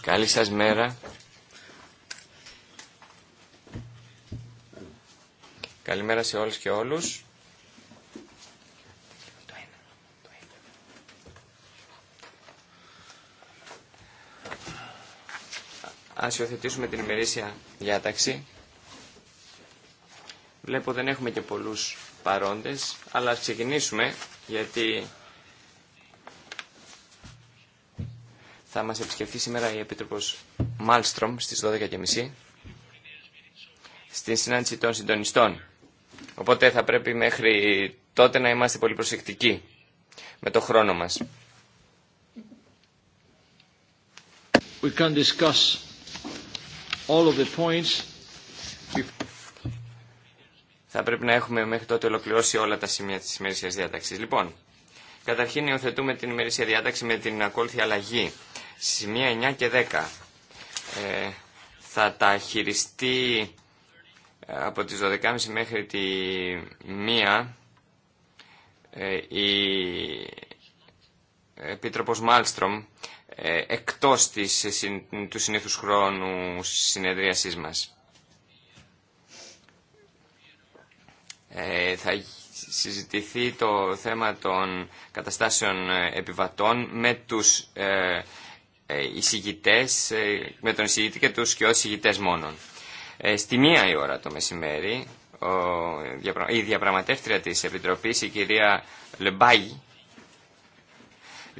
Καλησπέρα. μέρα. Καλημέρα σε όλους και όλους. Ας υιοθετήσουμε την ημερήσια διάταξη. Βλέπω δεν έχουμε και πολλούς παρόντες, αλλά ας ξεκινήσουμε γιατί θα μας επισκεφθεί σήμερα η Επίτροπος Μάλστρομ στις 12.30 στην συνάντηση των συντονιστών. Οπότε θα πρέπει μέχρι τότε να είμαστε πολύ προσεκτικοί με το χρόνο μας. We can discuss all of the points θα πρέπει να έχουμε μέχρι τότε ολοκληρώσει όλα τα σημεία της ημερησία διάταξη. Λοιπόν, καταρχήν υιοθετούμε την ημερησία διάταξη με την ακόλουθη αλλαγή. Σημεία 9 και 10 ε, θα τα χειριστεί ε, από τις 12.30 μέχρι τη 1 ε, η πίτροπος Μάλστρομ ε, εκτός της, του συνήθους χρόνου συνεδρίασής μας. Ε, θα συζητηθεί το θέμα των καταστάσεων ε, επιβατών με τους ε, ε εισηγητές, με τον εισηγητή και τους και εισηγητές μόνον. στη μία η ώρα το μεσημέρι, η διαπραγματεύτρια της Επιτροπής, η κυρία Λεμπάγη,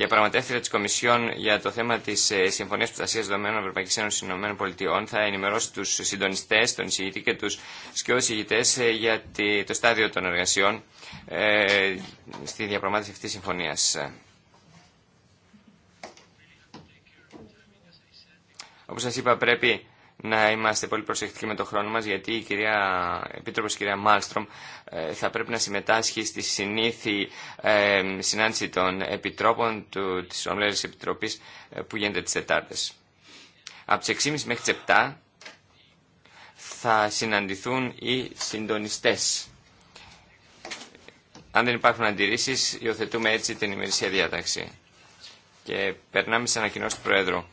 διαπραγματεύτρια τη Κομισιόν για το θέμα τη ε, Συμφωνία Προστασία Δεδομένων Ευρωπαϊκή Ένωση ΗΠΑ θα ενημερώσει του συντονιστέ, τον εισηγητή και του σκιώδει εισηγητέ ε, για το στάδιο των εργασιών ε, στη διαπραγμάτευση αυτή τη συμφωνία. Όπω σα είπα πρέπει να είμαστε πολύ προσεκτικοί με το χρόνο μας γιατί η κυρία Επίτροπος, η κυρία Μάλστρομ ε, θα πρέπει να συμμετάσχει στη συνήθη ε, συνάντηση των Επιτρόπων του, της Ομλέρης Επιτροπής ε, που γίνεται τις Τετάρτες. Από τις 6.30 μέχρι τις 7 θα συναντηθούν οι συντονιστές. Αν δεν υπάρχουν αντιρρήσεις, υιοθετούμε έτσι την ημερησία διάταξη. Και περνάμε σε ανακοινώσεις του Προέδρου.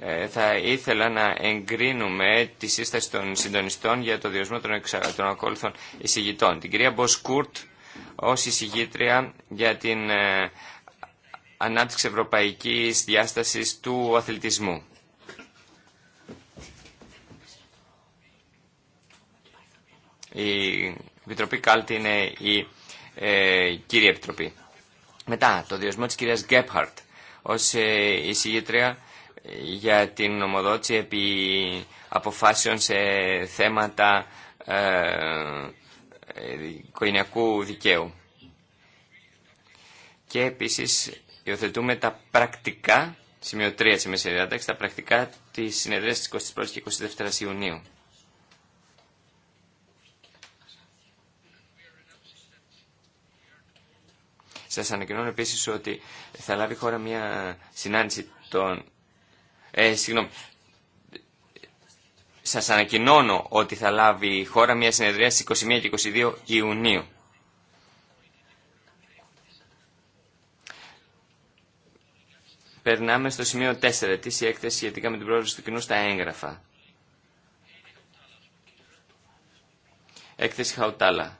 Ε, θα ήθελα να εγκρίνουμε τη σύσταση των συντονιστών για το διορισμό των, εξα... των ακόλουθων εισηγητών. Την κυρία Μποσκούρτ ως εισηγήτρια για την ε, ανάπτυξη ευρωπαϊκής διάστασης του αθλητισμού. Η Επιτροπή Κάλτη είναι η ε, κύρια Επιτροπή. Μετά, το διοσμό της κυρίας Γκέπχαρτ ως εισηγήτρια για την νομοδότηση επί αποφάσεων σε θέματα ε, οικογενειακού δικαίου. Και επίσης υιοθετούμε τα πρακτικά, σημείο 3 σε τα πρακτικά της συνεδρίας της 21ης και 22ης Ιουνίου. Σας ανακοινώνω επίσης ότι θα λάβει χώρα μια συνάντηση των ε, συγγνώμη. Σας ανακοινώνω ότι θα λάβει η χώρα μια συνεδρία στις 21 και 22 Ιουνίου. Περνάμε στο σημείο 4 της η έκθεση σχετικά με την πρόοδο του κοινού στα έγγραφα. Έκθεση Χαουτάλα.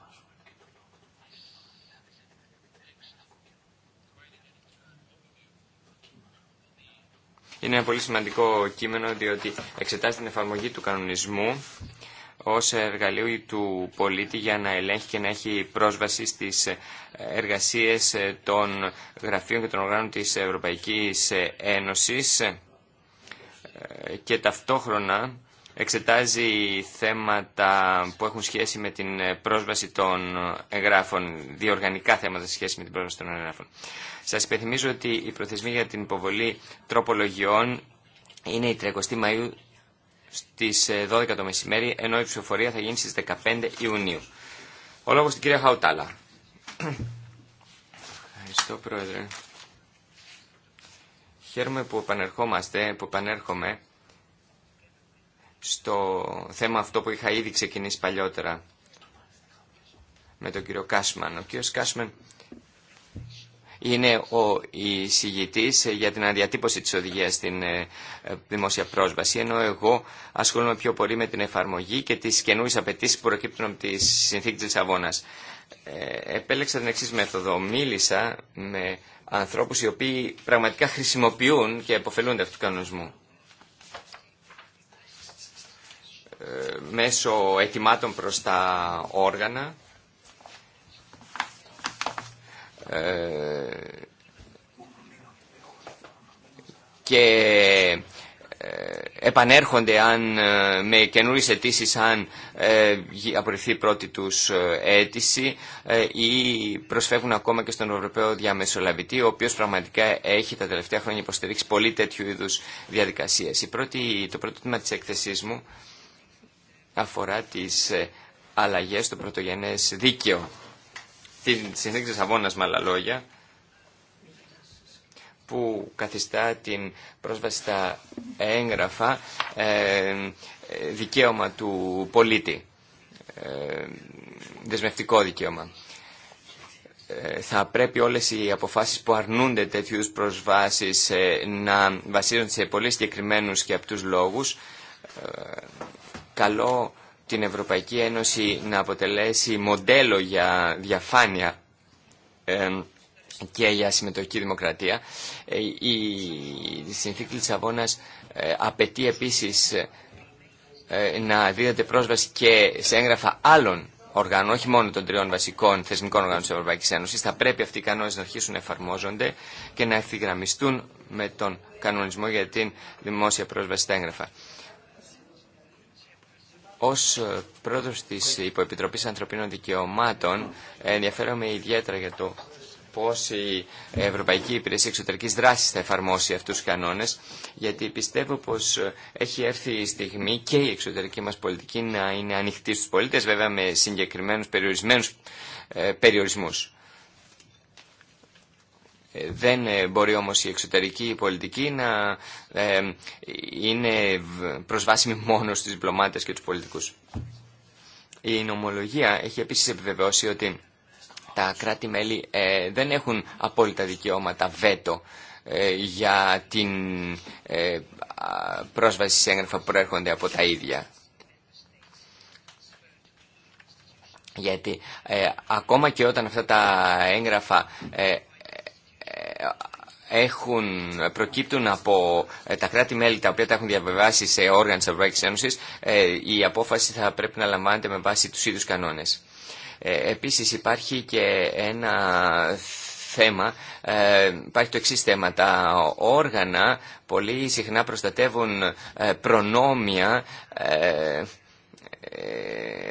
Είναι ένα πολύ σημαντικό κείμενο διότι εξετάζει την εφαρμογή του κανονισμού ως εργαλείο του πολίτη για να ελέγχει και να έχει πρόσβαση στις εργασίες των γραφείων και των οργάνων της Ευρωπαϊκής Ένωσης ε, και ταυτόχρονα εξετάζει θέματα που έχουν σχέση με την ε, πρόσβαση των εγγράφων, διοργανικά θέματα σε σχέση με την πρόσβαση των εγγράφων. Σας υπενθυμίζω ότι η προθεσμία για την υποβολή τροπολογιών είναι η 30 Μαΐου στις 12 ε, το μεσημέρι, ενώ η ψηφοφορία θα γίνει στις 15 Ιουνίου. Ο λόγος στην κυρία Χαουτάλα. Ευχαριστώ, Πρόεδρε. Χαίρομαι που επανερχόμαστε, που επανέρχομαι στο θέμα αυτό που είχα ήδη ξεκινήσει παλιότερα με τον κύριο Κάσμαν. Ο κύριος Κάσμαν είναι ο εισηγητής για την αναδιατύπωση της οδηγίας στην ε, δημόσια πρόσβαση, ενώ εγώ ασχολούμαι πιο πολύ με την εφαρμογή και τις καινούριες απαιτήσει που προκύπτουν από τη συνθήκη της Αβώνας. Ε, επέλεξα την εξή μέθοδο. Μίλησα με ανθρώπους οι οποίοι πραγματικά χρησιμοποιούν και αποφελούνται αυτού του κανονισμού. μέσω αιτημάτων προς τα όργανα ε, και ε, επανέρχονται αν, ε, με καινούριες αιτήσει αν ε, απορριφθεί πρώτη τους αίτηση ή προσφεύγουν ακόμα και στον Ευρωπαίο Διαμεσολαβητή ο οποίος πραγματικά έχει τα τελευταία χρόνια υποστηρίξει πολύ τέτοιου είδους διαδικασίες. Η το πρώτο τμήμα της έκθεσής μου αφορά τις ε, αλλαγές στο πρωτογενές δίκαιο. Την συνέχιση της με άλλα λόγια, που καθιστά την πρόσβαση στα έγγραφα ε, δικαίωμα του πολίτη, ε, δεσμευτικό δικαίωμα. Ε, θα πρέπει όλες οι αποφάσεις που αρνούνται τέτοιου προσβάσεις να βασίζονται σε πολύ συγκεκριμένους και απτούς λόγους καλό την Ευρωπαϊκή Ένωση να αποτελέσει μοντέλο για διαφάνεια και για συμμετοχή δημοκρατία. Ε, η συνθήκη Λισαβόνας ε, απαιτεί επίσης ε, να δίδεται πρόσβαση και σε έγγραφα άλλων οργάνων, όχι μόνο των τριών βασικών θεσμικών οργάνων της Ευρωπαϊκής Ένωσης. Θα πρέπει αυτοί οι κανόνες να αρχίσουν να εφαρμόζονται και να ευθυγραμμιστούν με τον κανονισμό για την δημόσια πρόσβαση στα έγγραφα. Ως ε, πρόεδρος της Υποεπιτροπής Ανθρωπίνων Δικαιωμάτων ενδιαφέρομαι ιδιαίτερα για το πώς η Ευρωπαϊκή Υπηρεσία Εξωτερικής Δράσης θα εφαρμόσει αυτούς τους κανόνες, γιατί πιστεύω πως ε, έχει έρθει η στιγμή και η εξωτερική μας πολιτική να είναι ανοιχτή στους πολίτες, βέβαια με συγκεκριμένους περιορισμένους ε, περιορισμούς. Ε, δεν ε, μπορεί όμως η εξωτερική πολιτική να ε, είναι προσβάσιμη μόνο στους διπλωμάτες και τους πολιτικούς. Η νομολογία έχει επίσης επιβεβαιώσει ότι τα κράτη-μέλη δεν έχουν απόλυτα δικαιώματα βέτο για την πρόσβαση σε έγγραφα που προέρχονται από τα ίδια. Γιατί ακόμα και όταν αυτά τα έγγραφα έχουν, προκύπτουν από ε, τα κράτη-μέλη τα οποία τα έχουν διαβεβάσει σε όργανα της Ευρωπαϊκής ε, η απόφαση θα πρέπει να λαμβάνεται με βάση τους ίδιους κανόνες. Ε, επίσης υπάρχει και ένα θέμα, υπάρχει το εξής θέμα. Τα όργανα πολύ συχνά προστατεύουν προνόμια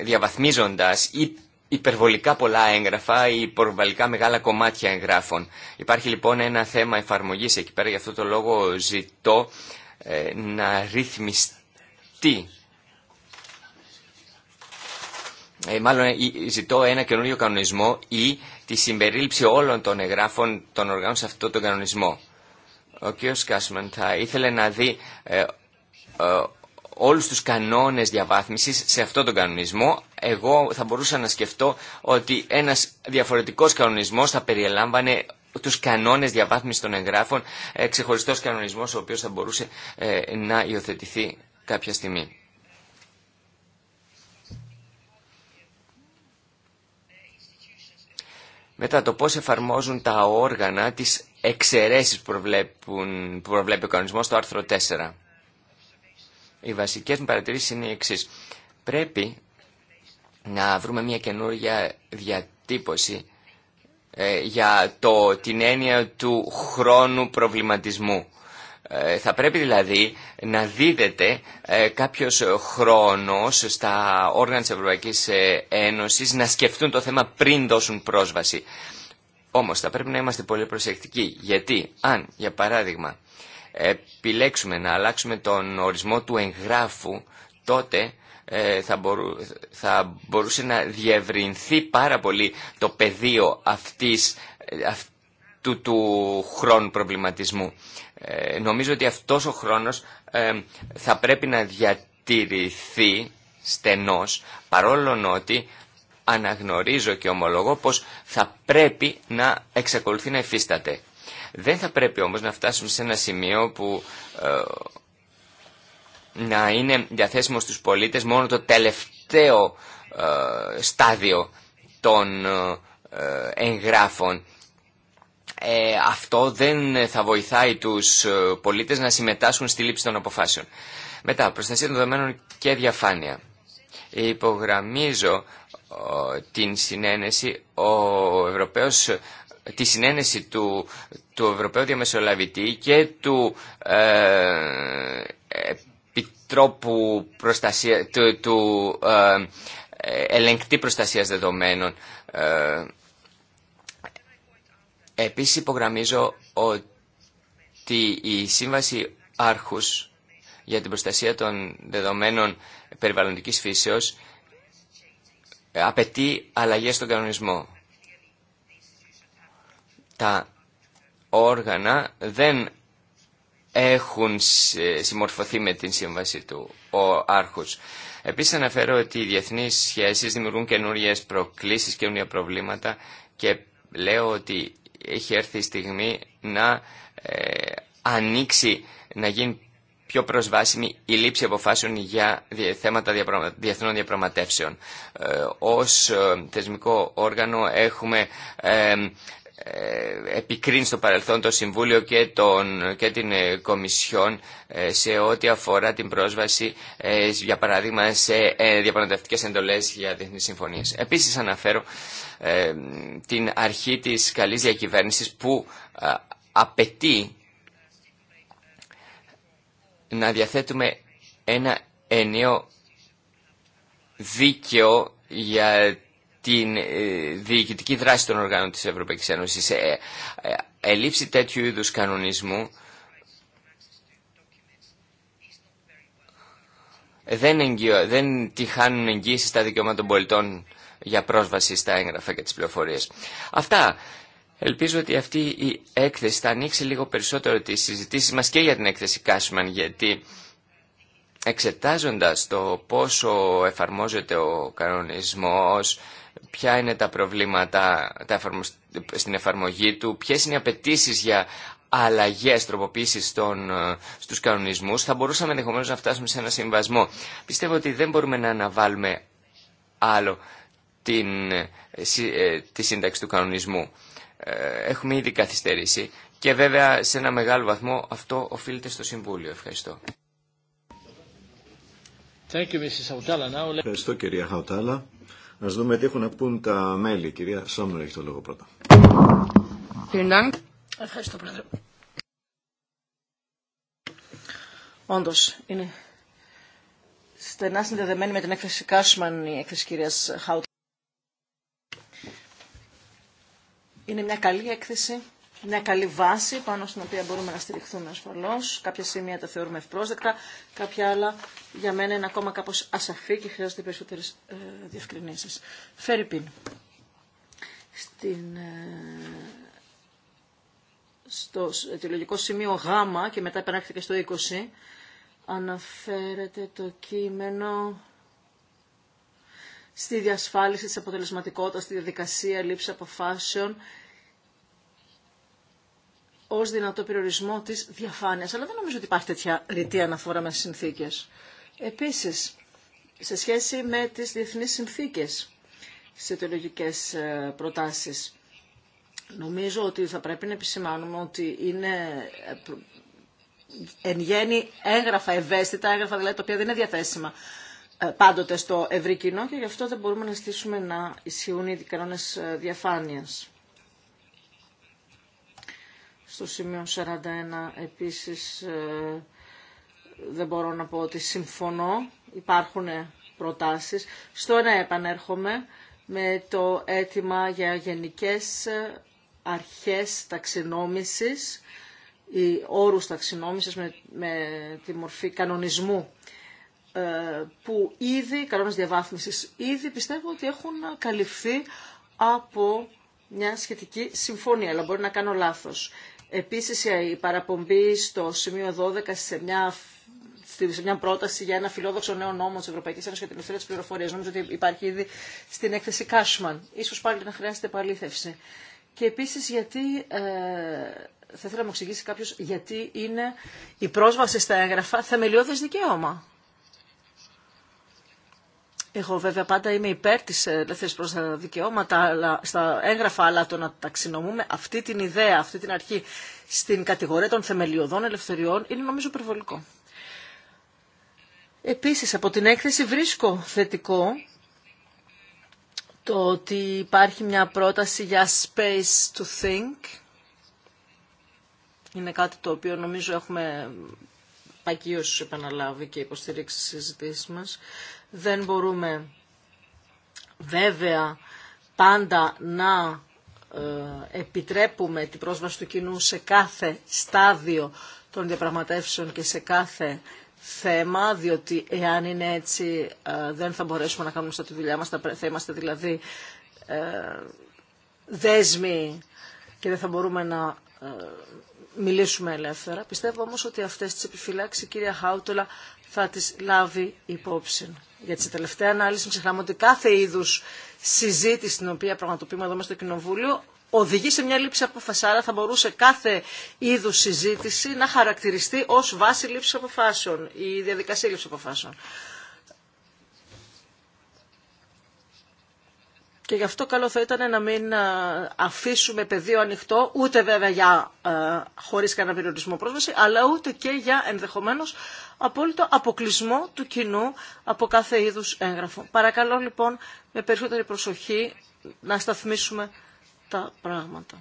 διαβαθμίζοντας ή υπερβολικά πολλά έγγραφα ή υπερβολικά μεγάλα κομμάτια εγγράφων. Υπάρχει λοιπόν ένα θέμα εφαρμογής εκεί πέρα, γι' αυτό το λόγο ζητώ ε, να ρυθμιστεί. Ε, μάλλον ε, ζητώ ένα καινούριο κανονισμό ή τη συμπερίληψη όλων των εγγράφων των οργάνων σε αυτόν τον κανονισμό. Ο κ. Κάσμαν θα ήθελε να δει όλους τους κανόνες διαβάθμισης σε αυτόν τον κανονισμό, εγώ θα μπορούσα να σκεφτώ ότι ένας διαφορετικός κανονισμός θα περιελάμβανε τους κανόνες διαβάθμισης των εγγράφων, ε, ξεχωριστός κανονισμός ο οποίος θα μπορούσε ε, να υιοθετηθεί κάποια στιγμή. Μετά το πώς εφαρμόζουν τα όργανα τις εξαιρέσεις που προβλέπει ο κανονισμός στο άρθρο 4 οι βασικές μου παρατηρήσεις είναι οι εξής. Πρέπει να βρούμε μια καινούργια διατύπωση ε, για το, την έννοια του χρόνου προβληματισμού. Ε, θα πρέπει δηλαδή να δίδεται ε, κάποιος χρόνος στα όργανα της Ευρωπαϊκής Ένωσης να σκεφτούν το θέμα πριν δώσουν πρόσβαση. Όμως θα πρέπει να είμαστε πολύ προσεκτικοί γιατί αν για παράδειγμα επιλέξουμε να αλλάξουμε τον ορισμό του εγγράφου, τότε ε, θα, θα μπορούσε να διευρυνθεί πάρα πολύ το πεδίο αυτής, ε, αυτού του χρόνου προβληματισμού. Ε, νομίζω ότι αυτός ο χρόνος θα πρέπει να διατηρηθεί στενός, παρόλο ότι αναγνωρίζω και ομολογώ πως θα πρέπει να εξακολουθεί να εφίσταται. Δεν θα πρέπει όμως να φτάσουμε σε ένα σημείο που ε, να είναι διαθέσιμο στους πολίτες μόνο το τελευταίο ε, στάδιο των ε, εγγράφων. αυτό δεν θα βοηθάει τους πολίτες να συμμετάσχουν στη λήψη των αποφάσεων. Μετά, προστασία των δεδομένων και διαφάνεια. Υπογραμμίζω την συνένεση ο Ευρωπαίος τη συνένεση του, του Ευρωπαίου Διαμεσολαβητή και του ε, Επιτρόπου προστασία, του, ε, Ελεγκτή Προστασίας Δεδομένων. Ε, επίσης υπογραμμίζω ότι η Σύμβαση Άρχους για την προστασία των δεδομένων περιβαλλοντικής φύσεως απαιτεί αλλαγές στον κανονισμό τα όργανα δεν έχουν συμμορφωθεί με την σύμβαση του ο Άρχους. Επίσης αναφέρω ότι οι διεθνείς σχέσεις δημιουργούν καινούριε προκλήσεις, καινούρια προβλήματα και λέω ότι έχει έρθει η στιγμή να ε, ανοίξει, να γίνει πιο προσβάσιμη η λήψη αποφάσεων για θέματα διεθνών διαπραγματεύσεων. Ε, ως ε, θεσμικό όργανο έχουμε ε, επικρίνει στο παρελθόν το Συμβούλιο και, τον, και την ε, Κομισιόν ε, σε ό,τι αφορά την πρόσβαση, για παράδειγμα, σε διαπραγματευτικές εντολές για διεθνείς συμφωνίες. Επίσης αναφέρω την αρχή της καλής διακυβέρνησης που απαιτεί να διαθέτουμε ένα ενίο δίκαιο για την ε, διοικητική δράση των οργάνων της Ευρωπαϊκής Ένωσης. Ε, ε, ελήψη τέτοιου είδους κανονισμού δεν, τυχάνουν δεν εγγύηση στα δικαιώματα των πολιτών για πρόσβαση στα έγγραφα και τις πληροφορίες. Αυτά. Ελπίζω ότι αυτή η έκθεση θα ανοίξει λίγο περισσότερο τις συζητήσεις μας και για την έκθεση Κάσμαν, γιατί εξετάζοντας το πόσο εφαρμόζεται ο κανονισμός, ποια είναι τα προβλήματα τα στην εφαρμογή του, ποιες είναι οι απαιτήσει για αλλαγές, τροποποίησεις των, ε, στους κανονισμούς, θα μπορούσαμε ενδεχομένω να φτάσουμε σε ένα συμβασμό. Πιστεύω ότι δεν μπορούμε να αναβάλουμε άλλο την, ε, ε, τη σύνταξη του κανονισμού. Έχουμε ήδη καθυστερήσει και βέβαια σε ένα μεγάλο βαθμό αυτό οφείλεται στο Συμβούλιο. Ευχαριστώ. Ευχαριστώ Ας δούμε τι έχουν να πούν τα μέλη. κυρία Σόμνερ έχει το λόγο πρώτα. Ευχαριστώ πρόεδρε. Όντως είναι στενά συνδεδεμένη με την έκθεση Κάσμαν η έκθεση κυρίας Χάουτ. Είναι μια καλή έκθεση μια καλή βάση πάνω στην οποία μπορούμε να στηριχθούμε ασφαλώ. Κάποια σημεία τα θεωρούμε ευπρόσδεκτα, κάποια άλλα για μένα είναι ακόμα κάπω ασαφή και χρειάζονται περισσότερε διευκρινήσει. Φέρει Στην, ε, στο αιτιολογικό σημείο Γ και μετά επανέρχεται στο 20 αναφέρεται το κείμενο στη διασφάλιση της αποτελεσματικότητας, στη διαδικασία λήψη αποφάσεων ω δυνατό περιορισμό της διαφάνειας. Αλλά δεν νομίζω ότι υπάρχει τέτοια ρητή αναφορά με συνθήκες. Επίσης, σε σχέση με τις διεθνείς συνθήκε στι αιτιολογικέ ε, προτάσεις, νομίζω ότι θα πρέπει να επισημάνουμε ότι είναι ε, εν γέννη έγγραφα ευαίσθητα, έγγραφα δηλαδή τα οποία δεν είναι διαθέσιμα ε, πάντοτε στο ευρύ κοινό και γι' αυτό δεν μπορούμε να στήσουμε να ισχύουν οι κανόνες διαφάνειας. Στο σημείο 41 επίσης ε, δεν μπορώ να πω ότι συμφωνώ. Υπάρχουν προτάσεις. Στο ένα επανέρχομαι με το αίτημα για γενικές αρχές ταξινόμησης ή όρους ταξινόμησης με, τη μορφή κανονισμού ε, που ήδη, οι κανόνες διαβάθμισης ήδη πιστεύω ότι έχουν καλυφθεί από μια σχετική συμφωνία, αλλά μπορεί να κάνω λάθος. Επίσης ε, η παραπομπή στο σημείο 12 σε μια σε μια πρόταση για ένα φιλόδοξο νέο νόμο τη Ευρωπαϊκή Ένωση για την ελευθερία τη πληροφορία. Νομίζω ότι υπάρχει ήδη στην έκθεση Κάσμαν. σω πάλι να χρειάζεται επαλήθευση. Και επίση γιατί. Ε, θα ήθελα να μου εξηγήσει κάποιο γιατί είναι η πρόσβαση στα έγγραφα θεμελιώδε δικαίωμα. Εγώ βέβαια πάντα είμαι υπέρ της ε, ελεύθερης προς τα δικαιώματα αλλά, στα έγγραφα, αλλά το να ταξινομούμε αυτή την ιδέα, αυτή την αρχή στην κατηγορία των θεμελιωδών ελευθεριών είναι νομίζω περιβολικό. Επίσης από την έκθεση βρίσκω θετικό το ότι υπάρχει μια πρόταση για space to think. Είναι κάτι το οποίο νομίζω έχουμε πακίως επαναλάβει και υποστηρίξει στις συζητήσεις μας. Δεν μπορούμε βέβαια πάντα να ε, επιτρέπουμε την πρόσβαση του κοινού σε κάθε στάδιο των διαπραγματεύσεων και σε κάθε θέμα, διότι εάν είναι έτσι ε, δεν θα μπορέσουμε να κάνουμε στα τη δουλειά μας, θα είμαστε δηλαδή ε, δέσμοι και δεν θα μπορούμε να μιλήσουμε ελεύθερα. Πιστεύω όμως ότι αυτές τις επιφυλάξεις η κυρία Χάουτολα θα τις λάβει υπόψη. Για τη τελευταία ανάλυση ξεχνάμε ότι κάθε είδους συζήτηση την οποία πραγματοποιούμε εδώ μέσα στο Κοινοβούλιο οδηγεί σε μια λήψη απόφαση. Άρα θα μπορούσε κάθε είδου συζήτηση να χαρακτηριστεί ω βάση λήψη αποφάσεων ή διαδικασία λήψη αποφάσεων. Και γι' αυτό καλό θα ήταν να μην ε, αφήσουμε πεδίο ανοιχτό, ούτε βέβαια για ε, χωρίς κανένα περιορισμό πρόσβαση, αλλά ούτε και για ενδεχομένως απόλυτο αποκλεισμό του κοινού από κάθε είδους έγγραφο. Παρακαλώ λοιπόν με περισσότερη προσοχή να σταθμίσουμε τα πράγματα.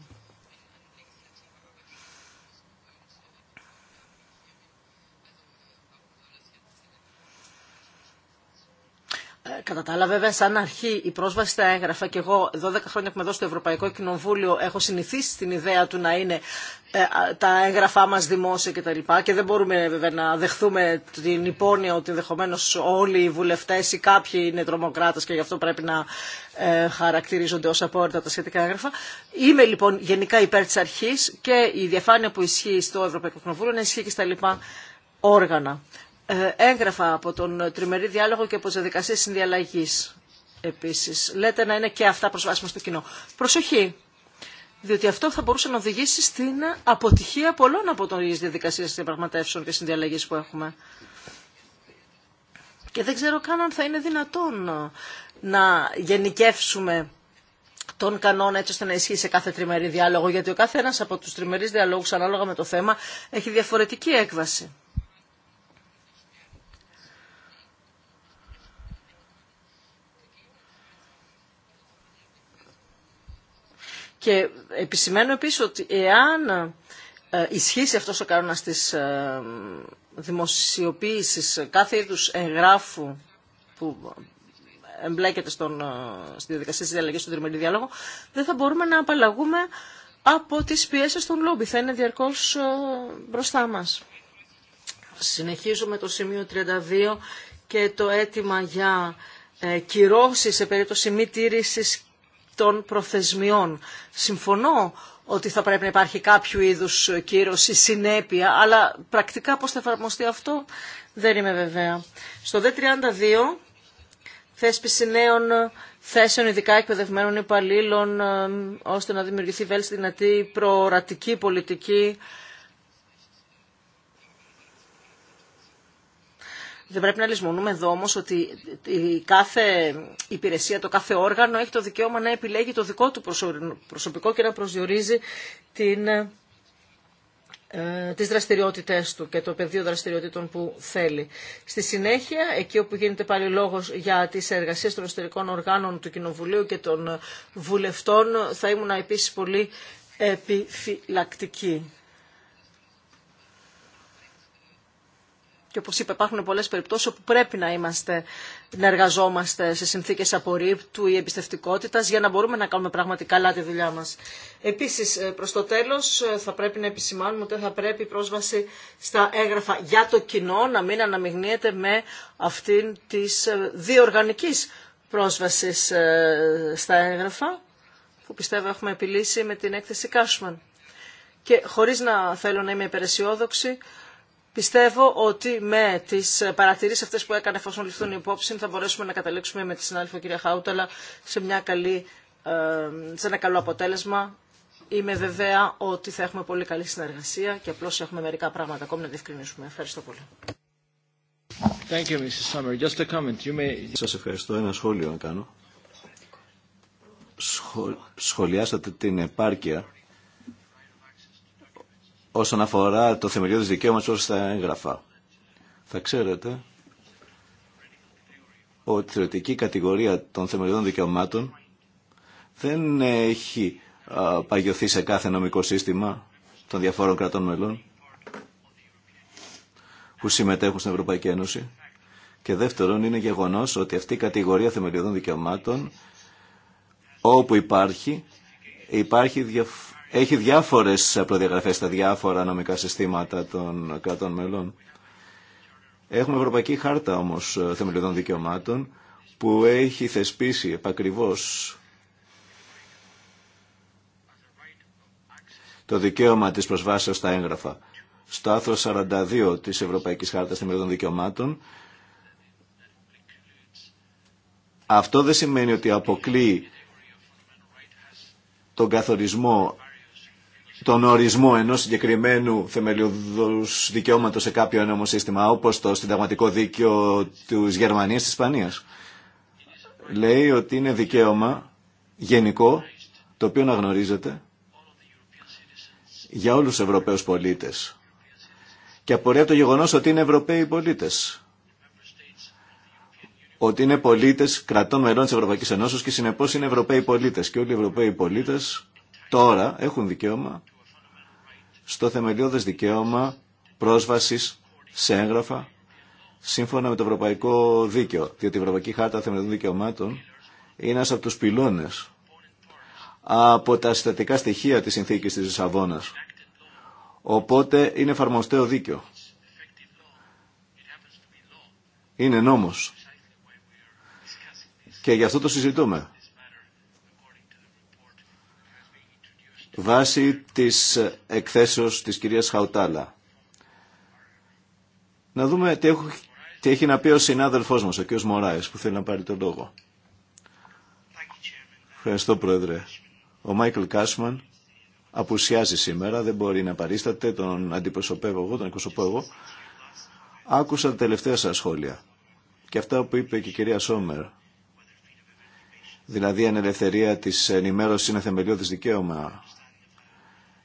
Ε, κατά τα άλλα, βέβαια, σαν αρχή η πρόσβαση στα έγγραφα και εγώ 12 χρόνια που είμαι εδώ στο Ευρωπαϊκό Κοινοβούλιο έχω συνηθίσει στην ιδέα του να είναι ε, τα έγγραφά μα δημόσια κτλ. Και, και δεν μπορούμε βέβαια να δεχθούμε την υπόνοια ότι ενδεχομένω όλοι οι βουλευτέ ή κάποιοι είναι τρομοκράτε και γι' αυτό πρέπει να ε, χαρακτηρίζονται ω απόρριτα τα σχετικά έγγραφα. Είμαι λοιπόν γενικά υπέρ τη αρχή και η διαφάνεια που ισχύει στο Ευρωπαϊκό Κοινοβούλιο να ισχύει και στα λοιπά όργανα. Ε, έγγραφα από τον τριμερή διάλογο και από τι διαδικασίε συνδιαλλαγή επίση. Λέτε να είναι και αυτά προσβάσιμα στο κοινό. Προσοχή! Διότι αυτό θα μπορούσε να οδηγήσει στην αποτυχία πολλών από τι διαδικασίε διαπραγματεύσεων και συνδιαλλαγή που έχουμε. Και δεν ξέρω καν αν θα είναι δυνατόν να γενικεύσουμε τον κανόνα έτσι ώστε να ισχύει σε κάθε τριμερή διάλογο, γιατί ο κάθε ένας από τους τριμερείς διαλόγους ανάλογα με το θέμα έχει διαφορετική έκβαση. Και επισημαίνω επίσης ότι εάν ε, ισχύσει αυτός ο κανόνας της ε, δημοσιοποίησης κάθε είδους εγγράφου που εμπλέκεται στον, ε, στη διαδικασία της διαλλαγής του τριμερή διάλογο, δεν θα μπορούμε να απαλλαγούμε από τις πιέσεις των λόμπι. Θα είναι διαρκώς μπροστά μας. Συνεχίζουμε το σημείο 32 και το αίτημα για ε, κυρώσει σε περίπτωση μη τήρησης των προθεσμιών. Συμφωνώ ότι θα πρέπει να υπάρχει κάποιο είδους κύρωση, συνέπεια, αλλά πρακτικά πώς θα εφαρμοστεί αυτό δεν είμαι βεβαία. Στο D32 θέσπιση νέων θέσεων ειδικά εκπαιδευμένων υπαλλήλων ε, ώστε να δημιουργηθεί βέλτιστη δυνατή προορατική πολιτική Δεν πρέπει να λησμονούμε εδώ όμω ότι η κάθε υπηρεσία, το κάθε όργανο έχει το δικαίωμα να επιλέγει το δικό του προσωπικό και να προσδιορίζει την, ε, τις δραστηριότητες του και το πεδίο δραστηριοτήτων που θέλει. Στη συνέχεια, εκεί όπου γίνεται πάλι λόγος για τις εργασίες των εσωτερικών οργάνων του Κοινοβουλίου και των βουλευτών, θα ήμουν επίσης πολύ επιφυλακτική. και όπως είπα υπάρχουν πολλές περιπτώσεις όπου πρέπει να, είμαστε, να εργαζόμαστε σε συνθήκες απορρίπτου ή εμπιστευτικότητας για να μπορούμε να κάνουμε πραγματικά καλά τη δουλειά μας. Επίσης ε, προς το τέλος ε, θα πρέπει να επισημάνουμε ότι θα πρέπει η πρόσβαση στα έγγραφα για το κοινό να μην αναμειγνύεται με αυτήν της ε, διοργανικής πρόσβασης στα έγγραφα που πιστεύω έχουμε επιλύσει με την έκθεση Cashman. Και χωρίς να θέλω να είμαι υπεραισιόδοξη, Πιστεύω ότι με τι παρατηρήσει αυτέ που έκανε, εφόσον ληφθούν υπόψη, θα μπορέσουμε να καταλήξουμε με τη συνάδελφο κυρία Χάουταλα σε, μια καλή, ε, σε ένα καλό αποτέλεσμα. Είμαι βεβαία ότι θα έχουμε πολύ καλή συνεργασία και απλώ έχουμε μερικά πράγματα ακόμη να διευκρινίσουμε. Ευχαριστώ πολύ. Thank Σας ευχαριστώ. Ένα σχόλιο να κάνω. Σχολιάσατε την επάρκεια όσον αφορά το θεμελιώδη δικαίωμα όσο τα έγγραφα. Θα ξέρετε ότι η θεωρητική κατηγορία των θεμελιωδών δικαιωμάτων δεν έχει παγιωθεί σε κάθε νομικό σύστημα των διαφόρων κρατών μελών που συμμετέχουν στην Ευρωπαϊκή Ένωση. Και δεύτερον είναι γεγονός ότι αυτή η κατηγορία θεμελιωδών δικαιωμάτων όπου υπάρχει, υπάρχει διαφορετική έχει διάφορες προδιαγραφέ στα διάφορα νομικά συστήματα των κρατών μελών. Έχουμε Ευρωπαϊκή Χάρτα όμως θεμελιωδών δικαιωμάτων που έχει θεσπίσει επακριβώς το δικαίωμα της προσβάσεως στα έγγραφα. Στο άθρο 42 της Ευρωπαϊκής Χάρτας Θεμελιωδών Δικαιωμάτων αυτό δεν σημαίνει ότι αποκλεί τον καθορισμό τον ορισμό ενός συγκεκριμένου θεμελιωδούς δικαιώματος σε κάποιο νόμο σύστημα, όπως το συνταγματικό δίκαιο της Γερμανίας, της Ισπανίας. Λέει ότι είναι δικαίωμα γενικό, το οποίο αναγνωρίζεται, για όλους τους Ευρωπαίους πολίτες. Και απορρέει το γεγονός ότι είναι Ευρωπαίοι πολίτες. Ότι είναι πολίτες κρατών μελών της Ευρωπαϊκής Ενώσης και συνεπώς είναι Ευρωπαίοι πολίτες. Και όλοι οι Ευρωπαίοι πολίτες τώρα έχουν δικαίωμα στο θεμελιώδες δικαίωμα πρόσβασης σε έγγραφα σύμφωνα με το Ευρωπαϊκό Δίκαιο, διότι η Ευρωπαϊκή Χάρτα Θεμελιωδών Δικαιωμάτων είναι ένας από τους πυλώνες από τα συστατικά στοιχεία της συνθήκης της Λισαβόνας. Οπότε είναι εφαρμοστέο δίκαιο. Είναι νόμος. Και γι' αυτό το συζητούμε. βάσει της εκθέσεως της κυρίας Χαουτάλα. Να δούμε τι, έχω, έχει να πει ο συνάδελφός μας, ο κ. Μωράης, που θέλει να πάρει τον λόγο. Ευχαριστώ, Πρόεδρε. Ο Μάικλ Κάσμαν απουσιάζει σήμερα, δεν μπορεί να παρίσταται, τον αντιπροσωπεύω εγώ, τον εκπροσωπώ εγώ. Άκουσα τα τελευταία σας σχόλια και αυτά που είπε και η κυρία Σόμερ. Δηλαδή, η ανελευθερία της ενημέρωσης είναι θεμελιώδης δικαίωμα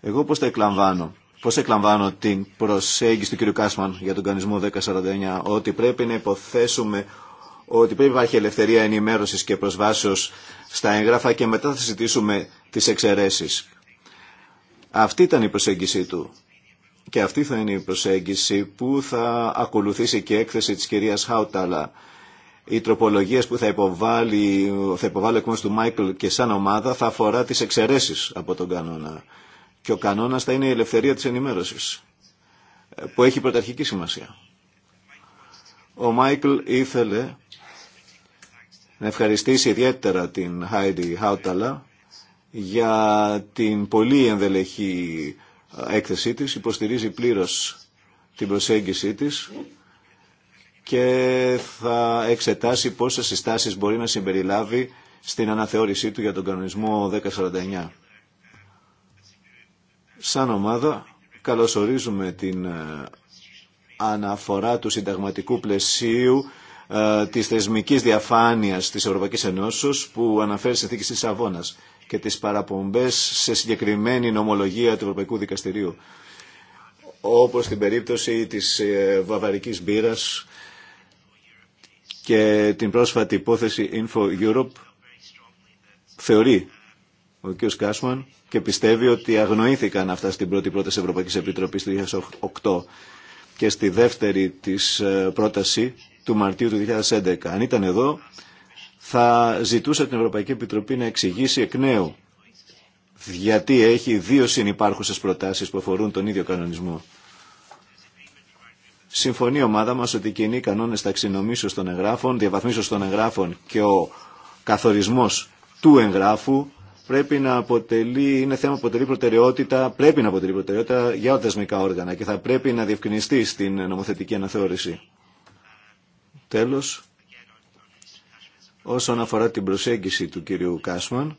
εγώ πώς τα εκλαμβάνω. Πώς εκλαμβάνω την προσέγγιση του κ. Κάσμαν για τον κανονισμό 1049, ότι πρέπει να υποθέσουμε ότι πρέπει να υπάρχει ελευθερία ενημέρωσης και προσβάσεως στα έγγραφα και μετά θα συζητήσουμε τις εξαιρέσεις. Αυτή ήταν η προσέγγιση του. Και αυτή θα είναι η προσέγγιση που θα ακολουθήσει και η έκθεση της κυρίας Χάουταλα. Οι τροπολογίες που θα υποβάλει, θα υποβάλει του Μάικλ και σαν ομάδα θα αφορά τις εξαιρέσεις από τον κανόνα. Και ο κανόνα θα είναι η ελευθερία της ενημέρωσης, ε, που έχει πρωταρχική σημασία. Ο Μάικλ ήθελε να ευχαριστήσει ιδιαίτερα την Χάιντι Χάουταλα για την πολύ ενδελεχή ε, έκθεσή της, υποστηρίζει πλήρως την προσέγγιση της και θα εξετάσει πόσες συστάσεις μπορεί να συμπεριλάβει στην αναθεώρησή του για τον κανονισμό 1049. Σαν ομάδα καλωσορίζουμε την ε, αναφορά του συνταγματικού πλαισίου ε, της θεσμικής διαφάνειας της Ευρωπαϊκής Ενώσης που αναφέρει θήκη της Αβώνας και τις παραπομπές σε συγκεκριμένη νομολογία του Ευρωπαϊκού Δικαστηρίου όπως την περίπτωση της ε, βαβαρικής μπύρας και την πρόσφατη υπόθεση Info Europe θεωρεί ο κ. Κάσμαν και πιστεύει ότι αγνοήθηκαν αυτά στην πρώτη πρόταση Ευρωπαϊκής Επιτροπής του 2008 και στη δεύτερη της ε, πρόταση του Μαρτίου του 2011. Αν ήταν εδώ θα ζητούσε την Ευρωπαϊκή Επιτροπή να εξηγήσει εκ νέου γιατί έχει δύο συνυπάρχουσες προτάσεις που αφορούν τον ίδιο κανονισμό. Συμφωνεί η ομάδα μας ότι οι κοινοί κανόνες ταξινομήσεως των εγγράφων, διαβαθμίσεως των εγγράφων και ο καθορισμός του εγγράφου πρέπει να αποτελεί, είναι θέμα που αποτελεί προτεραιότητα, πρέπει να αποτελεί προτεραιότητα για όλα όργανα και θα πρέπει να διευκρινιστεί στην νομοθετική αναθεώρηση. Τέλος, όσον αφορά την προσέγγιση του κυρίου Κάσμαν,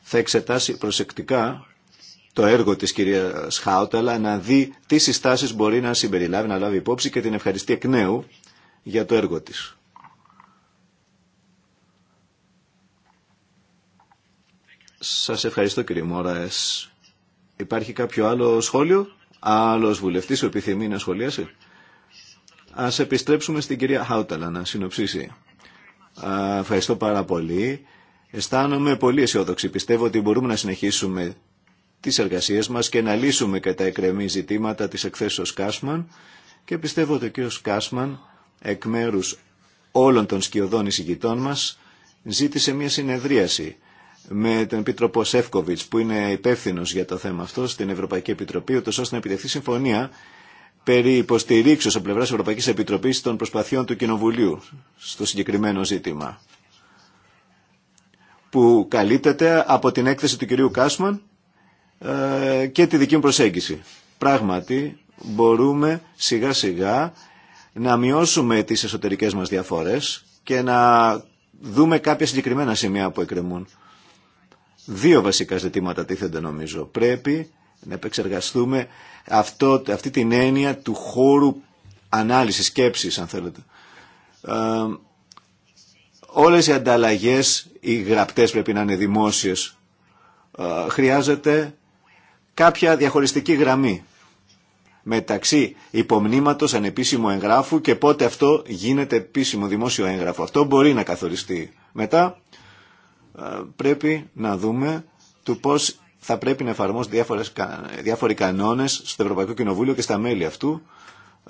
θα εξετάσει προσεκτικά το έργο της κυρίας Χάουταλα να δει τι συστάσεις μπορεί να συμπεριλάβει, να λάβει υπόψη και την ευχαριστή εκ νέου για το έργο της. Σας ευχαριστώ κύριε Μόραες. Υπάρχει κάποιο άλλο σχόλιο, άλλος βουλευτής που επιθυμεί να σχολιάσει. Ας επιστρέψουμε στην κυρία Χάουταλα να συνοψίσει. Ευχαριστώ πάρα πολύ. Αισθάνομαι πολύ αισιόδοξη. Πιστεύω ότι μπορούμε να συνεχίσουμε τις εργασίες μας και να λύσουμε και τα εκρεμή ζητήματα της εκθέσεως Κάσμαν και πιστεύω ότι ο κύριος Κάσμαν εκ μέρους όλων των σκιωδών εισηγητών μας ζήτησε μια συνεδρίαση με τον Επίτροπο Σεύκοβιτς που είναι υπεύθυνο για το θέμα αυτό στην Ευρωπαϊκή Επιτροπή ούτω ώστε να επιτευχθεί συμφωνία περί υποστηρίξεω από πλευράς Ευρωπαϊκής Επιτροπής των προσπαθειών του Κοινοβουλίου στο συγκεκριμένο ζήτημα που καλύπτεται από την έκθεση του κυρίου Κάσμαν ε, και τη δική μου προσέγγιση. Πράγματι μπορούμε σιγά σιγά να μειώσουμε τις εσωτερικές μας διαφορές και να δούμε κάποια συγκεκριμένα σημεία που εκκρεμούν. Δύο βασικά ζητήματα τίθενται νομίζω. Πρέπει να επεξεργαστούμε αυτό, αυτή την έννοια του χώρου ανάλυσης, σκέψης αν θέλετε. Ε, όλες οι ανταλλαγές, οι γραπτές πρέπει να είναι δημόσιες. Ε, χρειάζεται κάποια διαχωριστική γραμμή μεταξύ υπομνήματος ανεπίσημου εγγράφου και πότε αυτό γίνεται επίσημο δημόσιο έγγραφο. Αυτό μπορεί να καθοριστεί. Μετά ε, πρέπει να δούμε του πώς θα πρέπει να εφαρμόσουν διάφορες, διάφοροι κανόνες στο Ευρωπαϊκό Κοινοβούλιο και στα μέλη αυτού.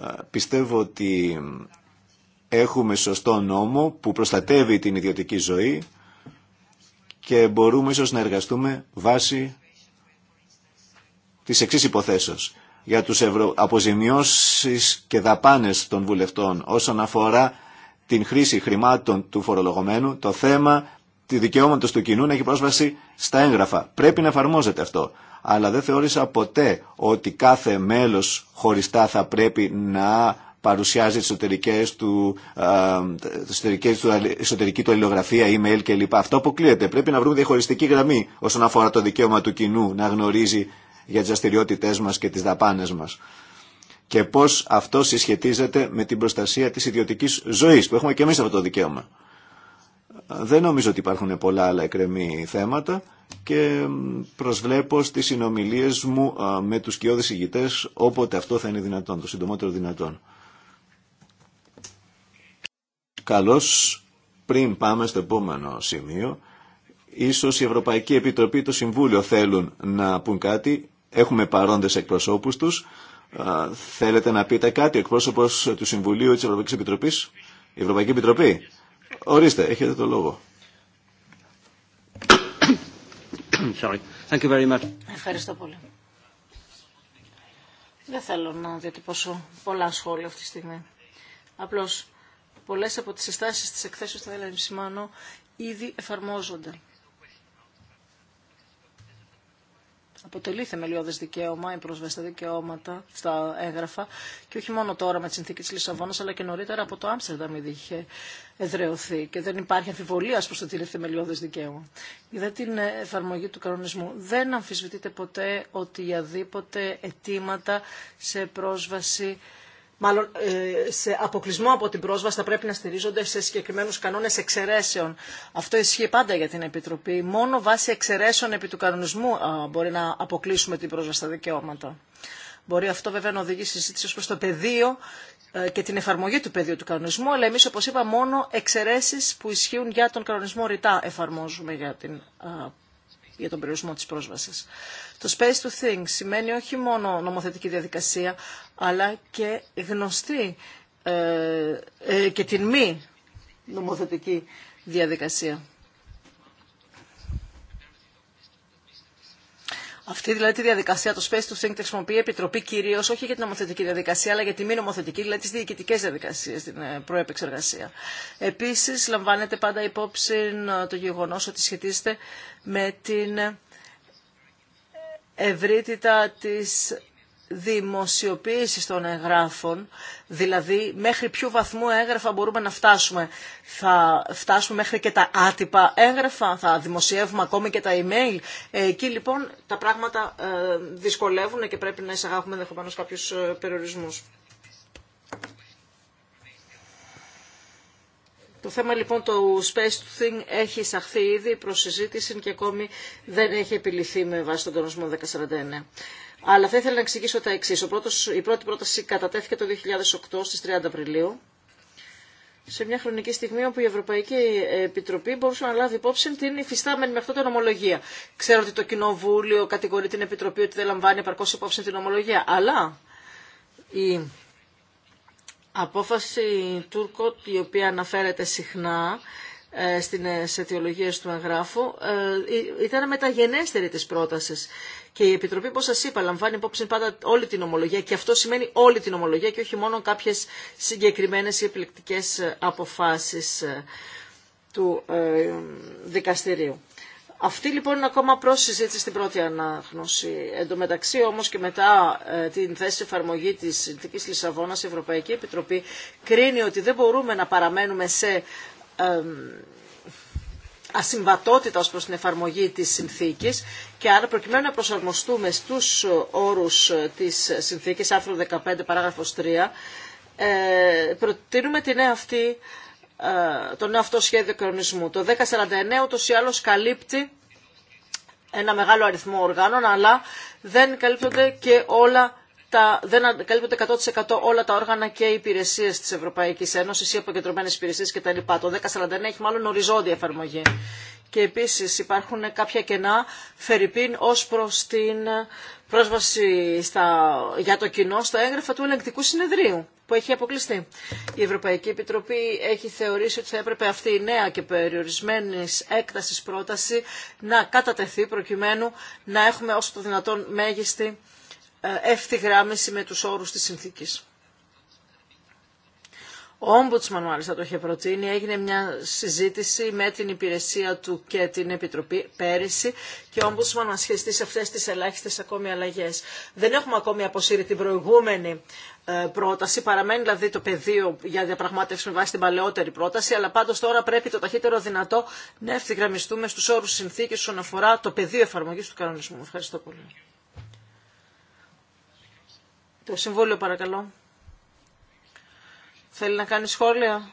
Ε, πιστεύω ότι έχουμε σωστό νόμο που προστατεύει την ιδιωτική ζωή και μπορούμε ίσως να εργαστούμε βάσει της εξής υποθέσεως για τους ευρω... αποζημιώσεις και δαπάνες των βουλευτών όσον αφορά την χρήση χρημάτων του φορολογωμένου, το θέμα τη δικαιώματο του κοινού να έχει πρόσβαση στα έγγραφα. Πρέπει να εφαρμόζεται αυτό. Αλλά δεν θεώρησα ποτέ ότι κάθε μέλος χωριστά θα πρέπει να παρουσιάζει τις εσωτερικές του, του, εσωτερική του αλληλογραφία, email κλπ. Αυτό αποκλείεται. Πρέπει να βρούμε διαχωριστική γραμμή όσον αφορά το δικαίωμα του κοινού να γνωρίζει για τις δραστηριότητε μας και τις δαπάνες μας. Και πώς αυτό συσχετίζεται με την προστασία της ιδιωτικής ζωής που έχουμε και εμείς αυτό το δικαίωμα. Δεν νομίζω ότι υπάρχουν πολλά άλλα εκρεμή θέματα και προσβλέπω στις συνομιλίες μου με τους κοιόδης ηγητές όποτε αυτό θα είναι δυνατόν, το συντομότερο δυνατόν. Καλώς, πριν πάμε στο επόμενο σημείο, ίσως η Ευρωπαϊκή Επιτροπή ή το Συμβούλιο θέλουν να πούν κάτι. Έχουμε παρόντες εκπροσώπους τους. Θέλετε να πείτε κάτι, εκπρόσωπος του Συμβουλίου της Ευρωπαϊκής Επιτροπής. Ευρωπαϊκή Επιτροπή. Ορίστε, έχετε το λόγο. Sorry. Thank you very much. Ευχαριστώ πολύ. Δεν θέλω να διατυπώσω πολλά σχόλια αυτή τη στιγμή. Απλώς πολλές από τις συστάσεις της εκθέσεως θα επισημάνω ήδη εφαρμόζονται. αποτελεί θεμελιώδες δικαίωμα η πρόσβαση στα δικαιώματα, στα έγγραφα και όχι μόνο τώρα με τη συνθήκη της Λισαβόνας αλλά και νωρίτερα από το Άμστερνταμ ήδη είχε εδρεωθεί και δεν υπάρχει αμφιβολία προς το ότι είναι θεμελιώδες δικαίωμα. Για την εφαρμογή του κανονισμού δεν αμφισβητείται ποτέ ότι δίποτε αιτήματα σε πρόσβαση μάλλον ε, σε αποκλεισμό από την πρόσβαση θα πρέπει να στηρίζονται σε συγκεκριμένους κανόνες εξαιρέσεων. Αυτό ισχύει πάντα για την Επιτροπή. Μόνο βάσει εξαιρέσεων επί του κανονισμού μπορεί να αποκλείσουμε την πρόσβαση στα δικαιώματα. Μπορεί αυτό βέβαια να οδηγήσει συζήτηση προς το πεδίο ε, και την εφαρμογή του πεδίου του κανονισμού, αλλά εμείς όπως είπα μόνο εξαιρέσεις που ισχύουν για τον κανονισμό ρητά εφαρμόζουμε για την για τον περιορισμό της πρόσβασης. Το space to think σημαίνει όχι μόνο νομοθετική διαδικασία, αλλά και γνωστή ε, ε, και την μη νομοθετική διαδικασία. Αυτή δηλαδή τη διαδικασία, το space to think, τη χρησιμοποιεί η Επιτροπή κυρίω όχι για την νομοθετική διαδικασία, αλλά για τη μη νομοθετική, δηλαδή τι διοικητικέ διαδικασίε, την ε, προεπεξεργασία. Επίση, λαμβάνεται πάντα υπόψη ε, το γεγονό ότι σχετίζεται με την ε, ευρύτητα της Δημοσιοποίηση των εγγράφων, δηλαδή μέχρι ποιο βαθμό έγγραφα μπορούμε να φτάσουμε. Θα φτάσουμε μέχρι και τα άτυπα έγγραφα, θα δημοσιεύουμε ακόμη και τα email. εκεί λοιπόν τα πράγματα ε, δυσκολεύουν και πρέπει να εισαγάγουμε ενδεχομένω κάποιους ε, περιορισμούς. Το θέμα λοιπόν το Space Thing έχει εισαχθεί ήδη προς συζήτηση και ακόμη δεν έχει επιληθεί με βάση τον κανονισμό 1049. Αλλά θα ήθελα να εξηγήσω τα εξή. Η πρώτη πρόταση κατατέθηκε το 2008 στι 30 Απριλίου σε μια χρονική στιγμή όπου η Ευρωπαϊκή Επιτροπή μπορούσε να λάβει υπόψη την υφιστάμενη με αυτό την ομολογία. Ξέρω ότι το Κοινοβούλιο κατηγορεί την Επιτροπή ότι δεν λαμβάνει επαρκώ υπόψη την ομολογία, αλλά η απόφαση Τούρκο, η οποία αναφέρεται συχνά ε, στις ε, αιτιολογίες του εγγράφου, ε, ήταν μεταγενέστερη της πρότασης. Και η Επιτροπή, όπω σα είπα, λαμβάνει υπόψη πάντα όλη την ομολογία και αυτό σημαίνει όλη την ομολογία και όχι μόνο κάποιε συγκεκριμένε ή επιλεκτικέ αποφάσει ε, του ε, δικαστηρίου. Αυτή λοιπόν είναι ακόμα έτσι στην πρώτη ανάγνωση. Εν τω μεταξύ όμως και μετά ε, την θέση εφαρμογή της Συνθήκης Λισαβόνας η Ευρωπαϊκή Επιτροπή κρίνει ότι δεν μπορούμε να παραμένουμε σε ασυμβατότητα ως προς την εφαρμογή της συνθήκης και άρα προκειμένου να προσαρμοστούμε στους όρους της συνθήκης, άρθρο 15 παράγραφος 3, ε, προτείνουμε την αυτή, ε, το νέο αυτό σχέδιο κανονισμού. Το 1049 ούτως ή άλλως καλύπτει ένα μεγάλο αριθμό οργάνων, αλλά δεν καλύπτονται και όλα τα, δεν καλύπτονται 100% όλα τα όργανα και οι υπηρεσίε τη Ευρωπαϊκή Ένωση ή αποκεντρωμένε υπηρεσίε κτλ. Το 1049 έχει μάλλον οριζόντια εφαρμογή. Και επίση υπάρχουν κάποια κενά φερρυπίν ω προ την πρόσβαση στα, για το κοινό στα έγγραφα του ελεγκτικού συνεδρίου που έχει αποκλειστεί. Η Ευρωπαϊκή Επιτροπή έχει θεωρήσει ότι θα έπρεπε αυτή η νέα και περιορισμένη έκταση πρόταση να κατατεθεί προκειμένου να έχουμε όσο το δυνατόν μέγιστη ευθυγράμμιση με τους όρους της συνθήκης. Ο Όμπουτσμαν μάλιστα το είχε προτείνει, έγινε μια συζήτηση με την υπηρεσία του και την Επιτροπή πέρυσι και ο Όμπουτσμαν μας σχεστεί σε αυτές τις ελάχιστες ακόμη αλλαγές. Δεν έχουμε ακόμη αποσύρει την προηγούμενη ε, πρόταση, παραμένει δηλαδή το πεδίο για διαπραγμάτευση με βάση την παλαιότερη πρόταση, αλλά πάντως τώρα πρέπει το ταχύτερο δυνατό να ευθυγραμμιστούμε στους όρους συνθήκες όσον αφορά το πεδίο εφαρμογής του κανονισμού. Ευχαριστώ πολύ. Το Συμβούλιο παρακαλώ. Θέλει να κάνει σχόλια.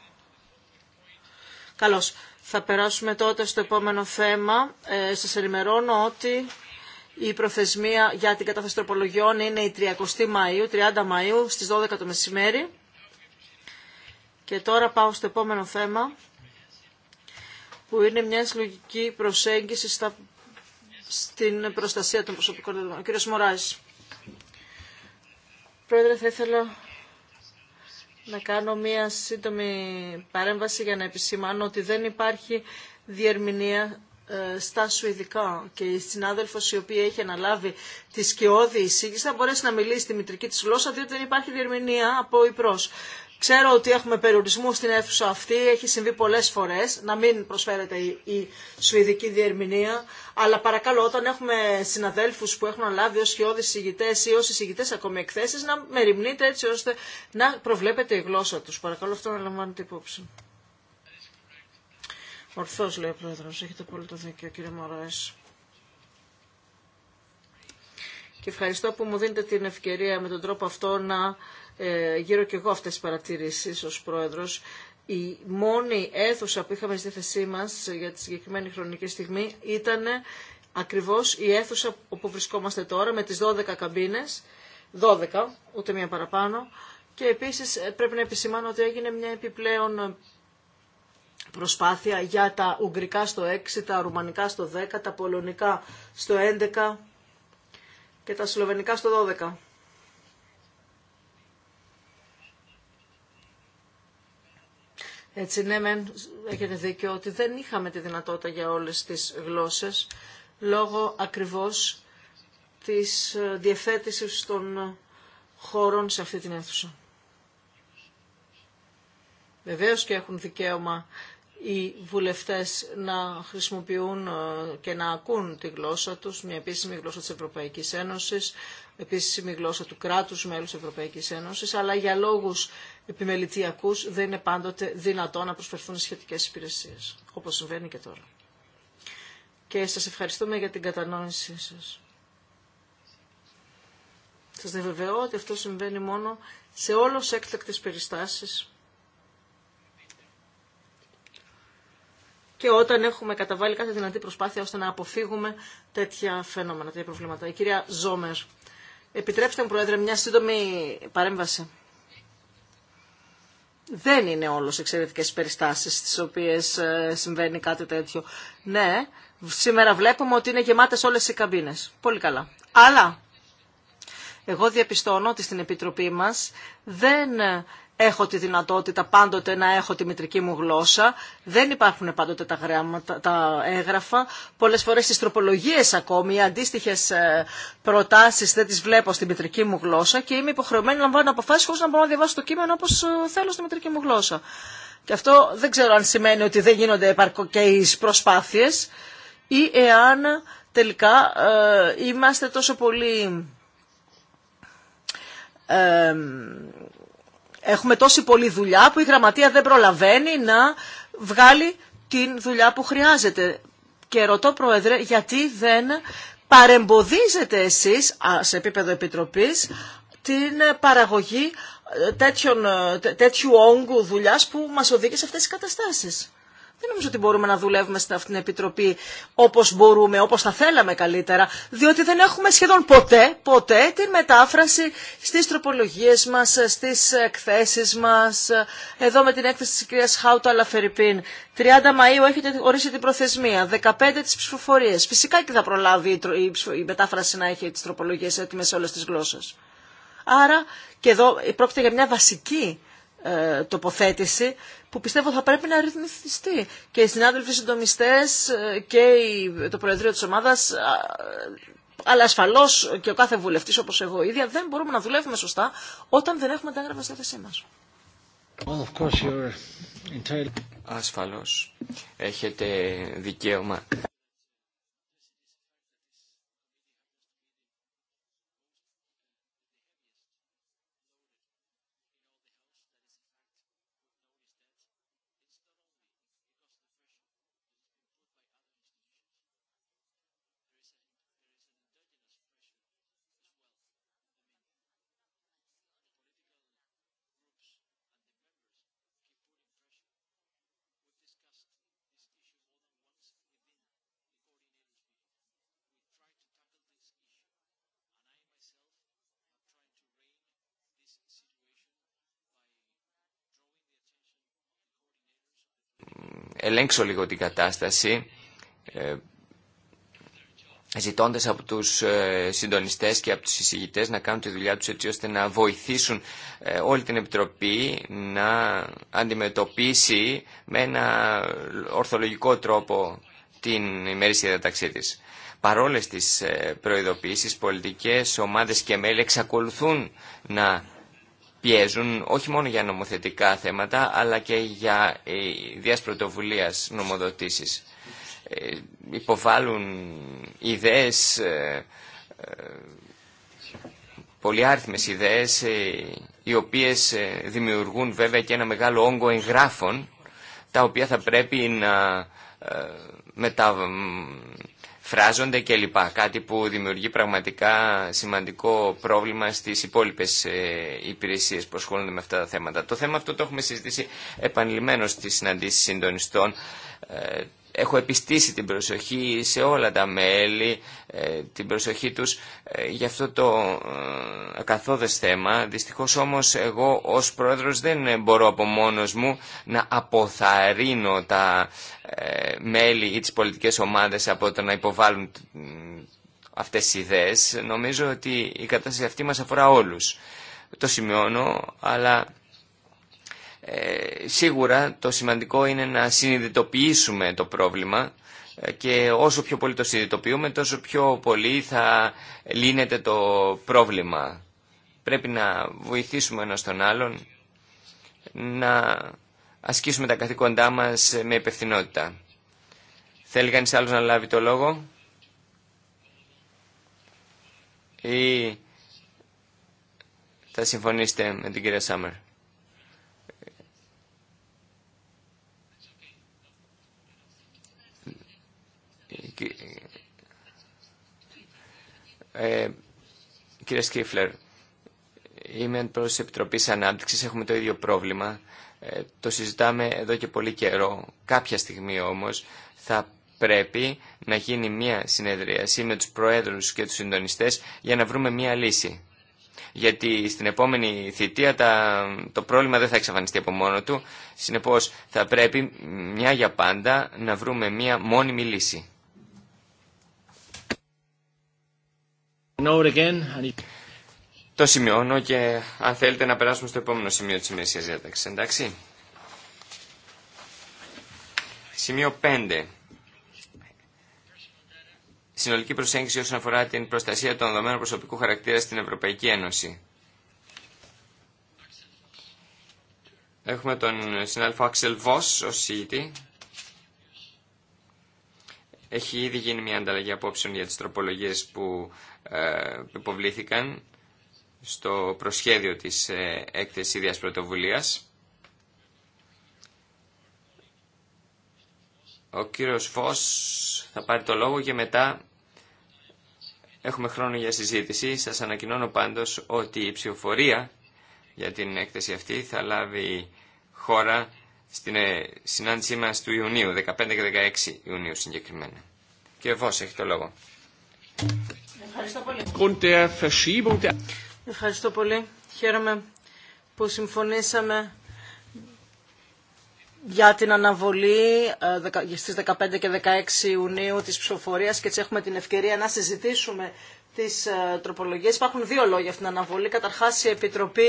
Καλώς. Θα περάσουμε τότε στο επόμενο θέμα. Ε, σας ενημερώνω ότι η προθεσμία για την κατάθεση τροπολογιών είναι η 30 Μαΐου, 30 Μαΐου στις 12 το μεσημέρι. Και τώρα πάω στο επόμενο θέμα που είναι μια συλλογική προσέγγιση στην προστασία των προσωπικών δεδομένων. Κύριος Μωράης. Πρόεδρε, θα ήθελα να κάνω μία σύντομη παρέμβαση για να επισημάνω ότι δεν υπάρχει διερμηνία ε, στα Σουηδικά και η συνάδελφος η οποία έχει αναλάβει τη σκιώδη εισήγηση θα μπορέσει να μιλήσει τη μητρική της γλώσσα διότι δεν υπάρχει διερμηνία από υπρός. Ξέρω ότι έχουμε περιορισμού στην αίθουσα αυτή, έχει συμβεί πολλές φορές, να μην προσφέρεται η, η σουηδική διερμηνία, αλλά παρακαλώ όταν έχουμε συναδέλφους που έχουν λάβει ως χειώδεις συγητές ή ως συγητές ακόμη εκθέσεις, να μεριμνείτε έτσι ώστε να προβλέπετε η γλώσσα τους. Παρακαλώ αυτό να λαμβάνετε υπόψη. Ορθώς λέει ο Πρόεδρος, έχετε πολύ το δίκιο κύριε Μωρές. Και ευχαριστώ που μου δίνετε την ευκαιρία με τον τρόπο αυτό να ε, γύρω και εγώ αυτές τις παρατηρήσεις ως πρόεδρος. Η μόνη αίθουσα που είχαμε στη θέση μας για τη συγκεκριμένη χρονική στιγμή ήταν ακριβώς η αίθουσα όπου βρισκόμαστε τώρα με τις 12 καμπίνες, 12, ούτε μία παραπάνω, και επίσης ε, πρέπει να επισημάνω ότι έγινε μια επιπλέον προσπάθεια για τα ουγγρικά στο 6, τα ρουμανικά στο 10, τα πολωνικά στο 11 και τα σλοβενικά στο 12. Έτσι, ναι, μεν, έχετε δίκιο ότι δεν είχαμε τη δυνατότητα για όλες τις γλώσσες, λόγω ακριβώς της ε, διευθέτησης των ε, χώρων σε αυτή την αίθουσα. Βεβαίως και έχουν δικαίωμα οι βουλευτές να χρησιμοποιούν ε, και να ακούν τη γλώσσα τους, μια επίσημη γλώσσα της Ευρωπαϊκής Ένωσης, επίσημη γλώσσα του κράτους μέλους της Ευρωπαϊκής Ένωσης, αλλά για λόγους επιμελητιακούς δεν είναι πάντοτε δυνατόν να προσφερθούν σχετικές υπηρεσίες, όπως συμβαίνει και τώρα. Και σας ευχαριστούμε για την κατανόησή σας. Σας βεβαιώ ότι αυτό συμβαίνει μόνο σε όλες έκτακτες περιστάσεις και όταν έχουμε καταβάλει κάθε δυνατή προσπάθεια ώστε να αποφύγουμε τέτοια φαινόμενα, τέτοια προβλήματα. Η κυρία Ζόμερ. Επιτρέψτε μου, Πρόεδρε, μια σύντομη παρέμβαση. Δεν είναι όλος εξαιρετικέ περιστάσεις στις οποίες ε, συμβαίνει κάτι τέτοιο. Ναι, σήμερα βλέπουμε ότι είναι γεμάτες όλες οι καμπίνες. Πολύ καλά. Αλλά εγώ διαπιστώνω ότι στην Επιτροπή μας δεν έχω τη δυνατότητα πάντοτε να έχω τη μητρική μου γλώσσα. Δεν υπάρχουν πάντοτε τα, γράμματα, τα έγγραφα. Πολλές φορές στις τροπολογίες ακόμη, οι αντίστοιχες ε, προτάσεις δεν τις βλέπω στη μητρική μου γλώσσα και είμαι υποχρεωμένη να λαμβάνω αποφάσεις χωρίς να μπορώ να διαβάσω το κείμενο όπως ε, θέλω στη μητρική μου γλώσσα. Και αυτό δεν ξέρω αν σημαίνει ότι δεν γίνονται επαρκοκέεις προσπάθειες ή εάν τελικά ε, είμαστε τόσο πολύ... Έχουμε τόση πολλή δουλειά που η γραμματεία δεν προλαβαίνει να βγάλει την δουλειά που χρειάζεται. Και ρωτώ, Πρόεδρε, γιατί δεν παρεμποδίζετε εσείς, σε επίπεδο Επιτροπής, την παραγωγή ε, ε, τέτοιου όγκου δουλειάς που μας οδηγεί σε αυτές τις καταστάσεις. Δεν νομίζω ότι μπορούμε να δουλεύουμε σε αυτήν την επιτροπή όπως μπορούμε, όπως θα θέλαμε καλύτερα, διότι δεν έχουμε σχεδόν ποτέ, ποτέ τη μετάφραση στις τροπολογίες μας, στις εκθέσεις μας. Εδώ με την έκθεση της κυρίας Χάουτα Αλαφερυπίν. 30 Μαΐου έχετε ορίσει την προθεσμία, 15 τι ψηφοφορίε. Φυσικά και θα προλάβει η μετάφραση να έχει τι τροπολογίε έτοιμες σε όλες τι γλώσσες. Άρα και εδώ πρόκειται για μια βασική ε, τοποθέτηση που πιστεύω θα πρέπει να ρυθμιστεί. Και οι συνάδελφοι συντομιστέ ε, και το Προεδρείο της ομάδας ε, αλλά ασφαλώ και ο κάθε βουλευτή όπω εγώ ίδια δεν μπορούμε να δουλεύουμε σωστά όταν δεν έχουμε τα έγγραφα στη θέση μα. Ασφαλώ. Έχετε δικαίωμα ελέγξω λίγο την κατάσταση ε, ζητώντας από τους ε, συντονιστές και από τους εισηγητές να κάνουν τη δουλειά τους έτσι ώστε να βοηθήσουν ε, όλη την Επιτροπή να αντιμετωπίσει με ένα ορθολογικό τρόπο την ημέρηση διαταξή της. Παρόλες τις προειδοποιήσεις, πολιτικές ομάδες και μέλη εξακολουθούν να πιέζουν όχι μόνο για νομοθετικά θέματα αλλά και για ε, ιδέες πρωτοβουλίας νομοδοτήσεις. Ε, υποβάλλουν ιδέες, ε, πολυάριθμες ιδέες οι οποίες δημιουργούν βέβαια και ένα μεγάλο όγκο εγγράφων τα οποία θα πρέπει να μετα φράζονται κλπ. Κάτι που δημιουργεί πραγματικά σημαντικό πρόβλημα στις υπόλοιπες ε, υπηρεσίες που ασχολούνται με αυτά τα θέματα. Το θέμα αυτό το έχουμε συζητήσει επανειλημμένως στις συναντήσεις συντονιστών ε, έχω επιστήσει την προσοχή σε όλα τα μέλη, ε, την προσοχή τους ε, για αυτό το ε, καθόδες θέμα. Δυστυχώς όμως εγώ ως πρόεδρος δεν μπορώ από μόνος μου να αποθαρρύνω τα μέλη ή τις πολιτικές ομάδες από το να υποβάλουν αυτές τις ιδέες. Νομίζω ότι η κατάσταση αυτή μας αφορά όλους. Το σημειώνω, αλλά ε, σίγουρα το σημαντικό είναι να συνειδητοποιήσουμε το πρόβλημα ε, και όσο πιο πολύ το συνειδητοποιούμε τόσο πιο πολύ θα λύνεται το πρόβλημα. Πρέπει να βοηθήσουμε ένας τον άλλον να ασκήσουμε τα καθήκοντά μας με υπευθυνότητα. Θέλει κανείς άλλος να λάβει το λόγο ή θα συμφωνήσετε με την κυρία Σάμερ. Ε, κύριε Σκίφλερ, είμαι πρόεδρος τη Επιτροπής Ανάπτυξης, έχουμε το ίδιο πρόβλημα. Ε, το συζητάμε εδώ και πολύ καιρό. Κάποια στιγμή όμως θα πρέπει να γίνει μια συνεδρίαση με τους προέδρους και τους συντονιστές για να βρούμε μια λύση. Γιατί στην επόμενη θητεία το πρόβλημα δεν θα εξαφανιστεί από μόνο του. Συνεπώς θα πρέπει μια για πάντα να βρούμε μια μόνιμη λύση. Το σημειώνω και αν θέλετε να περάσουμε στο επόμενο σημείο της ημερησίας διάταξης, εντάξει. Σημείο 5. Συνολική προσέγγιση όσον αφορά την προστασία των δεδομένων προσωπικού χαρακτήρα στην Ευρωπαϊκή Ένωση. Έχουμε τον συνάδελφο Άξελ Βος ως Έχει ήδη γίνει μια ανταλλαγή απόψεων για τις τροπολογίες που που ε, υποβλήθηκαν στο προσχέδιο της ε, έκθεσης ίδιας πρωτοβουλίας. Ο κύριος Φως θα πάρει το λόγο και μετά έχουμε χρόνο για συζήτηση. Σας ανακοινώνω πάντως ότι η ψηφοφορία για την έκθεση αυτή θα λάβει χώρα στην ε, συνάντησή μας του Ιουνίου, 15 και 16 Ιουνίου συγκεκριμένα. Και Φως, έχει το λόγο. Ευχαριστώ πολύ. Χαίρομαι που συμφωνήσαμε για την αναβολή ε, στις 15 και 16 Ιουνίου της ψηφοφορίας και έτσι έχουμε την ευκαιρία να συζητήσουμε τις ε, τροπολογίες. Υπάρχουν δύο λόγια αυτήν την αναβολή. Καταρχά η Επιτροπή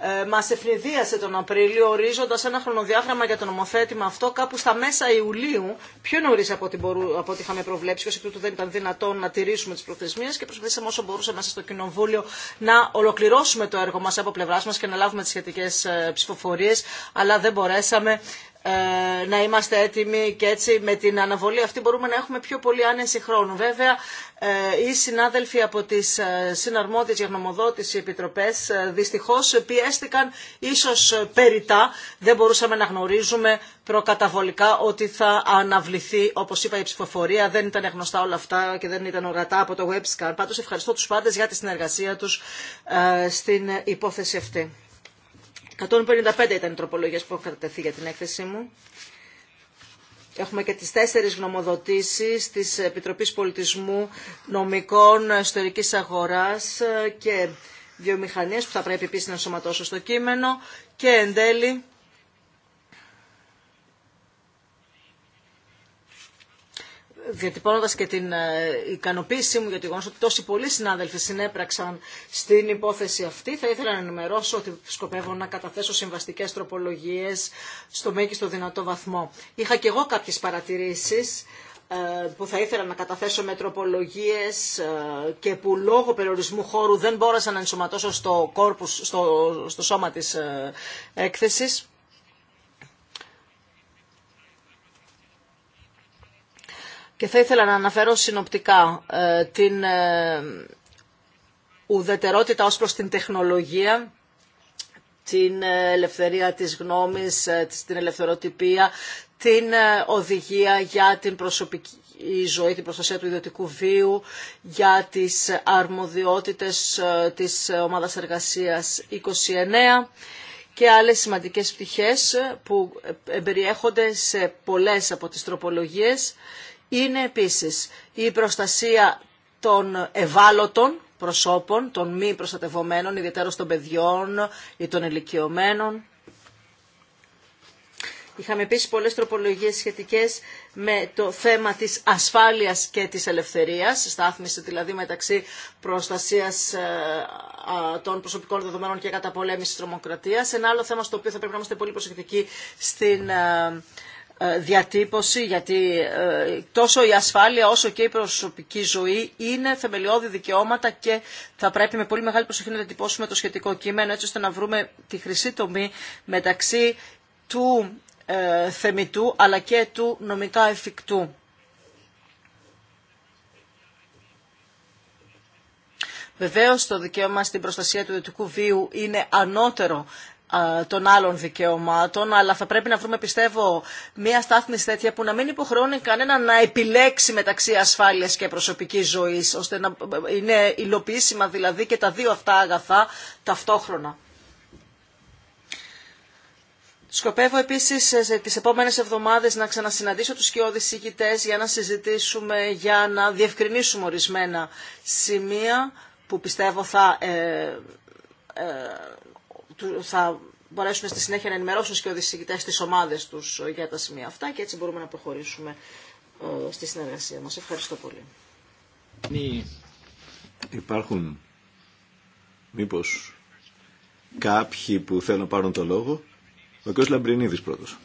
ε, μα ευνηδίασε τον Απρίλιο ορίζοντα ένα χρονοδιάγραμμα για το νομοθέτημα αυτό κάπου στα μέσα Ιουλίου, πιο νωρί από, ό,τι από ό,τι είχαμε προβλέψει, ως εκ δεν ήταν δυνατόν να τηρήσουμε τι προθεσμίες και προσπαθήσαμε όσο μπορούσαμε μέσα στο Κοινοβούλιο να ολοκληρώσουμε το έργο μα από πλευρά μα και να λάβουμε τις σχετικέ ε, ψηφοφορίε, αλλά δεν μπορέσαμε ε, να είμαστε έτοιμοι και έτσι με την αναβολή αυτή μπορούμε να έχουμε πιο πολύ άνεση χρόνου. Βέβαια, ε, οι συνάδελφοι από τις ε, συναρμόδιες για γνωμοδότηση επιτροπές δυστυχώς πιέστηκαν ίσως περιτά. Δεν μπορούσαμε να γνωρίζουμε προκαταβολικά ότι θα αναβληθεί, όπως είπα, η ψηφοφορία. Δεν ήταν γνωστά όλα αυτά και δεν ήταν ορατά από το WebScan. Πάντως ευχαριστώ τους πάντες για τη συνεργασία τους στην υπόθεση αυτή. 155 ήταν οι τροπολογίες που έχω κατατεθεί για την έκθεσή μου. Έχουμε και τις τέσσερις γνωμοδοτήσεις της Επιτροπής Πολιτισμού Νομικών Ιστορικής Αγοράς και Βιομηχανίας που θα πρέπει επίσης να ενσωματώσω στο κείμενο και εν τέλει διατυπώνοντας και την ε, ικανοποίησή μου για το γεγονό ότι τόσοι πολλοί συνάδελφοι συνέπραξαν στην υπόθεση αυτή, θα ήθελα να ενημερώσω ότι σκοπεύω να καταθέσω συμβαστικές τροπολογίες στο μέγιστο δυνατό βαθμό. Είχα και εγώ κάποιες παρατηρήσεις ε, που θα ήθελα να καταθέσω με τροπολογίες ε, και που λόγω περιορισμού χώρου δεν μπόρεσα να ενσωματώσω στο, στο, στο σώμα της έκθεσης. Και θα ήθελα να αναφέρω συνοπτικά ε, την ε, ουδετερότητα ως προς την τεχνολογία, την ε, ελευθερία της γνώμης, την ελευθεροτυπία, την οδηγία για την προσωπική η ζωή, την προστασία του ιδιωτικού βίου, για τις αρμοδιότητες της ομάδας εργασίας 29 και άλλες σημαντικές πτυχές που περιέχονται σε πολλές από τις τροπολογίες είναι επίσης η προστασία των ευάλωτων προσώπων, των μη προστατευομένων, ιδιαίτερα των παιδιών ή των ηλικιωμένων. Είχαμε επίσης πολλές τροπολογίες σχετικές με το θέμα της ασφάλειας και της ελευθερίας, στάθμιση δηλαδή μεταξύ προστασίας ε, των προσωπικών δεδομένων και καταπολέμησης τρομοκρατίας. Ένα άλλο θέμα στο οποίο θα πρέπει να είμαστε πολύ προσεκτικοί στην ε, ε, διατύπωση, γιατί ε, τόσο η ασφάλεια όσο και η προσωπική ζωή είναι θεμελιώδη δικαιώματα και θα πρέπει με πολύ μεγάλη προσοχή να διατυπώσουμε το σχετικό κείμενο έτσι ώστε να βρούμε τη χρυσή τομή μεταξύ του ε, θεμητού αλλά και του νομικά εφικτού. Βεβαίως το δικαίωμα στην προστασία του ιδιωτικού βίου είναι ανώτερο των άλλων δικαιωμάτων, αλλά θα πρέπει να βρούμε, πιστεύω, μία στάθμη τέτοια που να μην υποχρεώνει κανένα να επιλέξει μεταξύ ασφάλειας και προσωπικής ζωής, ώστε να είναι υλοποιήσιμα δηλαδή και τα δύο αυτά αγαθά ταυτόχρονα. Σκοπεύω επίσης ε, τις επόμενες εβδομάδες να ξανασυναντήσω τους σκιώδεις ηγητές για να συζητήσουμε, για να διευκρινίσουμε ορισμένα σημεία που πιστεύω θα ε, ε θα μπορέσουμε στη συνέχεια να ενημερώσουμε και οδησηγητές τι ομάδε τους ε, για τα σημεία αυτά και έτσι μπορούμε να προχωρήσουμε ε, στη συνεργασία μας. Ευχαριστώ πολύ. Υπάρχουν μήπως κάποιοι που θέλουν να πάρουν το λόγο. Ο κ. Λαμπρινίδης πρώτος.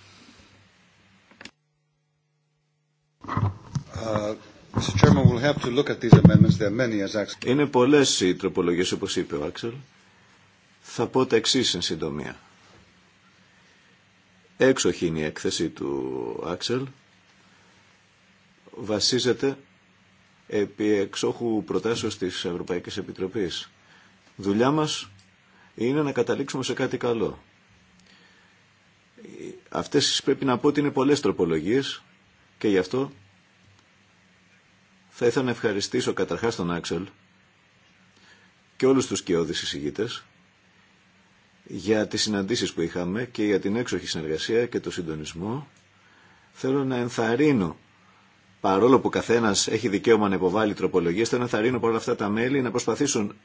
Είναι πολλές οι τροπολογίες όπως είπε ο Άξελ θα πω τα εξή εν συντομία. Έξοχη είναι η έκθεση του Άξελ. Βασίζεται επί εξόχου προτάσεως της Ευρωπαϊκής Επιτροπής. Δουλειά μας είναι να καταλήξουμε σε κάτι καλό. Αυτές πρέπει να πω ότι είναι πολλές τροπολογίες και γι' αυτό θα ήθελα να ευχαριστήσω καταρχάς τον Άξελ και όλους τους κοιόδης εισηγήτες για τις συναντήσεις που είχαμε και για την έξοχη συνεργασία και το συντονισμό. Θέλω να ενθαρρύνω, παρόλο που καθένας έχει δικαίωμα να υποβάλει τροπολογίες, θέλω να ενθαρρύνω παρόλα αυτά τα μέλη να προσπαθήσουν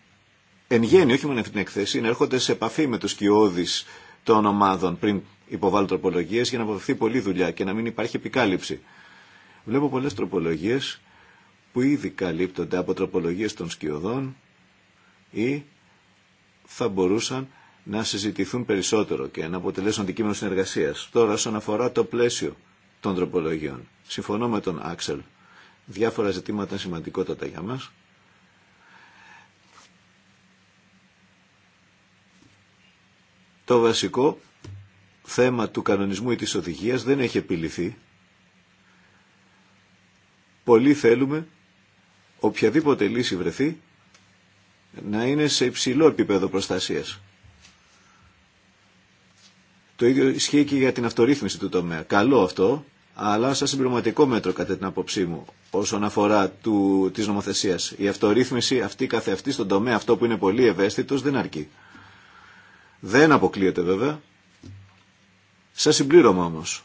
εν γέννη, όχι μόνο αυτή την εκθέση, να έρχονται σε επαφή με τους κοιόδεις των ομάδων πριν υποβάλουν τροπολογίες για να αποφευθεί πολλή δουλειά και να μην υπάρχει επικάλυψη. Βλέπω πολλές τροπολογίες που ήδη καλύπτονται από τροπολογίες των σκιωδών ή θα μπορούσαν να συζητηθούν περισσότερο και να αποτελέσουν αντικείμενο συνεργασία. Τώρα, όσον αφορά το πλαίσιο των τροπολογιών, συμφωνώ με τον Άξελ. Διάφορα ζητήματα σημαντικότατα για μας. Το βασικό θέμα του κανονισμού ή της οδηγίας δεν έχει επιληθεί. Πολλοί θέλουμε οποιαδήποτε λύση βρεθεί να είναι σε υψηλό επίπεδο προστασίας. Το ίδιο ισχύει και για την αυτορύθμιση του τομέα. Καλό αυτό, αλλά σαν συμπληρωματικό μέτρο κατά την άποψή μου όσον αφορά του, της νομοθεσίας. Η αυτορύθμιση αυτή καθεαυτή στον τομέα αυτό που είναι πολύ ευαίσθητος δεν αρκεί. Δεν αποκλείεται βέβαια. Σαν συμπλήρωμα όμως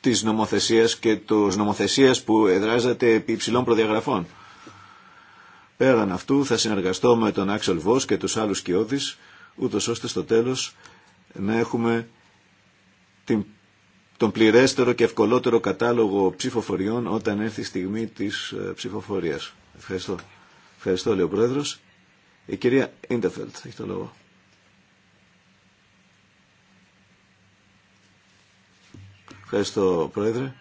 της νομοθεσίας και της νομοθεσίας που εδράζεται επί υψηλών προδιαγραφών. Πέραν αυτού θα συνεργαστώ με τον Άξελ Βος και τους άλλους κοιώδεις ούτως ώστε στο τέλος να έχουμε την, τον πληρέστερο και ευκολότερο κατάλογο ψηφοφοριών όταν έρθει η στιγμή της ε, ψηφοφορίας. Ευχαριστώ. Ευχαριστώ, λέει ο Πρόεδρος. Η κυρία Ιντεφελτ έχει το λόγο. Ευχαριστώ, Πρόεδρε.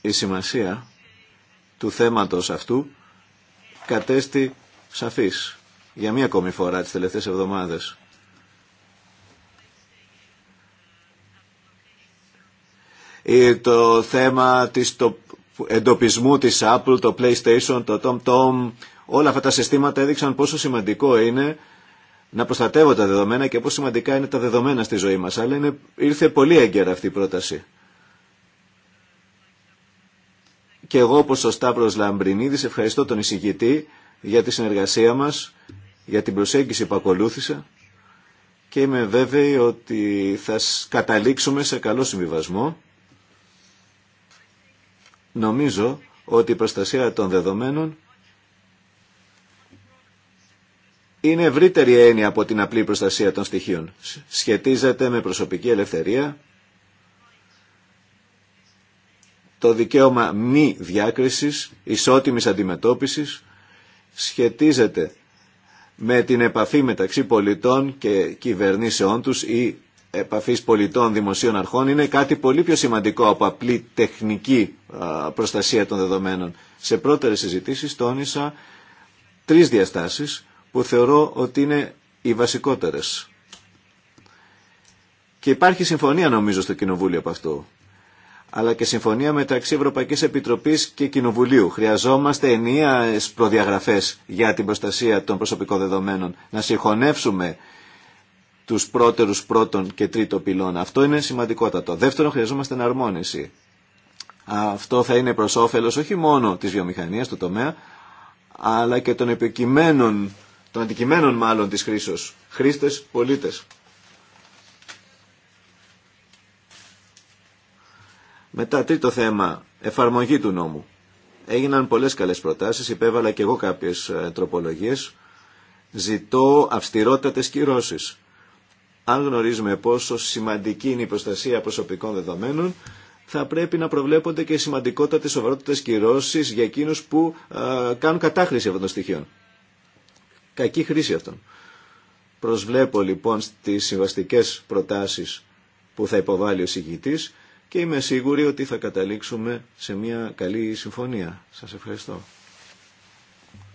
Η σημασία του θέματος αυτού κατέστη σαφής για μία ακόμη φορά τις τελευταίες εβδομάδες. Ή ε, το θέμα της το εντοπισμού της Apple, το PlayStation, το TomTom, όλα αυτά τα συστήματα έδειξαν πόσο σημαντικό είναι να προστατεύω τα δεδομένα και πόσο σημαντικά είναι τα δεδομένα στη ζωή μας. Αλλά είναι, ήρθε πολύ έγκαιρα αυτή η πρόταση. Και εγώ όπως ο Σταύρος Λαμπρινίδης ευχαριστώ τον εισηγητή για τη συνεργασία μας για την προσέγγιση που ακολούθησα και είμαι βέβαιη ότι θα καταλήξουμε σε καλό συμβιβασμό. Νομίζω ότι η προστασία των δεδομένων είναι ευρύτερη έννοια από την απλή προστασία των στοιχείων. Σχετίζεται με προσωπική ελευθερία, το δικαίωμα μη διάκρισης, ισότιμης αντιμετώπισης, σχετίζεται με την επαφή μεταξύ πολιτών και κυβερνήσεών τους ή επαφής πολιτών δημοσίων αρχών είναι κάτι πολύ πιο σημαντικό από απλή τεχνική προστασία των δεδομένων. Σε πρώτερες συζητήσεις τόνισα τρεις διαστάσεις που θεωρώ ότι είναι οι βασικότερες. Και υπάρχει συμφωνία νομίζω στο Κοινοβούλιο από αυτό αλλά και συμφωνία μεταξύ Ευρωπαϊκής Επιτροπής και Κοινοβουλίου. Χρειαζόμαστε ενιαίες προδιαγραφές για την προστασία των προσωπικών δεδομένων. Να συγχωνεύσουμε τους πρώτερους πρώτων και τρίτο πυλών. Αυτό είναι σημαντικότατο. Δεύτερον, χρειαζόμαστε εναρμόνιση. Αυτό θα είναι προς όφελος όχι μόνο της βιομηχανίας, του τομέα, αλλά και των των αντικειμένων μάλλον της χρήσεως. Χρήστες, πολίτες. Μετά τρίτο θέμα, εφαρμογή του νόμου. Έγιναν πολλές καλές προτάσεις, υπέβαλα και εγώ κάποιες ε, τροπολογίες. Ζητώ αυστηρότατες κυρώσεις. Αν γνωρίζουμε πόσο σημαντική είναι η προστασία προσωπικών δεδομένων, θα πρέπει να προβλέπονται και σημαντικότατες σοβαρότητες κυρώσεις για εκείνους που ε, κάνουν κατάχρηση αυτών των στοιχείων. Κακή χρήση αυτών. Προσβλέπω λοιπόν στις συμβαστικές προτάσεις που θα υποβάλει ο και είμαι σίγουρη ότι θα καταλήξουμε σε μια καλή συμφωνία. Σας ευχαριστώ.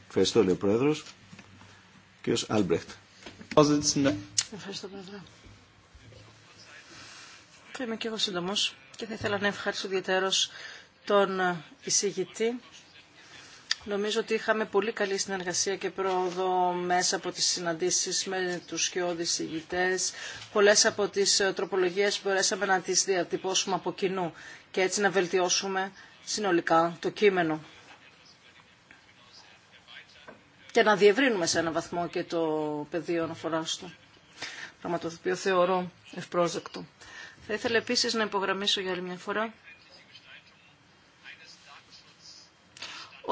Ευχαριστώ, λέει ο Πρόεδρος. Κύριος Άλμπρεχτ. Ευχαριστώ, Πρόεδρε. Θα είμαι και εγώ σύντομος και θα ήθελα να ευχαριστήσω ιδιαίτερως τον εισηγητή Νομίζω ότι είχαμε πολύ καλή συνεργασία και πρόοδο μέσα από τις συναντήσεις με τους σκιώδεις ηγητές. Πολλές από τις ε, τροπολογίες μπορέσαμε να τις διατυπώσουμε από κοινού και έτσι να βελτιώσουμε συνολικά το κείμενο. Και να διευρύνουμε σε έναν βαθμό και το πεδίο αναφορά του. Πράγμα το οποίο θεωρώ ευπρόσδεκτο. Θα ήθελα επίσης να υπογραμμίσω για άλλη μια φορά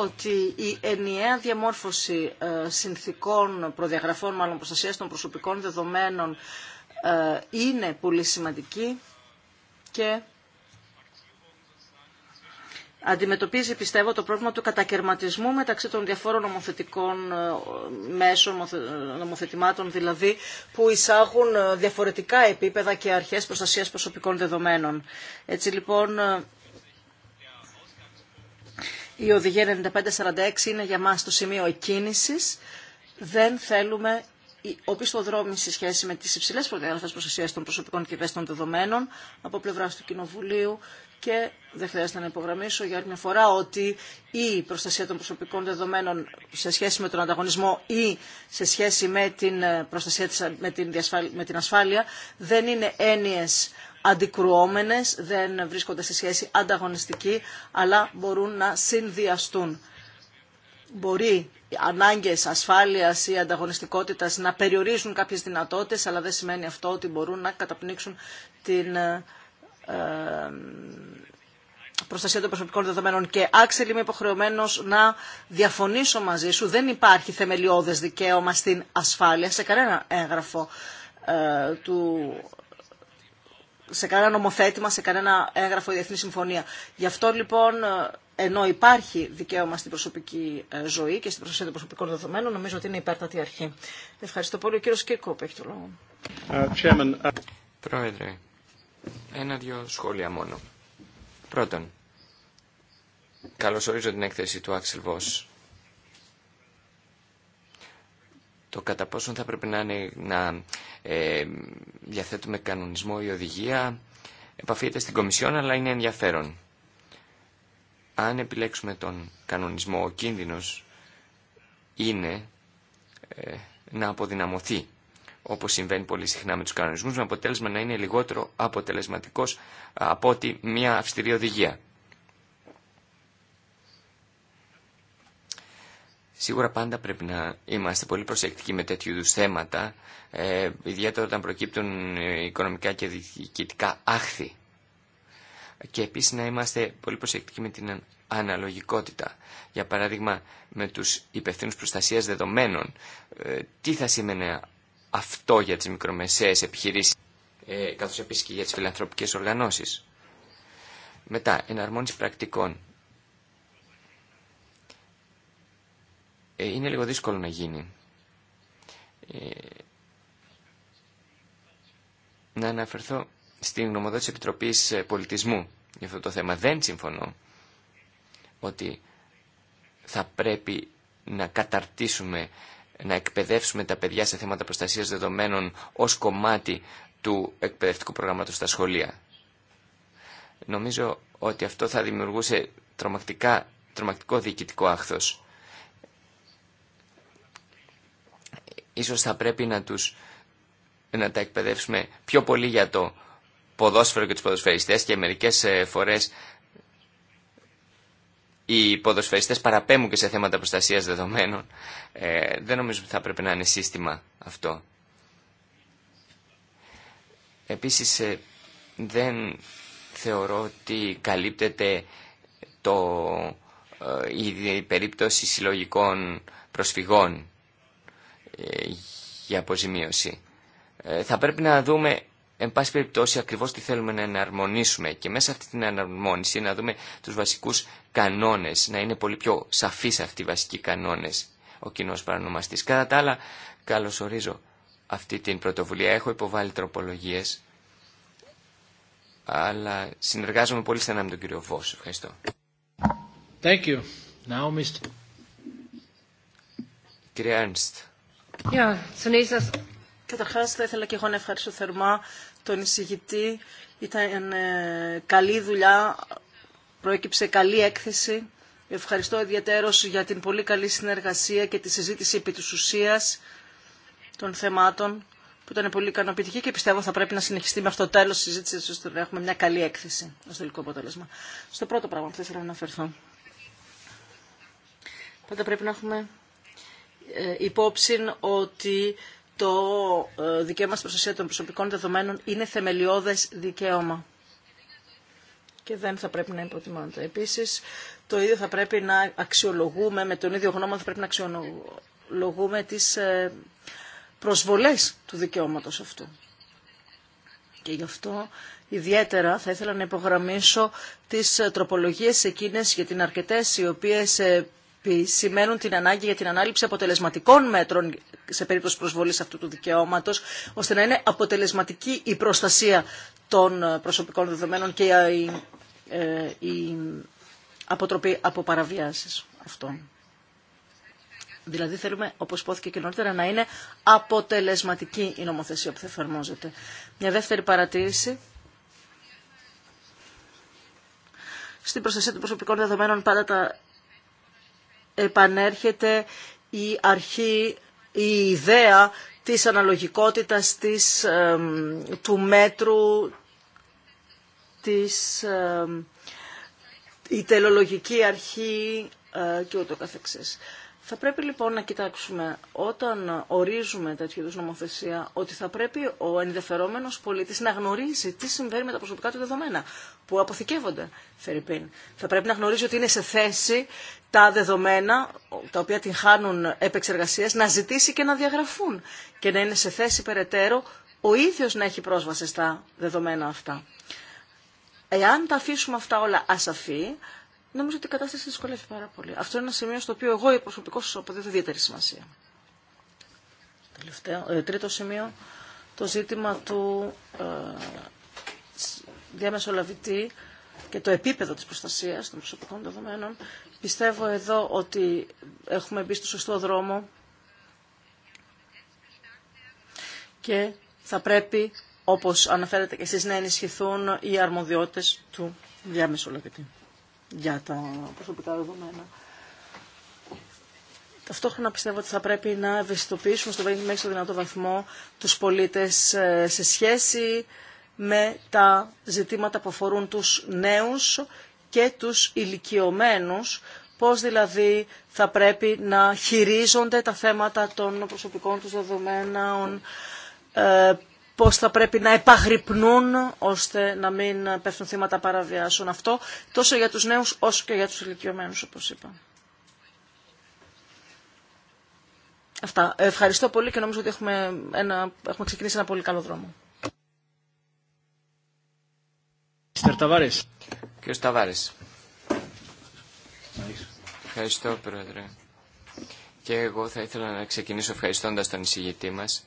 ότι η ενιαία διαμόρφωση ε, συνθήκων, προδιαγραφών μάλλον προστασίας των προσωπικών δεδομένων ε, είναι πολύ σημαντική και αντιμετωπίζει πιστεύω το πρόβλημα του κατακαιρματισμού μεταξύ των διαφόρων νομοθετικών ε, μέσων, νομοθετημάτων δηλαδή, που εισάγουν διαφορετικά επίπεδα και αρχές προστασίας προσωπικών δεδομένων. Έτσι λοιπόν η οδηγία 9546 είναι για μας το σημείο εκκίνησης. Δεν θέλουμε οπισθοδρόμη σε σχέση με τις υψηλές προτεραιότητες προστασίας των προσωπικών και ευαίσθητων δεδομένων από πλευρά του Κοινοβουλίου και δεν χρειάζεται να υπογραμμίσω για άλλη μια φορά ότι η προστασία των προσωπικών δεδομένων σε σχέση με τον ανταγωνισμό ή σε σχέση με την, ε, προστασία με, την ασφάλεια δεν είναι έννοιες αντικρουόμενες, δεν βρίσκονται σε σχέση ανταγωνιστική, αλλά μπορούν να συνδυαστούν. Μπορεί οι ανάγκες ασφάλειας ή ανταγωνιστικότητας να περιορίζουν κάποιες δυνατότητες, αλλά δεν σημαίνει αυτό ότι μπορούν να καταπνίξουν την ε, ε, προστασία των προσωπικών δεδομένων και άξελ είμαι υποχρεωμένο να διαφωνήσω μαζί σου. Δεν υπάρχει θεμελιώδες δικαίωμα στην ασφάλεια σε κανένα έγγραφο ε, του σε κανένα νομοθέτημα, σε κανένα έγγραφο ή διεθνή συμφωνία. Γι' αυτό λοιπόν, ε, ενώ υπάρχει δικαίωμα στην προσωπική ε, ζωή και στην προστασία των προσωπικών δεδομένων, νομίζω ότι είναι υπέρτατη αρχή. Ευχαριστώ πολύ. Ο κύριος που έχει το λόγο. Ε, Πρόεδρε, ένα-δυο σχόλια μόνο. Πρώτον, καλωσορίζω την έκθεση του Άξελ Βος Το κατά πόσον θα πρέπει να, είναι, να ε, διαθέτουμε κανονισμό ή οδηγία επαφείται στην Κομισιόν αλλά είναι ενδιαφέρον. Αν επιλέξουμε τον κανονισμό, ο κίνδυνος είναι ε, να αποδυναμωθεί όπως συμβαίνει πολύ συχνά με του κανονισμούς, με αποτέλεσμα να είναι λιγότερο αποτελεσματικός από ότι μια αυστηρή οδηγία. Σίγουρα πάντα πρέπει να είμαστε πολύ προσεκτικοί με τέτοιου είδου θέματα, ε, ιδιαίτερα όταν προκύπτουν οικονομικά και διοικητικά άχθη. Και επίσης να είμαστε πολύ προσεκτικοί με την αναλογικότητα. Για παράδειγμα, με τους υπευθύνους προστασίας δεδομένων. Ε, τι θα σήμαινε αυτό για τις μικρομεσαίες επιχειρήσεις, ε, καθώς επίσης και για τις φιλανθρωπικές οργανώσεις. Μετά, εναρμόνιση πρακτικών Ε, είναι λίγο δύσκολο να γίνει. Ε, να αναφερθώ στην γνωμοδότηση της Επιτροπής ε, Πολιτισμού για αυτό το θέμα. Δεν συμφωνώ ότι θα πρέπει να καταρτήσουμε, να εκπαιδεύσουμε τα παιδιά σε θέματα προστασίας δεδομένων ως κομμάτι του εκπαιδευτικού προγράμματος στα σχολεία. Νομίζω ότι αυτό θα δημιουργούσε τρομακτικά, τρομακτικό διοικητικό άχθος. Ίσως θα πρέπει να, τους, να τα εκπαιδεύσουμε πιο πολύ για το ποδόσφαιρο και τους ποδοσφαιριστές και μερικές ε, φορές οι ποδοσφαιριστές παραπέμουν και σε θέματα προστασίας δεδομένων. Ε, δεν νομίζω ότι θα πρέπει να είναι σύστημα αυτό. Επίσης ε, δεν θεωρώ ότι καλύπτεται το, η περίπτωση συλλογικών προσφυγών για αποζημίωση. Ε, θα πρέπει να δούμε, εν πάση περιπτώσει, ακριβώς τι θέλουμε να εναρμονίσουμε και μέσα αυτή την εναρμόνιση να δούμε τους βασικούς κανόνες, να είναι πολύ πιο σαφείς αυτοί οι βασικοί κανόνες ο κοινό παρανομαστής. Κατά τα άλλα, καλωσορίζω αυτή την πρωτοβουλία. Έχω υποβάλει τροπολογίες, αλλά συνεργάζομαι πολύ στενά με τον κύριο Βό. Ευχαριστώ. Thank you. Now, Mr. Κύριε Ernst. Καταρχά, θα ήθελα και εγώ να ευχαριστώ θερμά τον εισηγητή. Ήταν ε, καλή δουλειά, προέκυψε καλή έκθεση. Ευχαριστώ ιδιαίτερω για την πολύ καλή συνεργασία και τη συζήτηση επί της ουσίας των θεμάτων που ήταν πολύ ικανοποιητική και πιστεύω θα πρέπει να συνεχιστεί με αυτό το τέλος τη συζήτηση ώστε να έχουμε μια καλή έκθεση ως τελικό αποτέλεσμα. Στο πρώτο πράγμα που θα ήθελα να αναφερθώ. Πάντα πρέπει να έχουμε ε, υπόψη ότι το ε, δικαίωμα στην προστασία των προσωπικών δεδομένων είναι θεμελιώδες δικαίωμα και δεν θα πρέπει να υποτιμάται. Επίσης, το ίδιο θα πρέπει να αξιολογούμε, με τον ίδιο γνώμα θα πρέπει να αξιολογούμε τις ε, προσβολές του δικαιώματος αυτού. Και γι' αυτό ιδιαίτερα θα ήθελα να υπογραμμίσω τις τροπολογίες εκείνες για την αρκετές οι οποίες σημαίνουν την ανάγκη για την ανάληψη αποτελεσματικών μέτρων σε περίπτωση προσβολής αυτού του δικαιώματος, ώστε να είναι αποτελεσματική η προστασία των προσωπικών δεδομένων και η, ε, η αποτροπή από παραβιάσεις αυτών. Δηλαδή θέλουμε, όπως υπόθηκε και νωρίτερα, να είναι αποτελεσματική η νομοθεσία που θα εφαρμόζεται. Μια δεύτερη παρατήρηση. Στην προστασία των προσωπικών δεδομένων πάντα τα επανέρχεται η αρχή, η ιδέα της αναλογικότητας της, του μέτρου της, η τελολογική αρχή ε, και ούτω θα πρέπει λοιπόν να κοιτάξουμε όταν ορίζουμε τέτοιου είδου νομοθεσία ότι θα πρέπει ο ενδιαφερόμενος πολίτης να γνωρίζει τι συμβαίνει με τα προσωπικά του δεδομένα που αποθηκεύονται, Φερρυπίν. Θα πρέπει να γνωρίζει ότι είναι σε θέση τα δεδομένα τα οποία την χάνουν επεξεργασία, να ζητήσει και να διαγραφούν και να είναι σε θέση περαιτέρω ο ίδιο να έχει πρόσβαση στα δεδομένα αυτά. Εάν τα αφήσουμε αυτά όλα ασαφή, νομίζω ότι η κατάσταση δυσκολεύει πάρα πολύ. Αυτό είναι ένα σημείο στο οποίο εγώ προσωπικώ αποδίδω ιδιαίτερη σημασία. Τελευταίο, ε, τρίτο σημείο, το ζήτημα του ε, διαμεσολαβητή και το επίπεδο της προστασίας των προσωπικών δεδομένων. Πιστεύω εδώ ότι έχουμε μπει στο σωστό δρόμο και θα πρέπει, όπως αναφέρετε και εσείς, να ενισχυθούν οι αρμοδιότητες του διαμεσολαβητή για τα προσωπικά δεδομένα. Ταυτόχρονα πιστεύω ότι θα πρέπει να ευαισθητοποιήσουμε στο μέχρι στο δυνατό βαθμό τους πολίτες ε, σε σχέση με τα ζητήματα που αφορούν τους νέους και τους ηλικιωμένους, πώς δηλαδή θα πρέπει να χειρίζονται τα θέματα των προσωπικών τους δεδομένων, ε, πώς θα πρέπει να επαγρυπνούν ώστε να μην πέφτουν θύματα παραβιάσεων. Αυτό τόσο για τους νέους όσο και για τους ηλικιωμένους όπως είπα. Αυτά. Ευχαριστώ πολύ και νομίζω ότι έχουμε, ένα, έχουμε ξεκινήσει ένα πολύ καλό δρόμο. Κύριε Σταβάρης. Ευχαριστώ, Πρόεδρε. Και εγώ θα ήθελα να ξεκινήσω ευχαριστώντας τον εισηγητή μας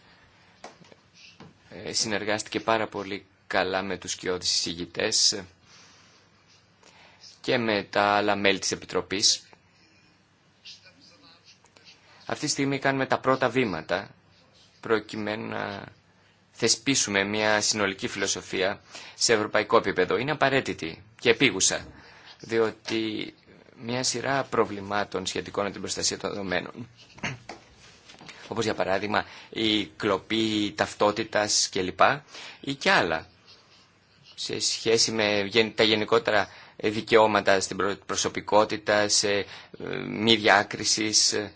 ε, συνεργάστηκε πάρα πολύ καλά με τους κοιόδης εισηγητές και με τα άλλα μέλη της Επιτροπής. Αυτή τη στιγμή κάνουμε τα πρώτα βήματα προκειμένου να θεσπίσουμε μια συνολική φιλοσοφία σε ευρωπαϊκό επίπεδο. Είναι απαραίτητη και επίγουσα, διότι μια σειρά προβλημάτων σχετικών με την προστασία των δεδομένων όπως για παράδειγμα η κλοπή ταυτότητας κλπ. ή και άλλα σε σχέση με τα γενικότερα δικαιώματα στην προσωπικότητα, σε ε, μη διάκριση ε,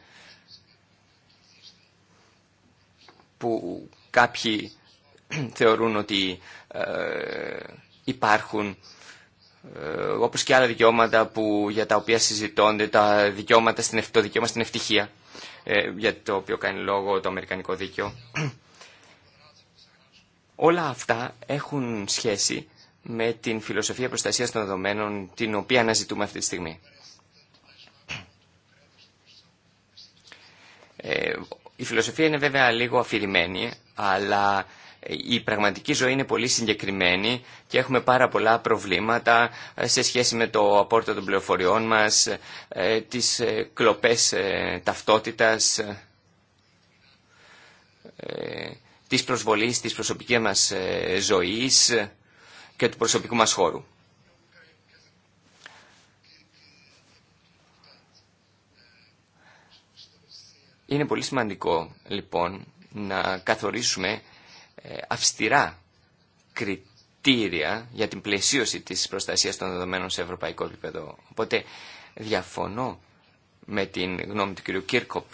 που κάποιοι θεωρούν ότι ε, υπάρχουν όπως και άλλα δικαιώματα που, για τα οποία συζητώνται, τα δικαιώματα στην, το δικαίωμα στην ευτυχία. Ε, για το οποίο κάνει λόγο το Αμερικανικό Δίκαιο. Όλα αυτά έχουν σχέση με την φιλοσοφία προστασίας των δεδομένων την οποία αναζητούμε αυτή τη στιγμή. Ε, η φιλοσοφία είναι βέβαια λίγο αφηρημένη, αλλά η πραγματική ζωή είναι πολύ συγκεκριμένη και έχουμε πάρα πολλά προβλήματα ε, σε σχέση με το απόρριτο των πληροφοριών μας, ε, τις ε, κλοπές ταυτότητας, της προσβολής της προσωπικής μας ζωής και του προσωπικού μας χώρου. Είναι πολύ σημαντικό, λοιπόν, να καθορίσουμε ε, αυστηρά κριτήρια για την πλαισίωση της προστασίας των δεδομένων σε ευρωπαϊκό επίπεδο. Οπότε διαφωνώ με την γνώμη του κ. Κίρκοπ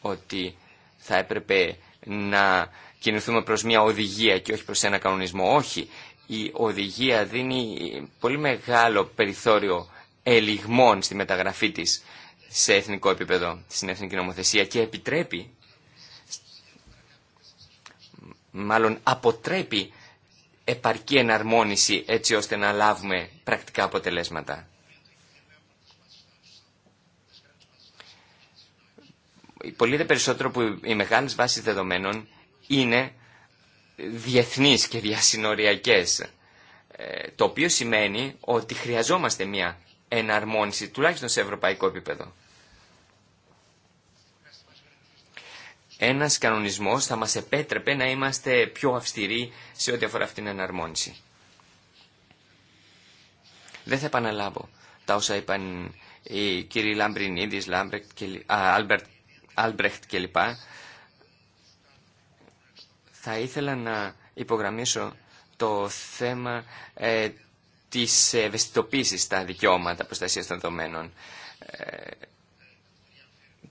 ότι θα έπρεπε να κινηθούμε προς μια οδηγία και όχι προς ένα κανονισμό. Όχι, η οδηγία δίνει πολύ μεγάλο περιθώριο ελιγμών στη μεταγραφή της σε εθνικό επίπεδο, στην εθνική νομοθεσία και επιτρέπει μάλλον αποτρέπει επαρκή εναρμόνιση έτσι ώστε να λάβουμε πρακτικά αποτελέσματα. Πολύ δε περισσότερο που οι μεγάλες βάσεις δεδομένων είναι διεθνείς και διασυνοριακές, ε, το οποίο σημαίνει ότι χρειαζόμαστε μια εναρμόνιση, τουλάχιστον σε ευρωπαϊκό επίπεδο. ένας κανονισμός θα μας επέτρεπε να είμαστε πιο αυστηροί σε ό,τι αφορά αυτήν την εναρμόνιση. Δεν θα επαναλάβω τα όσα είπαν οι κύριοι Λαμπρινίδης, Άλμπρεχτ κλπ. Θα ήθελα να υπογραμμίσω το θέμα ε, της ευαισθητοποίησης στα δικαιώματα προστασίας των δεδομένων. Ε,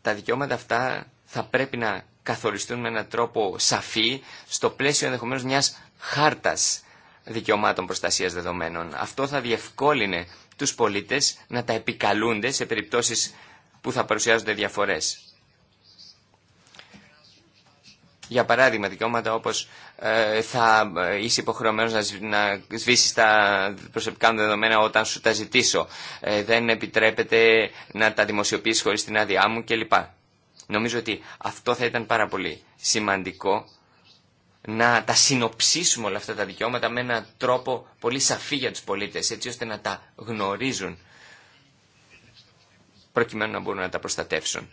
τα δικαιώματα αυτά θα πρέπει να καθοριστούν με έναν τρόπο σαφή στο πλαίσιο ενδεχομένως μιας χάρτας δικαιωμάτων προστασίας δεδομένων. Αυτό θα διευκόλυνε τους πολίτες να τα επικαλούνται σε περιπτώσεις που θα παρουσιάζονται διαφορές. Για παράδειγμα, δικαιώματα όπως ε, θα ε, είσαι υποχρεωμένος να, σβήσεις τα προσωπικά μου δεδομένα όταν σου τα ζητήσω. Ε, δεν επιτρέπεται να τα δημοσιοποιήσεις χωρίς την άδειά μου κλπ. Νομίζω ότι αυτό θα ήταν πάρα πολύ σημαντικό να τα συνοψίσουμε όλα αυτά τα δικαιώματα με έναν τρόπο πολύ σαφή για τους πολίτες, έτσι ώστε να τα γνωρίζουν, προκειμένου να μπορούν να τα προστατεύσουν.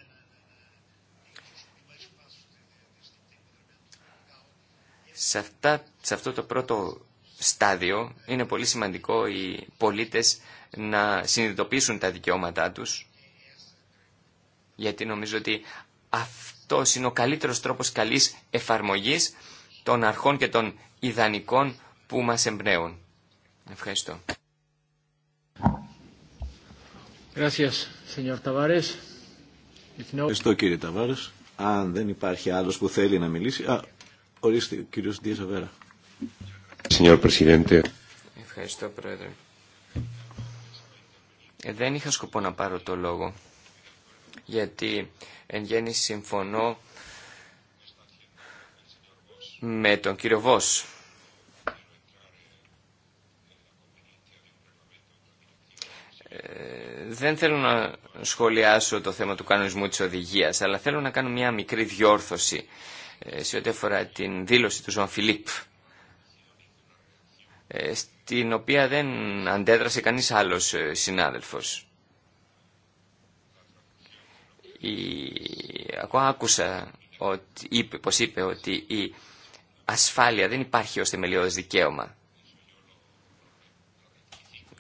Σε, αυτό το πρώτο στάδιο είναι πολύ σημαντικό οι πολίτες να συνειδητοποιήσουν τα δικαιώματά τους, γιατί νομίζω ότι αυτό είναι ο καλύτερο τρόπο καλή εφαρμογή των αρχών και των ιδανικών που μα εμπνέουν. Ευχαριστώ. Ευχαριστώ κύριε Ταβάρε. Αν δεν υπάρχει άλλο που θέλει να μιλήσει... Α, ορίστε, κύριο κύριος Ευχαριστώ πρόεδρε. Ε, δεν είχα σκοπό να πάρω το λόγο γιατί εν γέννη συμφωνώ με τον κύριο Βος. Ε, δεν θέλω να σχολιάσω το θέμα του κανονισμού της οδηγίας, αλλά θέλω να κάνω μια μικρή διόρθωση ε, σε ό,τι αφορά την δήλωση του Ζωαν Φιλίπ, ε, στην οποία δεν αντέδρασε κανείς άλλος συνάδελφος. Ακόμα άκουσα ότι είπε, πως είπε ότι η ασφάλεια δεν υπάρχει ως θεμελιώδες δικαίωμα.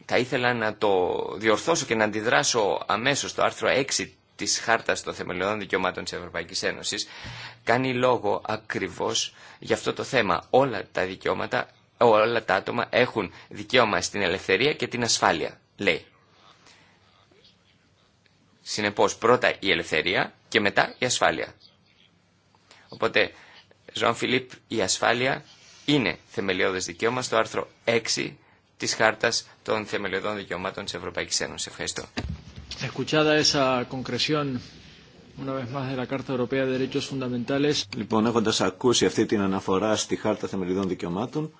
Θα ήθελα να το διορθώσω και να αντιδράσω αμέσως στο άρθρο 6 της Χάρτας των Θεμελιωδών Δικαιωμάτων της Ευρωπαϊκής Ένωσης κάνει λόγο ακριβώς για αυτό το θέμα. Όλα τα δικαιώματα, όλα τα άτομα έχουν δικαίωμα στην ελευθερία και την ασφάλεια, λέει. Συνεπώς πρώτα η ελευθερία και μετά η ασφάλεια. Οπότε, Ζωάν Φιλίπ, η ασφάλεια είναι θεμελιώδες δικαίωμα στο άρθρο 6 της Χάρτας των Θεμελιωδών Δικαιωμάτων της Ευρωπαϊκής Ένωσης. Ευχαριστώ. Λοιπόν, έχοντας ακούσει αυτή την αναφορά στη Χάρτα Θεμελιωδών Δικαιωμάτων,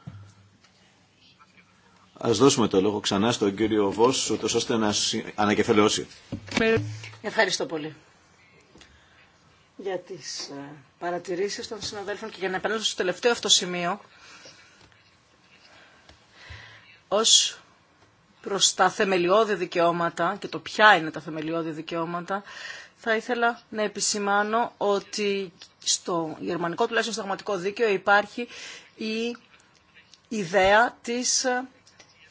Ας δώσουμε το λόγο ξανά στον κύριο Βος, ούτως ώστε να ανακεφαλαιώσει. Ευχαριστώ πολύ για τις ε, παρατηρήσεις των συναδέλφων και για να επανέλθω στο τελευταίο αυτό σημείο ως προς τα θεμελιώδη δικαιώματα και το ποια είναι τα θεμελιώδη δικαιώματα θα ήθελα να επισημάνω ότι στο γερμανικό τουλάχιστον σταγματικό δίκαιο υπάρχει η ιδέα της ε,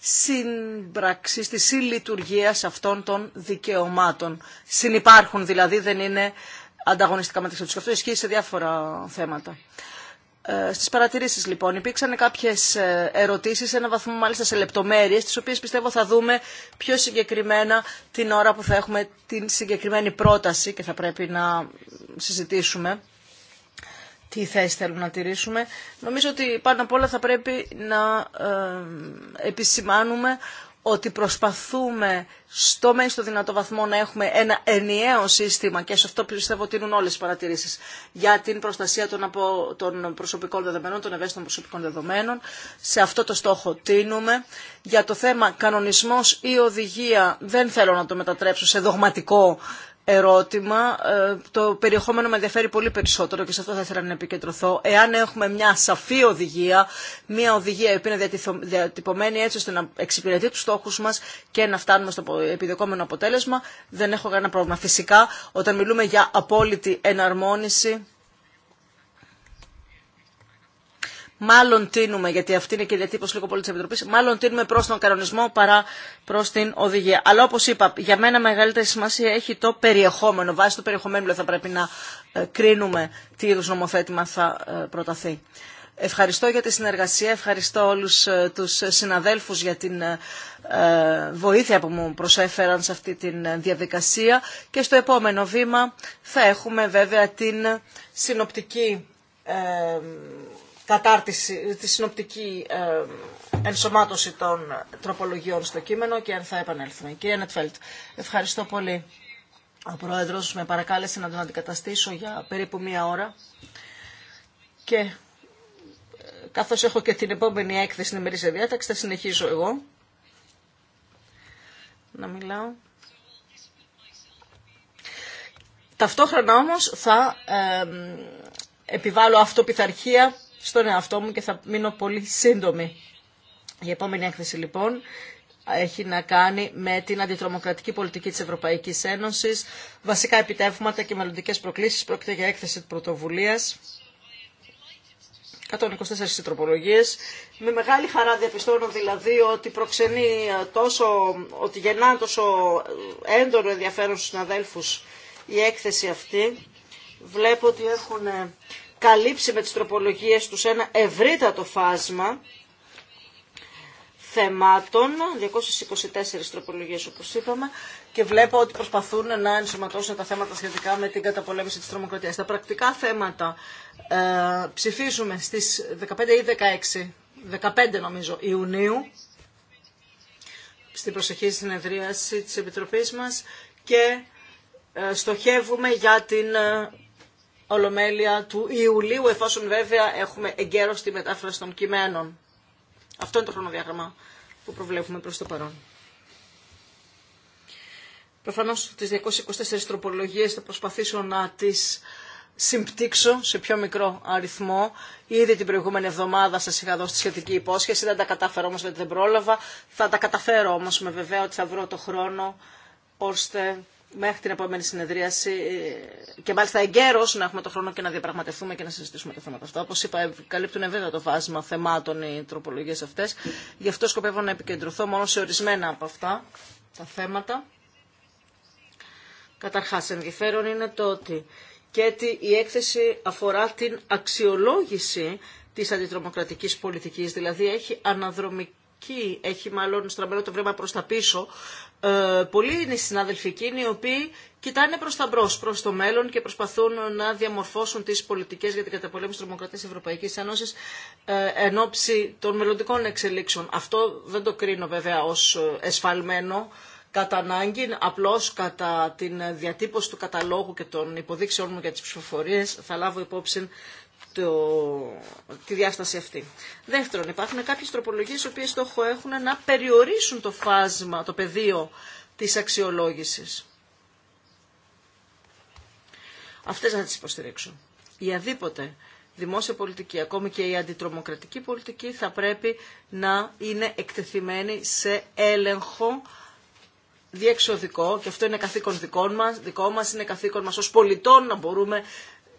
σύμπραξη, τη συλλειτουργία αυτών των δικαιωμάτων. Συνυπάρχουν δηλαδή, δεν είναι ανταγωνιστικά μεταξύ τους. Αυτό ισχύει σε διάφορα θέματα. Ε, στις παρατηρήσεις λοιπόν υπήρξαν κάποιες ε, ερωτήσεις, σε ένα βαθμό μάλιστα σε λεπτομέρειες, τις οποίες πιστεύω θα δούμε πιο συγκεκριμένα την ώρα που θα έχουμε την συγκεκριμένη πρόταση και θα πρέπει να συζητήσουμε τι θέση θέλουμε να τηρήσουμε. Νομίζω ότι πάνω απ' όλα θα πρέπει να ε, επισημάνουμε ότι προσπαθούμε στο μέγιστο δυνατό βαθμό να έχουμε ένα ενιαίο σύστημα και σε αυτό πιστεύω ότι είναι όλες οι παρατηρήσεις για την προστασία των, απο, των προσωπικών δεδομένων, των ευαίσθητων προσωπικών δεδομένων. Σε αυτό το στόχο τίνουμε. Για το θέμα κανονισμός ή οδηγία δεν θέλω να το μετατρέψω σε δογματικό ερώτημα. Ε, το περιεχόμενο με ενδιαφέρει πολύ περισσότερο και σε αυτό θα ήθελα να επικεντρωθώ. Εάν έχουμε μια σαφή οδηγία, μια οδηγία που είναι διατυπωμένη έτσι ώστε να εξυπηρετεί του στόχους μας και να φτάνουμε στο επιδεκόμενο αποτέλεσμα, δεν έχω κανένα πρόβλημα. Φυσικά, όταν μιλούμε για απόλυτη εναρμόνιση, μάλλον τίνουμε, γιατί αυτή είναι και η διατύπωση λίγο πολύ τη Επιτροπή, μάλλον τίνουμε προ τον κανονισμό παρά προ την οδηγία. Αλλά όπω είπα, για μένα μεγαλύτερη σημασία έχει το περιεχόμενο. Βάσει το περιεχομένου θα πρέπει να ε, κρίνουμε τι είδου νομοθέτημα θα ε, προταθεί. Ευχαριστώ για τη συνεργασία, ευχαριστώ όλους ε, τους συναδέλφους για την βοήθεια που μου προσέφεραν σε αυτή τη διαδικασία και στο επόμενο βήμα θα έχουμε βέβαια την συνοπτική κατάρτιση, τη συνοπτική ε, ενσωμάτωση των τροπολογιών στο κείμενο και αν θα επανέλθουμε. Κύριε Νετφέλτ, ευχαριστώ πολύ. Ο Πρόεδρος με παρακάλεσε να τον αντικαταστήσω για περίπου μία ώρα και ε, καθώς έχω και την επόμενη έκθεση στην ημερήσια διάταξη θα συνεχίσω εγώ να μιλάω. Ταυτόχρονα όμως θα ε, ε επιβάλλω αυτοπιθαρχία στον εαυτό μου και θα μείνω πολύ σύντομη. Η επόμενη έκθεση λοιπόν έχει να κάνει με την αντιτρομοκρατική πολιτική της Ευρωπαϊκής Ένωσης, βασικά επιτεύγματα και μελλοντικέ προκλήσεις. Πρόκειται για έκθεση πρωτοβουλίας. 124 τροπολογίες. Με μεγάλη χαρά διαπιστώνω δηλαδή ότι προξενεί τόσο, ότι γεννά τόσο έντονο ενδιαφέρον στους συναδέλφους η έκθεση αυτή. Βλέπω ότι έχουν καλύψει με τις τροπολογίες τους ένα ευρύτατο φάσμα θεμάτων, 224 τροπολογίες όπως είπαμε, και βλέπω ότι προσπαθούν να ενσωματώσουν τα θέματα σχετικά με την καταπολέμηση της τρομοκρατίας. Τα πρακτικά θέματα ε, ψηφίζουμε στις 15 ή 16, 15 νομίζω Ιουνίου, στην προσεχή συνεδρίαση της Επιτροπής μας και ε, στοχεύουμε για την ε, Ολομέλεια του Ιουλίου, εφόσον βέβαια έχουμε εγκαίρως τη μετάφραση των κειμένων. Αυτό είναι το χρονοδιάγραμμα που προβλέπουμε προς το παρόν. Προφανώς τις 224 τροπολογίες θα προσπαθήσω να τις συμπτύξω σε πιο μικρό αριθμό. Ήδη την προηγούμενη εβδομάδα σας είχα δώσει τη σχετική υπόσχεση, δεν τα κατάφερα όμως γιατί δεν πρόλαβα. Θα τα καταφέρω όμως με βεβαίω ότι θα βρω το χρόνο ώστε μέχρι την επόμενη συνεδρίαση ε, και μάλιστα εγκαίρω να έχουμε το χρόνο και να διαπραγματευτούμε και να συζητήσουμε τα θέματα αυτά. Όπω είπα, καλύπτουν βέβαια το φάσμα θεμάτων οι τροπολογίε αυτέ. Γι' αυτό σκοπεύω να επικεντρωθώ μόνο σε ορισμένα από αυτά τα θέματα. Καταρχά, ενδιαφέρον είναι το ότι και ότι η έκθεση αφορά την αξιολόγηση τη αντιτρομοκρατική πολιτική, δηλαδή έχει αναδρομική έχει μάλλον στραμμένο το βρέμα προς τα πίσω ε, πολλοί είναι οι συνάδελφοι εκείνοι οι οποίοι κοιτάνε προς τα μπρος, προς το μέλλον και προσπαθούν να διαμορφώσουν τις πολιτικές για την καταπολέμηση τρομοκρατίας Ευρωπαϊκής Ένωσης ε, εν ώψη των μελλοντικών εξελίξεων. Αυτό δεν το κρίνω βέβαια ως ε, εσφαλμένο κατά ανάγκη, απλώς κατά την διατύπωση του καταλόγου και των υποδείξεών μου για τις ψηφοφορίες θα λάβω υπόψη το, τη διάσταση αυτή. Δεύτερον, υπάρχουν κάποιες τροπολογίες οι οποίες στόχο έχουν να περιορίσουν το φάσμα, το πεδίο της αξιολόγησης. Αυτές θα τις υποστηρίξω. Η αδίποτε δημόσια πολιτική, ακόμη και η αντιτρομοκρατική πολιτική, θα πρέπει να είναι εκτεθειμένη σε έλεγχο διεξοδικό και αυτό είναι καθήκον δικό μας, δικό μας είναι καθήκον μας ως πολιτών να μπορούμε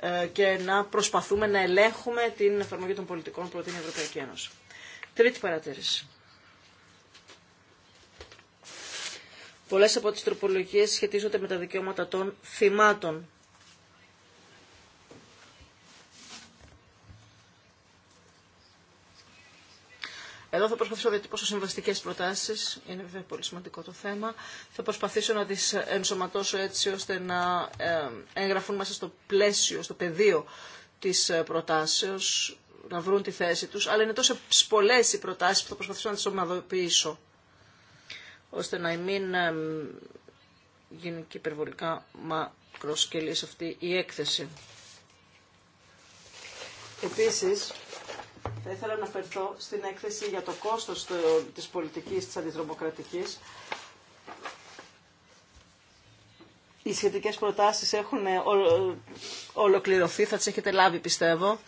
ε, και να προσπαθούμε να ελέγχουμε την εφαρμογή των πολιτικών που προτείνει η Ευρωπαϊκή Ένωση. Τρίτη παρατήρηση. Πολλές από τις τροπολογίες σχετίζονται με τα δικαιώματα των θυμάτων Εδώ θα προσπαθήσω να πόσο συμβαστικέ προτάσει. Είναι βέβαια πολύ σημαντικό το θέμα. Θα προσπαθήσω να τι ενσωματώσω έτσι ώστε να εγγραφούν μέσα στο πλαίσιο, στο πεδίο τη ε, προτάσεω, να βρουν τη θέση του. Αλλά είναι τόσο πολλέ οι προτάσει που θα προσπαθήσω να τι ομαδοποιήσω ώστε να μην γίνει και υπερβολικά μακροσκελή αυτή η έκθεση. Επίσης, θα ήθελα να αναφερθώ στην έκθεση για το κόστος της πολιτικής της αντιδρομοκρατικής. Οι σχετικές προτάσεις έχουν ε, ολοκληρωθεί, θα τις έχετε λάβει πιστεύω.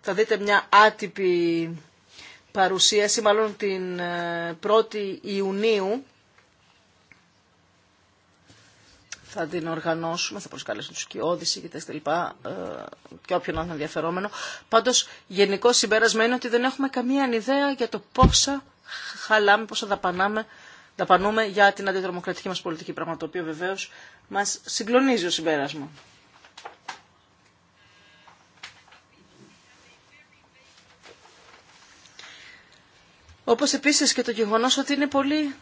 Θα δείτε μια άτυπη παρουσίαση, μάλλον την 1η ε, Ιουνίου θα την οργανώσουμε, θα προσκαλέσουμε τους κοιόδης και τα λοιπά και όποιον είναι ενδιαφερόμενο. Πάντως γενικό συμπέρασμα είναι ότι δεν έχουμε καμία ιδέα για το πόσα χαλάμε, πόσα δαπανάμε, δαπανούμε για την αντιτρομοκρατική μας πολιτική πράγμα το οποίο βεβαίως μας συγκλονίζει ο συμπέρασμα. Όπως επίσης και το γεγονός ότι είναι πολύ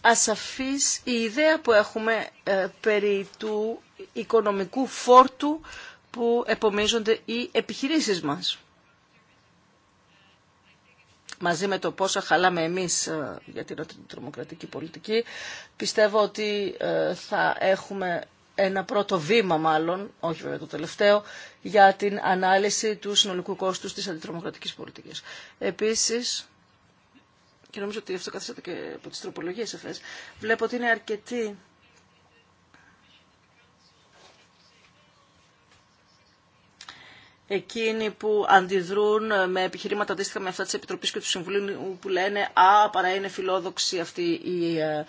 ασαφής η ιδέα που έχουμε ε, περί του οικονομικού φόρτου που επομίζονται οι επιχειρήσεις μας. Μαζί με το πόσα χαλάμε εμείς ε, για την τρομοκρατική πολιτική, πιστεύω ότι ε, θα έχουμε ένα πρώτο βήμα μάλλον, όχι βέβαια το τελευταίο, για την ανάλυση του συνολικού κόστους της αντιτρομοκρατικής πολιτικής. Επίσης, και νομίζω ότι αυτό καθίσατε και από τις τροπολογίες εφές, βλέπω ότι είναι αρκετή εκείνοι που αντιδρούν με επιχειρήματα αντίστοιχα με αυτά της Επιτροπής και του Συμβουλίου που λένε «Α, παρά είναι φιλόδοξη αυτοί οι...» ε,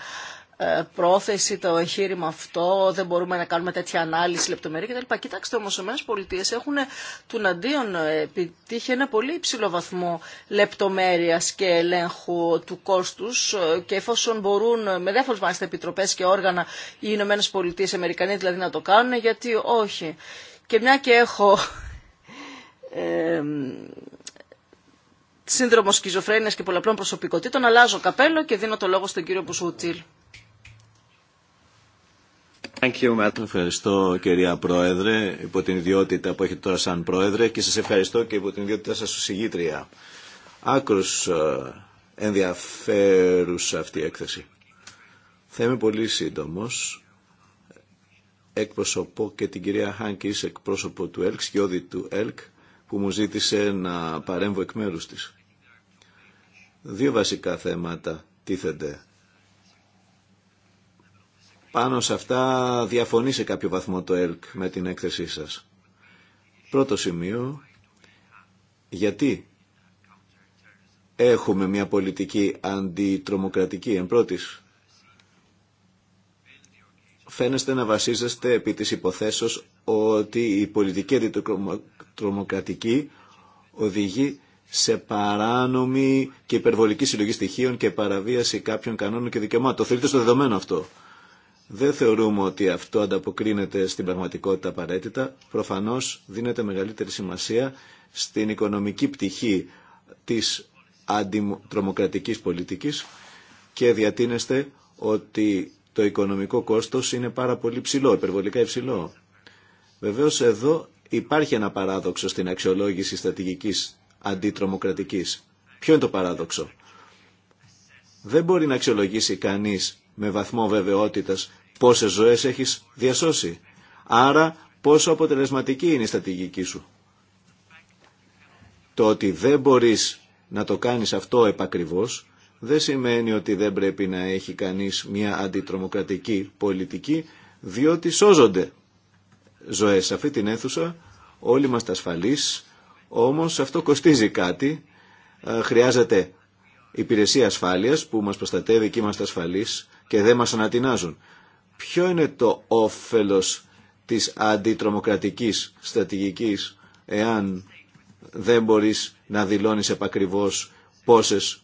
ε, πρόθεση, το εγχείρημα αυτό, δεν μπορούμε να κάνουμε τέτοια ανάλυση λεπτομερή κτλ. Κοιτάξτε όμω, οι ΗΠΑ έχουν ε, τουναντίον αντίον ε, επιτύχει ένα πολύ υψηλό βαθμό λεπτομέρεια και ελέγχου του κόστου, και εφόσον μπορούν με διάφορε μάλιστα επιτροπέ και όργανα οι ΗΠΑ, οι Αμερικανοί δηλαδή να το κάνουν, γιατί όχι. Και μια και έχω ε, σύνδρομο σκυζοφρένειας και πολλαπλών προσωπικότητων, αλλάζω καπέλο και δίνω το λόγο στον κύριο Μπουσουτήλ ευχαριστώ κυρία Πρόεδρε υπό την ιδιότητα που έχετε τώρα σαν Πρόεδρε και σας ευχαριστώ και υπό την ιδιότητα σας ως ηγήτρια. Άκρος ε, ενδιαφέρουσα αυτή η έκθεση. Θα είμαι πολύ σύντομος. Εκπροσωπώ και την κυρία Χάνκης, εκπρόσωπο του ΕΛΚ, σκιώδη του ΕΛΚ, που μου ζήτησε να παρέμβω εκ μέρους της. Δύο βασικά θέματα τίθενται πάνω σε αυτά διαφωνεί σε κάποιο βαθμό το ΕΛΚ με την έκθεσή σας. Πρώτο σημείο, γιατί έχουμε μια πολιτική αντιτρομοκρατική εν πρώτης. Φαίνεστε να βασίζεστε επί της υποθέσεως ότι η πολιτική αντιτρομοκρατική οδηγεί σε παράνομη και υπερβολική συλλογή στοιχείων και παραβίαση κάποιων κανόνων και δικαιωμάτων. Το στο δεδομένο αυτό. Δεν θεωρούμε ότι αυτό ανταποκρίνεται στην πραγματικότητα απαραίτητα. Προφανώς δίνεται μεγαλύτερη σημασία στην οικονομική πτυχή της αντιτρομοκρατικής πολιτικής και διατείνεστε ότι το οικονομικό κόστος είναι πάρα πολύ ψηλό, υπερβολικά υψηλό. Βεβαίως εδώ υπάρχει ένα παράδοξο στην αξιολόγηση στρατηγικής αντιτρομοκρατικής. Ποιο είναι το παράδοξο. Δεν μπορεί να αξιολογήσει κανείς με βαθμό βεβαιότητας πόσες ζωές έχεις διασώσει. Άρα πόσο αποτελεσματική είναι η στρατηγική σου. Το ότι δεν μπορείς να το κάνεις αυτό επακριβώς δεν σημαίνει ότι δεν πρέπει να έχει κανείς μια αντιτρομοκρατική πολιτική διότι σώζονται ζωές σε αυτή την αίθουσα όλοι μας τα ασφαλείς όμως αυτό κοστίζει κάτι ε, χρειάζεται υπηρεσία ασφάλειας που μας προστατεύει και είμαστε ασφαλείς και δεν μας ανατινάζουν ποιο είναι το όφελος της αντιτρομοκρατικής στρατηγικής εάν δεν μπορείς να δηλώνεις επακριβώς πόσες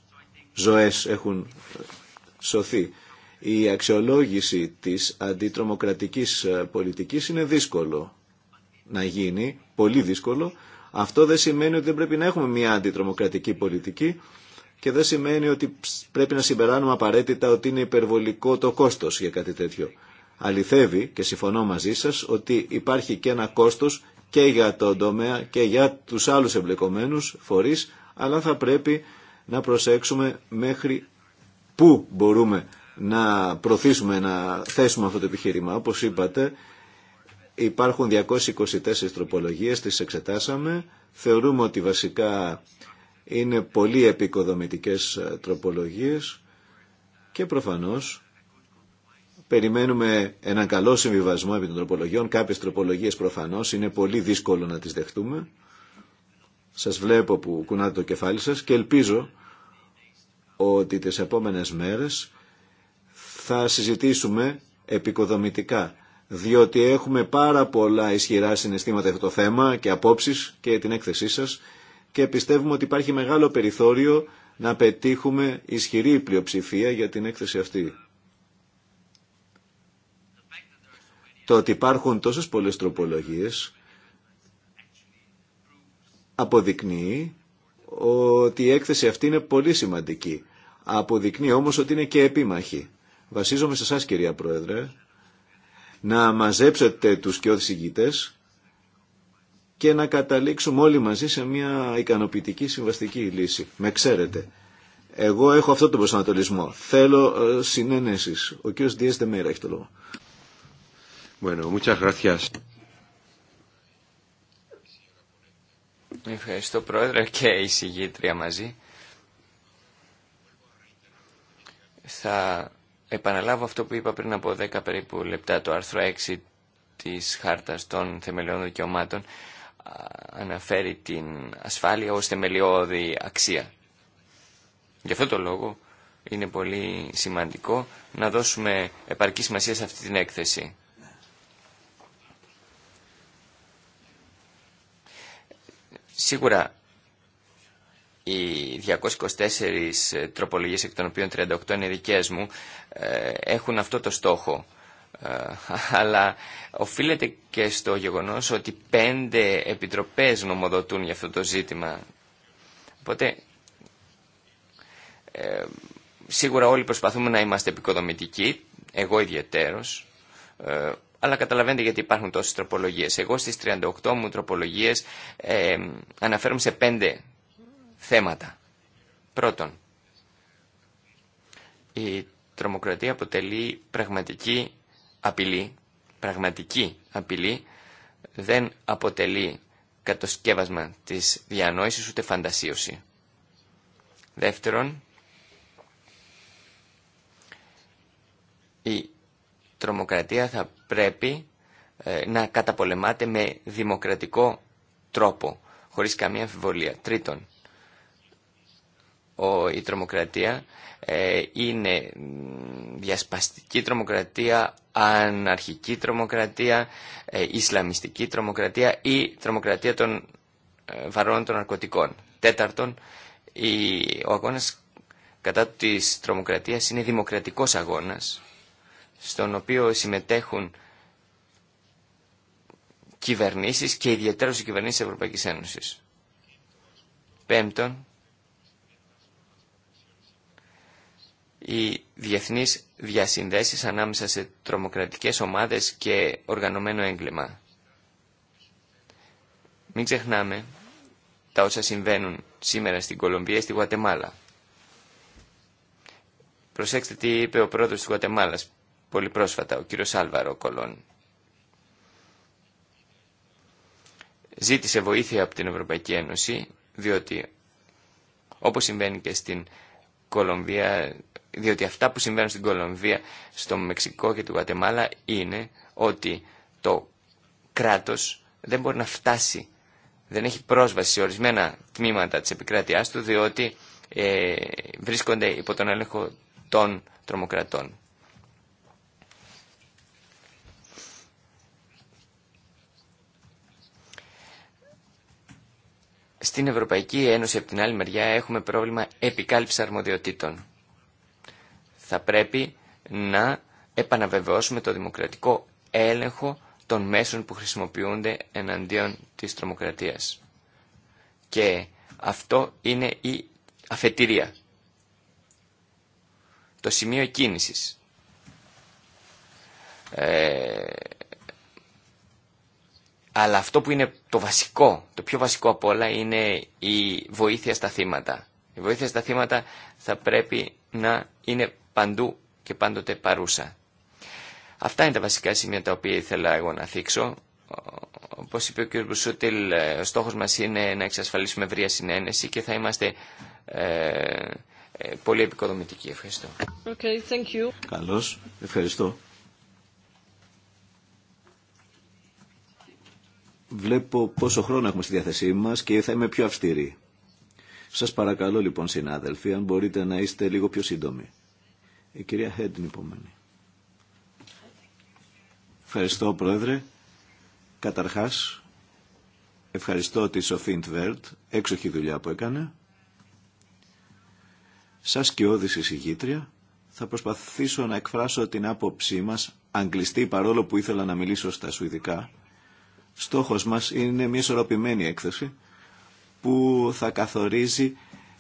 ζωές έχουν σωθεί. Η αξιολόγηση της αντιτρομοκρατικής ε, πολιτικής είναι δύσκολο να γίνει, πολύ δύσκολο. Αυτό δεν σημαίνει ότι δεν πρέπει να έχουμε μια αντιτρομοκρατική πολιτική και δεν σημαίνει ότι πρέπει να συμπεράνουμε απαραίτητα ότι είναι υπερβολικό το κόστος για κάτι τέτοιο αληθεύει και συμφωνώ μαζί σας ότι υπάρχει και ένα κόστος και για τον τομέα και για τους άλλους εμπλεκομένους φορείς αλλά θα πρέπει να προσέξουμε μέχρι πού μπορούμε να προωθήσουμε να θέσουμε αυτό το επιχείρημα. Όπως είπατε υπάρχουν 224 τροπολογίες, τις εξετάσαμε. Θεωρούμε ότι βασικά είναι πολύ επικοδομητικές ε, τροπολογίες και προφανώς Περιμένουμε έναν καλό συμβιβασμό επί των τροπολογιών. Κάποιε τροπολογίες προφανώς είναι πολύ δύσκολο να τις δεχτούμε. Σας βλέπω που κουνάτε το κεφάλι σας και ελπίζω ότι τις επόμενες μέρες θα συζητήσουμε επικοδομητικά διότι έχουμε πάρα πολλά ισχυρά συναισθήματα για το θέμα και απόψει και την έκθεσή σα, και πιστεύουμε ότι υπάρχει μεγάλο περιθώριο να πετύχουμε ισχυρή πλειοψηφία για την έκθεση αυτή. το ότι υπάρχουν τόσες πολλές τροπολογίες αποδεικνύει ότι η έκθεση αυτή είναι πολύ σημαντική. Αποδεικνύει όμως ότι είναι και επίμαχη. Βασίζομαι σε εσά κυρία Πρόεδρε να μαζέψετε τους και και να καταλήξουμε όλοι μαζί σε μια ικανοποιητική συμβαστική λύση. Με ξέρετε. Εγώ έχω αυτό τον προσανατολισμό. Θέλω ε, συνένεση. Ο κύριος Δίες Δεμέρα έχει το λόγο. Bueno, Ευχαριστώ πρόεδρε και η συγγήτρια μαζί. Θα επαναλάβω αυτό που είπα πριν από 10 περίπου λεπτά. Το άρθρο 6 της Χάρτας των Θεμελιών Δικαιωμάτων αναφέρει την ασφάλεια ως θεμελιώδη αξία. Γι' αυτό το λόγο είναι πολύ σημαντικό να δώσουμε επαρκή σημασία σε αυτή την έκθεση. Σίγουρα οι 224 τροπολογίες εκ των οποίων 38 είναι δικές μου ε, έχουν αυτό το στόχο ε, αλλά οφείλεται και στο γεγονός ότι πέντε επιτροπές νομοδοτούν για αυτό το ζήτημα οπότε ε, σίγουρα όλοι προσπαθούμε να είμαστε επικοδομητικοί εγώ ιδιαιτέρως αλλά καταλαβαίνετε γιατί υπάρχουν τόσες τροπολογίες. Εγώ στις 38 μου τροπολογίες ε, αναφέρομαι σε πέντε θέματα. Πρώτον, η τρομοκρατία αποτελεί πραγματική απειλή, πραγματική απειλή, δεν αποτελεί κατοσκεύασμα της διανόησης ούτε φαντασίωση. Δεύτερον, η τρομοκρατία θα πρέπει ε, να καταπολεμάται με δημοκρατικό τρόπο, χωρίς καμία αμφιβολία. Τρίτον, η τρομοκρατία ε, είναι διασπαστική τρομοκρατία, αναρχική τρομοκρατία, ε, ισλαμιστική τρομοκρατία ή τρομοκρατία των ε, βαρών των ναρκωτικών. Τέταρτον, ο αγώνας κατά της τρομοκρατίας είναι δημοκρατικός αγώνας στον οποίο συμμετέχουν κυβερνήσεις και ιδιαίτερα οι κυβερνήσεις της Ευρωπαϊκής Ένωσης. Πέμπτον, οι διεθνείς διασυνδέσεις ανάμεσα σε τρομοκρατικές ομάδες και οργανωμένο έγκλημα. Μην ξεχνάμε τα όσα συμβαίνουν σήμερα στην Κολομβία, στη Γουατεμάλα. Προσέξτε τι είπε ο πρόεδρος της Γουατεμάλας πολύ πρόσφατα, ο κύριος Άλβαρο Κολόν. Ζήτησε βοήθεια από την Ευρωπαϊκή Ένωση, διότι όπως συμβαίνει και στην Κολομβία, διότι αυτά που συμβαίνουν στην Κολομβία, στο Μεξικό και του Γατεμάλα είναι ότι το κράτος δεν μπορεί να φτάσει, δεν έχει πρόσβαση σε ορισμένα τμήματα της επικράτειάς του, διότι ε, βρίσκονται υπό τον έλεγχο των τρομοκρατών. Στην Ευρωπαϊκή Ένωση, από την άλλη μεριά, έχουμε πρόβλημα επικάλυψης αρμοδιοτήτων. Θα πρέπει να επαναβεβαιώσουμε το δημοκρατικό έλεγχο των μέσων που χρησιμοποιούνται εναντίον της τρομοκρατίας. Και αυτό είναι η αφετηρία. Το σημείο κίνησης. Ε, αλλά αυτό που είναι το βασικό, το πιο βασικό από όλα είναι η βοήθεια στα θύματα. Η βοήθεια στα θύματα θα πρέπει να είναι παντού και πάντοτε παρούσα. Αυτά είναι τα βασικά σημεία τα οποία ήθελα εγώ να θίξω. Όπως είπε ο κ. Μπουσούτιλ, ε, ο στόχος μας είναι να εξασφαλίσουμε ευρεία συνένεση και θα είμαστε ε, ε, πολύ επικοδομητικοί. Ευχαριστώ. Okay, Καλώς. Ευχαριστώ. Βλέπω πόσο χρόνο έχουμε στη διάθεσή μας και θα είμαι πιο αυστηρή. Σας παρακαλώ λοιπόν συνάδελφοι, αν μπορείτε να είστε λίγο πιο σύντομοι. Η κυρία Χέντιν υπομένει. Ευχαριστώ Πρόεδρε. Καταρχάς, ευχαριστώ τη Σοφίντ Βέρτ, έξοχη δουλειά που έκανε. Σας και όδηση συγγήτρια, θα προσπαθήσω να εκφράσω την άποψή μας, αγγλιστή παρόλο που ήθελα να μιλήσω στα σουηδικά, Στόχος μας είναι μια ισορροπημένη έκθεση που θα καθορίζει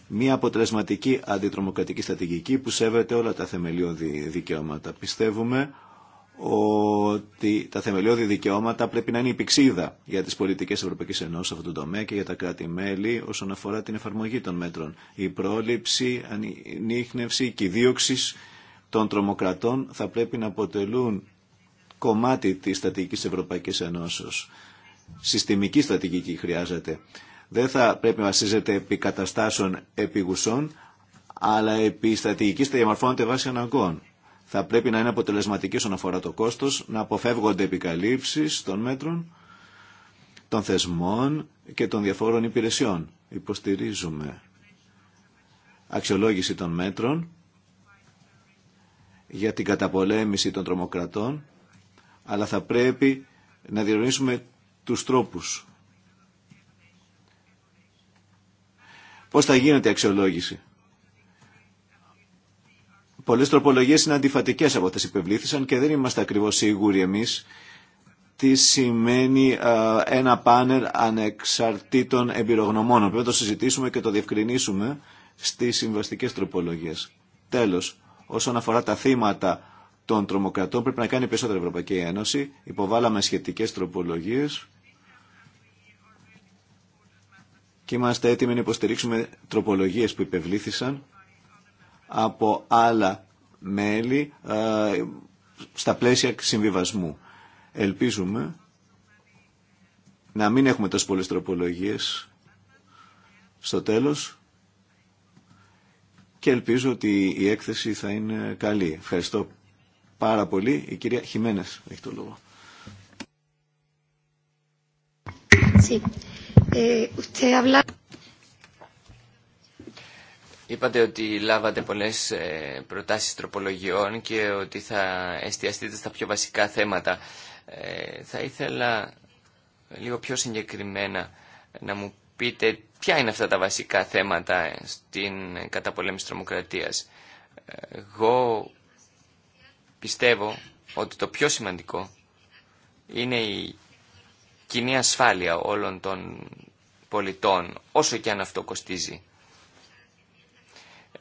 μια αποτελεσματική αντιτρομοκρατική στρατηγική που σέβεται όλα τα θεμελιώδη δικαιώματα. Πιστεύουμε ότι τα θεμελιώδη δικαιώματα πρέπει να είναι η πηξίδα για τις πολιτικές Ευρωπαϊκής Ενώσης σε αυτόν τον τομέα και για τα κράτη-μέλη όσον αφορά την εφαρμογή των μέτρων. Η πρόληψη, ανείχνευση και η δίωξη των τρομοκρατών θα πρέπει να αποτελούν κομμάτι της στρατηγικής Ευρωπαϊκής Ενώσεως. Συστημική στρατηγική χρειάζεται. Δεν θα πρέπει να βασίζεται επί καταστάσεων επιγουσών, αλλά επί στρατηγικής θα διαμορφώνεται βάσει αναγκών. Θα πρέπει να είναι αποτελεσματική όσον αφορά το κόστος, να αποφεύγονται επικαλύψεις των μέτρων, των θεσμών και των διαφόρων υπηρεσιών. Υποστηρίζουμε αξιολόγηση των μέτρων για την καταπολέμηση των τρομοκρατών αλλά θα πρέπει να διερευνήσουμε τους τρόπους. Πώς θα γίνεται η αξιολόγηση. Πολλές τροπολογίες είναι αντιφατικές από αυτές υπευλήθησαν και δεν είμαστε ακριβώς σίγουροι εμείς τι σημαίνει ένα πάνελ ανεξαρτήτων εμπειρογνωμών, Πρέπει να το συζητήσουμε και το διευκρινίσουμε στις συμβαστικές τροπολογίες. Τέλος, όσον αφορά τα θύματα των τρομοκρατών πρέπει να κάνει περισσότερο η Ευρωπαϊκή Ένωση. Υποβάλαμε σχετικέ τροπολογίες και είμαστε έτοιμοι να υποστηρίξουμε τροπολογίε που υπευλήθησαν από άλλα μέλη ε, στα πλαίσια συμβιβασμού. Ελπίζουμε να μην έχουμε τόσο πολλές τροπολογίες στο τέλος και ελπίζω ότι η έκθεση θα είναι καλή. Ευχαριστώ πάρα πολύ. Η κυρία Χιμένες έχει το λόγο. Eh, Είπατε ότι λάβατε πολλές ε, προτάσεις τροπολογιών και ότι θα εστιαστείτε στα πιο βασικά θέματα. Ε, θα ήθελα λίγο πιο συγκεκριμένα να μου πείτε ποια είναι αυτά τα βασικά θέματα στην καταπολέμηση τρομοκρατίας. Ε, εγώ πιστεύω ότι το πιο σημαντικό είναι η κοινή ασφάλεια όλων των πολιτών, όσο και αν αυτό κοστίζει.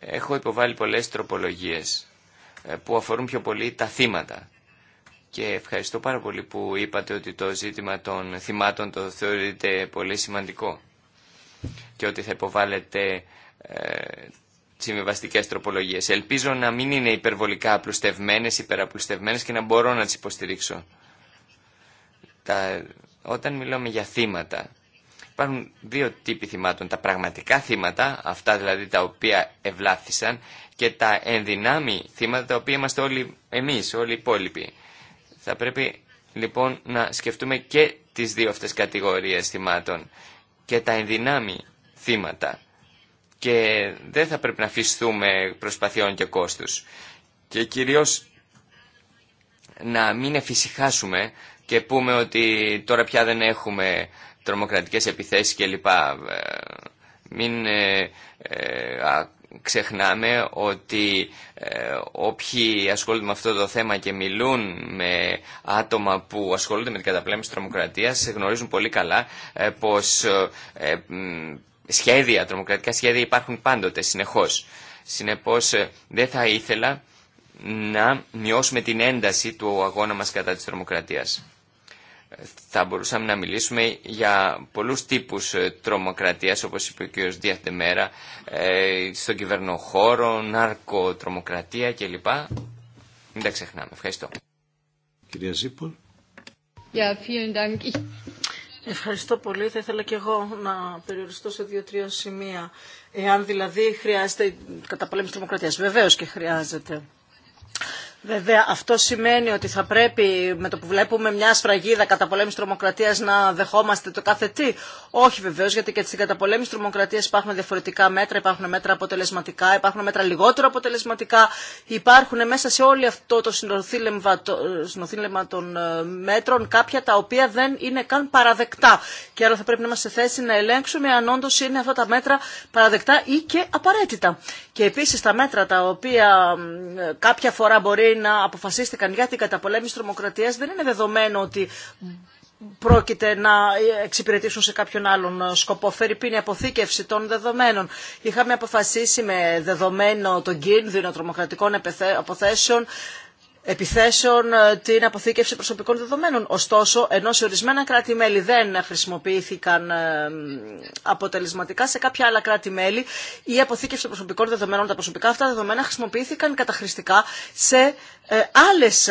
Έχω υποβάλει πολλές τροπολογίες ε, που αφορούν πιο πολύ τα θύματα. Και ευχαριστώ πάρα πολύ που είπατε ότι το ζήτημα των θυμάτων το θεωρείτε πολύ σημαντικό και ότι θα υποβάλλετε ε, συμβιβαστικέ τροπολογίε. Ελπίζω να μην είναι υπερβολικά απλουστευμένε, υπεραπλουστευμένε και να μπορώ να τι υποστηρίξω. Όταν μιλάμε για θύματα, υπάρχουν δύο τύποι θυμάτων. Τα πραγματικά θύματα, αυτά δηλαδή τα οποία ευλάθησαν, και τα ενδυνάμει θύματα τα οποία είμαστε όλοι εμείς, όλοι οι υπόλοιποι. Θα πρέπει λοιπόν να σκεφτούμε και τις δύο αυτές κατηγορίες θυμάτων και τα ενδυνάμει θύματα και δεν θα πρέπει να αφιστούμε προσπαθειών και κόστους. Και κυρίως να μην εφησυχάσουμε και πούμε ότι τώρα πια δεν έχουμε τρομοκρατικές επιθέσεις κλπ. Ε, μην ε, ε, ξεχνάμε ότι όποιοι ασχολούνται με αυτό το θέμα και μιλούν με άτομα που ασχολούνται με την καταπλέμηση τρομοκρατίας γνωρίζουν πολύ καλά πως σχέδια, τρομοκρατικά σχέδια υπάρχουν πάντοτε, συνεχώς. Συνεπώς ε, δεν θα ήθελα να μειώσουμε την ένταση του αγώνα μας κατά της τρομοκρατίας. Ε, θα μπορούσαμε να μιλήσουμε για πολλούς τύπους ε, τρομοκρατίας, όπως είπε ο κ. Διαθεμέρα, στον κυβερνοχώρο, ναρκοτρομοκρατία κλπ. Μην τα ξεχνάμε. Ευχαριστώ. Κυρία Ζήπολ. Ευχαριστώ πολύ. Θα ήθελα και εγώ να περιοριστώ σε δύο-τρία σημεία. Εάν δηλαδή χρειάζεται καταπολέμηση δημοκρατία, βεβαίω και χρειάζεται. Βέβαια, αυτό σημαίνει ότι θα πρέπει με το που βλέπουμε μια σφραγίδα καταπολέμηση τρομοκρατία να δεχόμαστε το κάθε τι. Όχι βεβαίω, γιατί και στην καταπολέμηση τρομοκρατία υπάρχουν διαφορετικά μέτρα, υπάρχουν μέτρα αποτελεσματικά, υπάρχουν μέτρα λιγότερο αποτελεσματικά. Υπάρχουν μέσα σε όλο αυτό το συνοθήλευμα των ε, μέτρων κάποια τα οποία δεν είναι καν παραδεκτά. Και άρα θα πρέπει να είμαστε σε θέση να ελέγξουμε αν όντω είναι αυτά τα μέτρα παραδεκτά ή και απαραίτητα. Και επίση τα μέτρα τα οποία ε, κάποια φορά μπορεί να αποφασίστηκαν για την καταπολέμηση τρομοκρατίας δεν είναι δεδομένο ότι πρόκειται να εξυπηρετήσουν σε κάποιον άλλον σκοπό. Φέρει πίνη αποθήκευση των δεδομένων. Είχαμε αποφασίσει με δεδομένο τον κίνδυνο τρομοκρατικών αποθέσεων επιθέσεων ε, την αποθήκευση προσωπικών δεδομένων. Ωστόσο, ενώ σε ορισμένα κράτη-μέλη δεν χρησιμοποιήθηκαν ε, αποτελεσματικά, σε κάποια άλλα κράτη-μέλη η αποθήκευση προσωπικών δεδομένων, τα προσωπικά αυτά δεδομένα χρησιμοποιήθηκαν καταχρηστικά σε ε, άλλες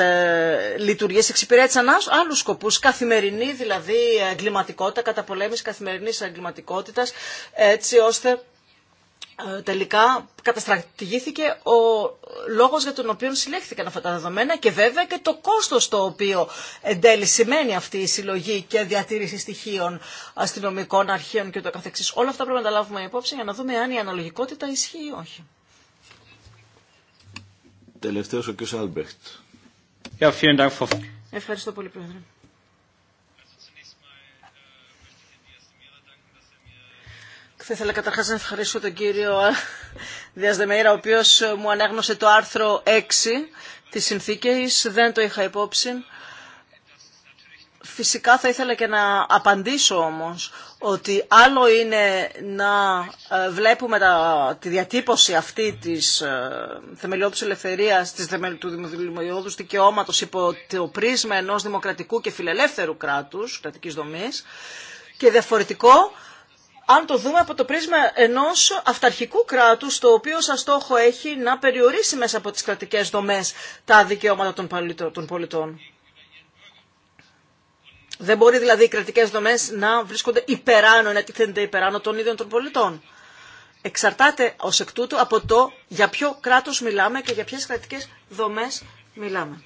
λειτουργίε, εξυπηρέτησαν άλλου σκοπού, καθημερινή δηλαδή εγκληματικότητα, καταπολέμηση καθημερινή εγκληματικότητα, έτσι ώστε ε, τελικά καταστρατηγήθηκε ο λόγος για τον οποίο συλλέχθηκαν αυτά τα δεδομένα και βέβαια και το κόστος το οποίο εν τέλει σημαίνει αυτή η συλλογή και διατήρηση στοιχείων αστυνομικών αρχείων και το καθεξής. Όλα αυτά πρέπει να τα λάβουμε υπόψη για να δούμε αν η αναλογικότητα ισχύει ή όχι. Τελευταίος ο κ. Άλμπεχτ. Ευχαριστώ πολύ, Πρόεδρε. Θα ήθελα καταρχά να ευχαριστήσω τον κύριο ε, Διασδεμέηρα, ο οποίο ε, μου ανέγνωσε το άρθρο 6 τη συνθήκη. Δεν το είχα υπόψη. Φυσικά θα ήθελα και να απαντήσω όμως ότι άλλο είναι να ε, βλέπουμε τα, τη διατύπωση αυτή της θεμελιώδους ελευθερίας, της, του δικαιώματος υπό το πρίσμα ενός δημοκρατικού και φιλελεύθερου κράτους, κρατικής δομής, και διαφορετικό αν το δούμε από το πρίσμα ενός αυταρχικού κράτους, το οποίο σαν στόχο έχει να περιορίσει μέσα από τις κρατικές δομές τα δικαιώματα των πολιτών. Δεν μπορεί δηλαδή οι κρατικές δομές να βρίσκονται υπεράνω, να τίθενται υπεράνω των ίδιων των πολιτών. Εξαρτάται ως εκ τούτου από το για ποιο κράτος μιλάμε και για ποιες κρατικές δομές μιλάμε.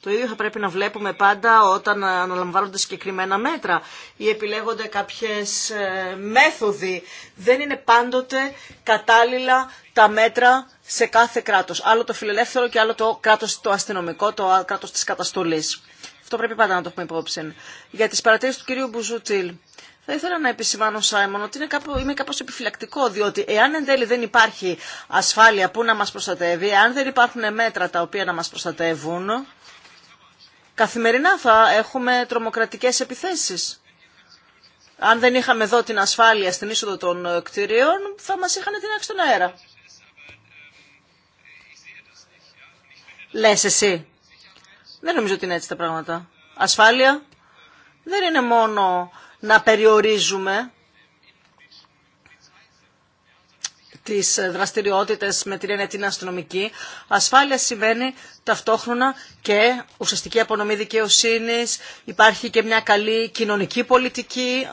Το ίδιο θα πρέπει να βλέπουμε πάντα όταν αναλαμβάνονται συγκεκριμένα μέτρα ή επιλέγονται κάποιες ε, μέθοδοι. Δεν είναι πάντοτε κατάλληλα τα μέτρα σε κάθε κράτος. Άλλο το φιλελεύθερο και άλλο το κράτος το αστυνομικό, το κράτος της καταστολής. Αυτό πρέπει πάντα να το έχουμε υπόψη. Για τις παρατηρήσεις του κυρίου Μπουζούτσιλ. Θα ήθελα να επισημάνω, Σάιμον, ότι είναι κάπου, είμαι κάπως επιφυλακτικό, διότι εάν εν τέλει δεν υπάρχει ασφάλεια που να μας προστατεύει, εάν δεν υπάρχουν μέτρα τα οποία να μας προστατεύουν, καθημερινά θα έχουμε τρομοκρατικές επιθέσεις. Αν δεν είχαμε εδώ την ασφάλεια στην είσοδο των ε, κτηρίων, θα μας είχαν την στον αέρα. Λες εσύ. Δεν νομίζω ότι είναι έτσι τα πράγματα. Ασφάλεια δεν είναι μόνο να περιορίζουμε τις ε, δραστηριότητες με την έννοια την αστυνομική. Ασφάλεια σημαίνει ταυτόχρονα και ουσιαστική απονομή δικαιοσύνη. Υπάρχει και μια καλή κοινωνική πολιτική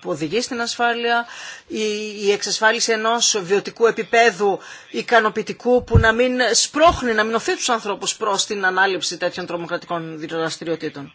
που οδηγεί στην ασφάλεια, η, εξασφάλιση ενός βιωτικού επίπεδου ικανοποιητικού που να μην σπρώχνει, να μην οθεί τους ανθρώπους προς την ανάληψη τέτοιων τρομοκρατικών δραστηριοτήτων.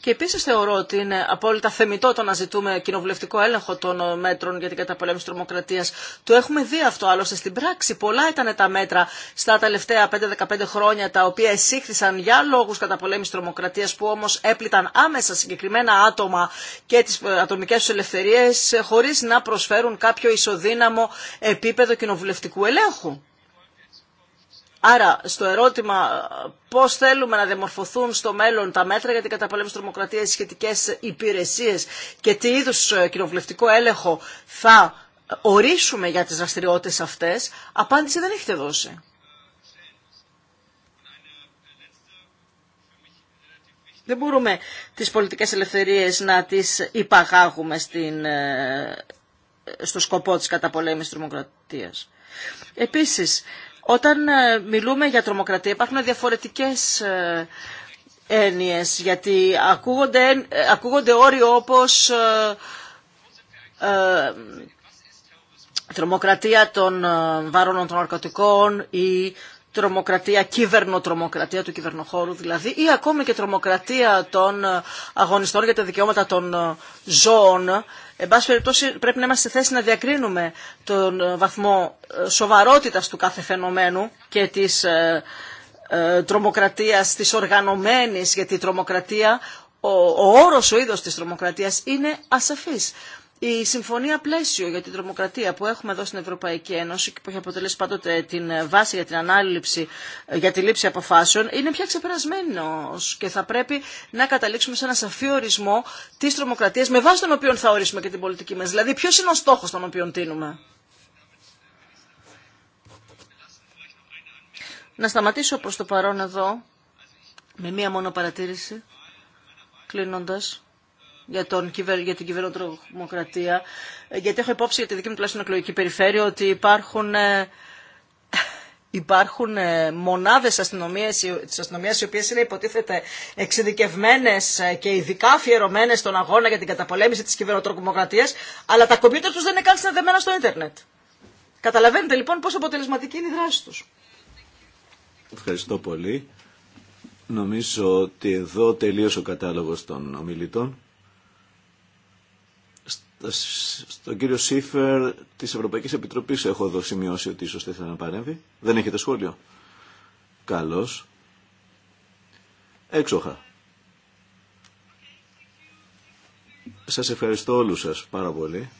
Και επίση θεωρώ ότι είναι απόλυτα θεμητό το να ζητούμε κοινοβουλευτικό έλεγχο των μέτρων για την καταπολέμηση τρομοκρατία. Το έχουμε δει αυτό άλλωστε στην πράξη. Πολλά ήταν τα μέτρα στα τελευταία 5-15 χρόνια τα οποία εσύχθησαν για λόγου καταπολέμηση τρομοκρατία που όμω έπληταν άμεσα συγκεκριμένα άτομα και τι ε, ατομικέ του ελευθερίε ε, χωρί να προσφέρουν κάποιο ισοδύναμο επίπεδο κοινοβουλευτικού ελέγχου. Άρα, στο ερώτημα πώ θέλουμε να διαμορφωθούν στο μέλλον τα μέτρα για την καταπολέμηση τρομοκρατία, οι σχετικέ υπηρεσίε και τι είδους ε, κοινοβουλευτικό έλεγχο θα ε, ορίσουμε για τι δραστηριότητε αυτέ, απάντηση δεν έχετε δώσει. Δεν μπορούμε τις πολιτικές ελευθερίες να τις υπαγάγουμε στην, ε, στο σκοπό της καταπολέμησης τρομοκρατίας. Επίσης, όταν ε, μιλούμε για τρομοκρατία υπάρχουν διαφορετικές ε, έννοιες, γιατί ακούγονται, ε, ακούγονται όροι όπως τρομοκρατία των βάρων των ναρκωτικών ή τρομοκρατία, κυβερνοτρομοκρατία του κυβερνοχώρου δηλαδή, ή ακόμη και τρομοκρατία των ε, αγωνιστών για τα δικαιώματα των ε, ζώων. Εν πάση περιπτώσει πρέπει να είμαστε σε θέση να διακρίνουμε τον ε, βαθμό σοβαρότητας του κάθε φαινομένου και της τρομοκρατίας, της οργανωμένης, γιατί η τρομοκρατία ο, ο όρος, ο είδος της τρομοκρατίας είναι ασαφής. Η συμφωνία πλαίσιο για την τρομοκρατία που έχουμε εδώ στην Ευρωπαϊκή Ένωση και που έχει αποτελέσει πάντοτε την βάση για την ανάληψη, για τη λήψη αποφάσεων, είναι πια ξεπερασμένο και θα πρέπει να καταλήξουμε σε ένα σαφή ορισμό τη τρομοκρατία με βάση τον οποίο θα ορίσουμε και την πολιτική μα. Δηλαδή, ποιο είναι ο στόχο τον οποίο τίνουμε. Να σταματήσω προς το παρόν εδώ με μία μόνο παρατήρηση, κλείνοντας για, τον, για την κυβερνοτρομοκρατία, ε, γιατί έχω υπόψη για τη δική μου τουλάχιστον εκλογική περιφέρεια ότι υπάρχουν ε, υπάρχουν ε, μονάδες αστυνομίας, της οι οποίες είναι υποτίθεται εξειδικευμένες και ειδικά αφιερωμένε στον αγώνα για την καταπολέμηση της κυβεροτρομοκρατίας, αλλά τα κομπιούτερ τους δεν είναι καν συνδεδεμένα στο ίντερνετ. Καταλαβαίνετε λοιπόν πόσο αποτελεσματική είναι η δράση τους. Ευχαριστώ πολύ. Νομίζω ότι εδώ τελείωσε ο κατάλογος των ομιλητών. Στον κύριο Σίφερ τη Ευρωπαϊκή Επιτροπή έχω εδώ σημειώσει ότι ίσω θα να παρέμβει. Δεν έχετε σχόλιο. Καλώ. Έξοχα. Σας ευχαριστώ όλους σας πάρα πολύ.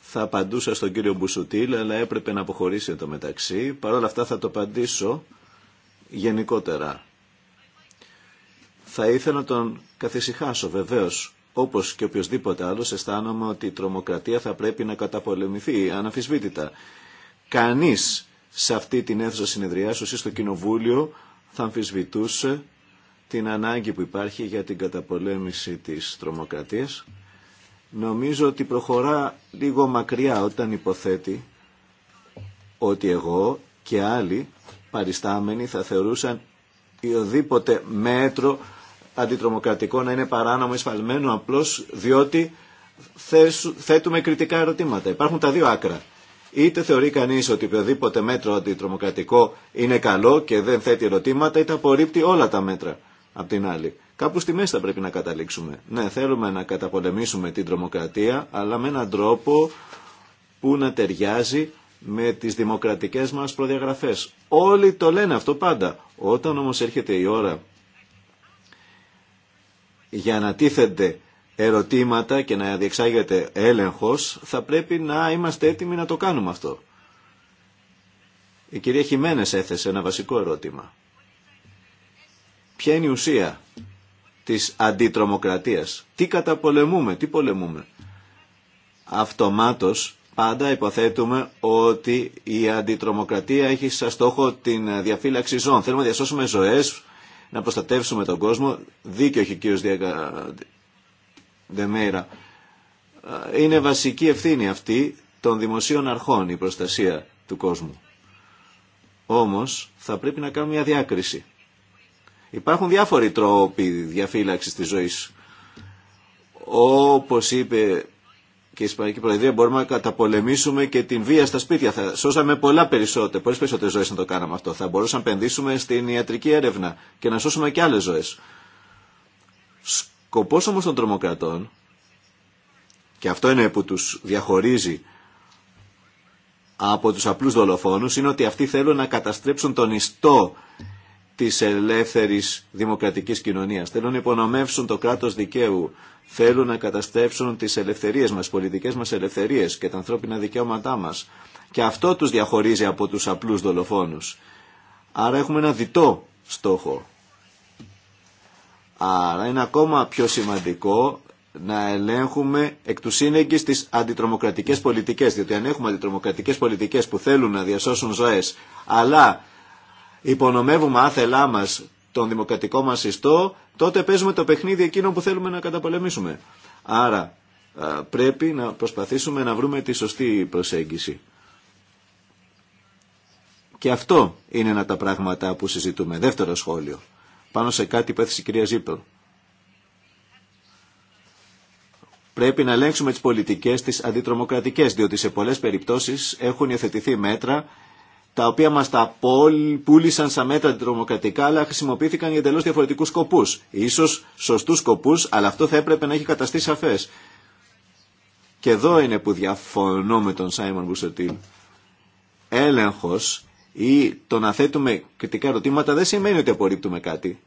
Θα απαντούσα στον κύριο Μπουσουτήλ, αλλά έπρεπε να αποχωρήσει το μεταξύ. Παρ' όλα αυτά θα το απαντήσω γενικότερα. Θα ήθελα να τον καθησυχάσω βεβαίως όπως και οποιοδήποτε άλλος αισθάνομαι ότι η τρομοκρατία θα πρέπει να καταπολεμηθεί αναμφισβήτητα. Κανείς σε αυτή την αίθουσα συνεδριάσεως ή στο Κοινοβούλιο θα αμφισβητούσε την ανάγκη που υπάρχει για την καταπολέμηση της τρομοκρατίας. Νομίζω ότι προχωρά λίγο μακριά όταν υποθέτει ότι εγώ και άλλοι παριστάμενοι θα θεωρούσαν οδήποτε μέτρο αντιτρομοκρατικό να είναι παράνομο εισφαλμένο απλώς διότι θέτουμε κριτικά ερωτήματα. Υπάρχουν τα δύο άκρα. Είτε θεωρεί κανείς ότι οποιοδήποτε μέτρο αντιτρομοκρατικό είναι καλό και δεν θέτει ερωτήματα, είτε απορρίπτει όλα τα μέτρα απ' την άλλη. Κάπου στη μέση θα πρέπει να καταλήξουμε. Ναι, θέλουμε να καταπολεμήσουμε την τρομοκρατία, αλλά με έναν τρόπο που να ταιριάζει με τις δημοκρατικές μας προδιαγραφές. Όλοι το λένε αυτό πάντα. Όταν όμως έρχεται η ώρα για να τίθενται ερωτήματα και να διεξάγεται έλεγχος, θα πρέπει να είμαστε έτοιμοι να το κάνουμε αυτό. Η κυρία Χιμένες έθεσε ένα βασικό ερώτημα. Ποια είναι η ουσία της αντιτρομοκρατίας. Τι καταπολεμούμε, τι πολεμούμε. Αυτομάτως πάντα υποθέτουμε ότι η αντιτρομοκρατία έχει σαν στόχο την διαφύλαξη ζώων. Θέλουμε να διασώσουμε ζωές να προστατεύσουμε τον κόσμο. Δίκιο έχει ο κύριος Δεμέρα. Είναι βασική ευθύνη αυτή των δημοσίων αρχών η προστασία του κόσμου. Όμως θα πρέπει να κάνουμε μια διάκριση. Υπάρχουν διάφοροι τρόποι διαφύλαξης της ζωής. Όπως είπε και η Ισπανική Προεδρία μπορούμε να καταπολεμήσουμε και την βία στα σπίτια. Θα σώσαμε πολλά περισσότερα, πολλέ περισσότερε ζωέ να το κάναμε αυτό. Θα μπορούσαμε να επενδύσουμε στην ιατρική έρευνα και να σώσουμε και άλλε ζωέ. Σκοπό όμω των τρομοκρατών, και αυτό είναι που του διαχωρίζει από τους απλούς δολοφόνους είναι ότι αυτοί θέλουν να καταστρέψουν τον ιστό τη Ελεύθερη Δημοκρατική Κοινωνία. Θέλουν να υπονομεύσουν το κράτος δικαίου. Θέλουν να καταστρέψουν τις ελευθερίες μας, πολιτικές μας ελευθερίες και τα ανθρώπινα δικαιώματά μας. Και αυτό τους διαχωρίζει από τους απλούς δολοφόνους. Άρα έχουμε ένα διτό στόχο. Άρα είναι ακόμα πιο σημαντικό να ελέγχουμε εκ του σύνεγγυ τι αντιτρομοκρατικέ πολιτικέ. Διότι αν έχουμε αντιτρομοκρατικέ πολιτικέ που θέλουν να διασώσουν ζωέ, αλλά υπονομεύουμε άθελά μας τον δημοκρατικό μας ιστό, τότε παίζουμε το παιχνίδι εκείνο που θέλουμε να καταπολεμήσουμε. Άρα πρέπει να προσπαθήσουμε να βρούμε τη σωστή προσέγγιση. Και αυτό είναι ένα από τα πράγματα που συζητούμε. Δεύτερο σχόλιο. Πάνω σε κάτι που έθεσε η κυρία Ζήπερ. Πρέπει να ελέγξουμε τις πολιτικές τις αντιτρομοκρατικές, διότι σε πολλές περιπτώσεις έχουν υιοθετηθεί μέτρα τα οποία μας τα πούλησαν σαν μέτρα αντιτρομοκρατικά, αλλά χρησιμοποιήθηκαν για τελώς διαφορετικούς σκοπούς. Ίσως σωστούς σκοπούς, αλλά αυτό θα έπρεπε να έχει καταστεί σαφές. Και εδώ είναι που διαφωνώ με τον Σάιμον Μπουσοτήλ. Έλεγχος ή το να θέτουμε κριτικά ερωτήματα δεν σημαίνει ότι απορρίπτουμε κάτι.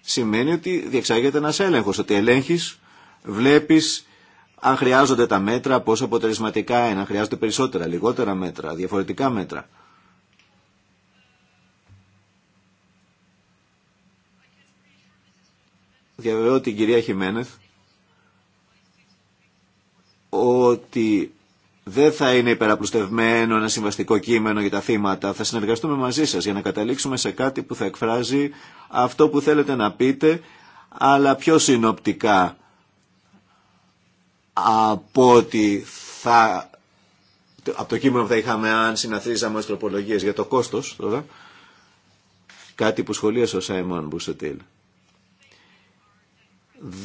Σημαίνει ότι διεξάγεται ένας έλεγχος, ότι ελέγχεις, βλέπεις αν χρειάζονται τα μέτρα, πόσο αποτελεσματικά είναι, αν χρειάζονται περισσότερα, λιγότερα μέτρα, διαφορετικά μέτρα. Διαβεβαιώ την κυρία Χιμένεθ ότι δεν θα είναι υπεραπλουστευμένο ένα συμβαστικό κείμενο για τα θύματα. Θα συνεργαστούμε μαζί σας για να καταλήξουμε σε κάτι που θα εκφράζει αυτό που θέλετε να πείτε, αλλά πιο συνοπτικά από θα από το κείμενο που θα είχαμε αν συναθρίζαμε ως για το κόστος τώρα, κάτι που σχολίασε ο Σάιμον Μπουσετήλ.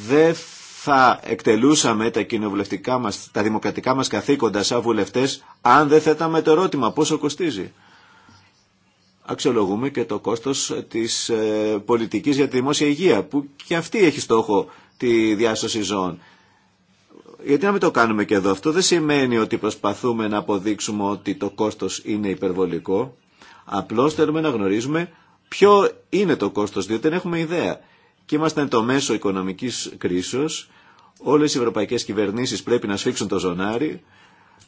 Δεν θα εκτελούσαμε τα κοινοβουλευτικά μας, τα δημοκρατικά μας καθήκοντα σαν βουλευτές, αν δεν θέταμε το ερώτημα πόσο κοστίζει. Αξιολογούμε και το κόστος της ε, πολιτικής για τη δημόσια υγεία, που και αυτή έχει στόχο τη διάσωση ζώων. Γιατί να μην το κάνουμε και εδώ. Αυτό δεν σημαίνει ότι προσπαθούμε να αποδείξουμε ότι το κόστος είναι υπερβολικό. Απλώς θέλουμε να γνωρίζουμε ποιο είναι το κόστος, διότι δεν έχουμε ιδέα. Και είμαστε το μέσο οικονομικής κρίσεως. Όλες οι ευρωπαϊκές κυβερνήσεις πρέπει να σφίξουν το ζωνάρι.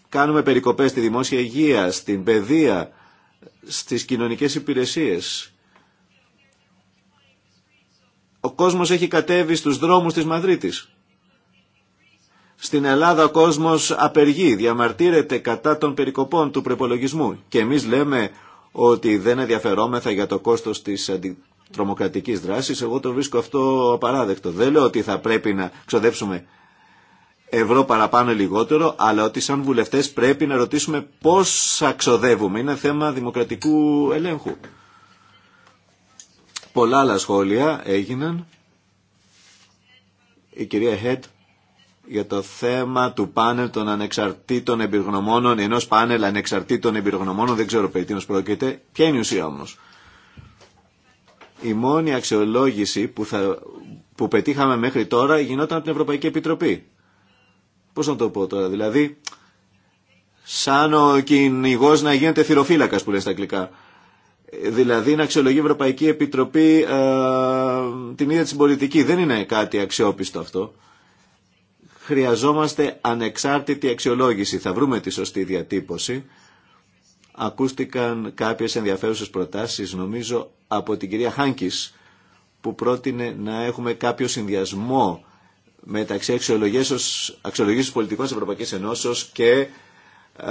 Κάνουμε περικοπές στη δημόσια υγεία, στην παιδεία, στις κοινωνικές υπηρεσίες. Ο κόσμος έχει κατέβει στους δρόμους της Μαδρίτης. Στην Ελλάδα ο κόσμος απεργεί, διαμαρτύρεται κατά των περικοπών του προπολογισμού και εμείς λέμε ότι δεν ενδιαφερόμεθα για το κόστος της αντιτρομοκρατικής δράσης. Εγώ το βρίσκω αυτό απαράδεκτο. Δεν λέω ότι θα πρέπει να ξοδέψουμε ευρώ παραπάνω ή λιγότερο, αλλά ότι σαν βουλευτές πρέπει να ρωτήσουμε πώς ξοδεύουμε. Είναι θέμα δημοκρατικού ελέγχου. Πολλά άλλα σχόλια έγιναν. κυρία Χέτ για το θέμα του πάνελ των ανεξαρτήτων εμπειρογνωμόνων, ενό πάνελ ανεξαρτήτων εμπειρογνωμόνων, δεν ξέρω περί τίνο πρόκειται. Ποια είναι η ουσία όμω. Η μόνη αξιολόγηση που, θα, που πετύχαμε μέχρι τώρα γινόταν από την Ευρωπαϊκή Επιτροπή. Πώ να το πω τώρα, δηλαδή, σαν ο κυνηγό να γίνεται θηροφύλακα που λέει στα αγγλικά. Δηλαδή να αξιολογεί η Ευρωπαϊκή Επιτροπή ε, την ίδια τη πολιτική. Δεν είναι κάτι αξιόπιστο αυτό χρειαζόμαστε ανεξάρτητη αξιολόγηση. Θα βρούμε τη σωστή διατύπωση. Ακούστηκαν κάποιες ενδιαφέρουσες προτάσεις, νομίζω, από την κυρία Χάνκης, που πρότεινε να έχουμε κάποιο συνδυασμό μεταξύ αξιολογήσεως πολιτικών της Ευρωπαϊκής Ενώσεως και ε,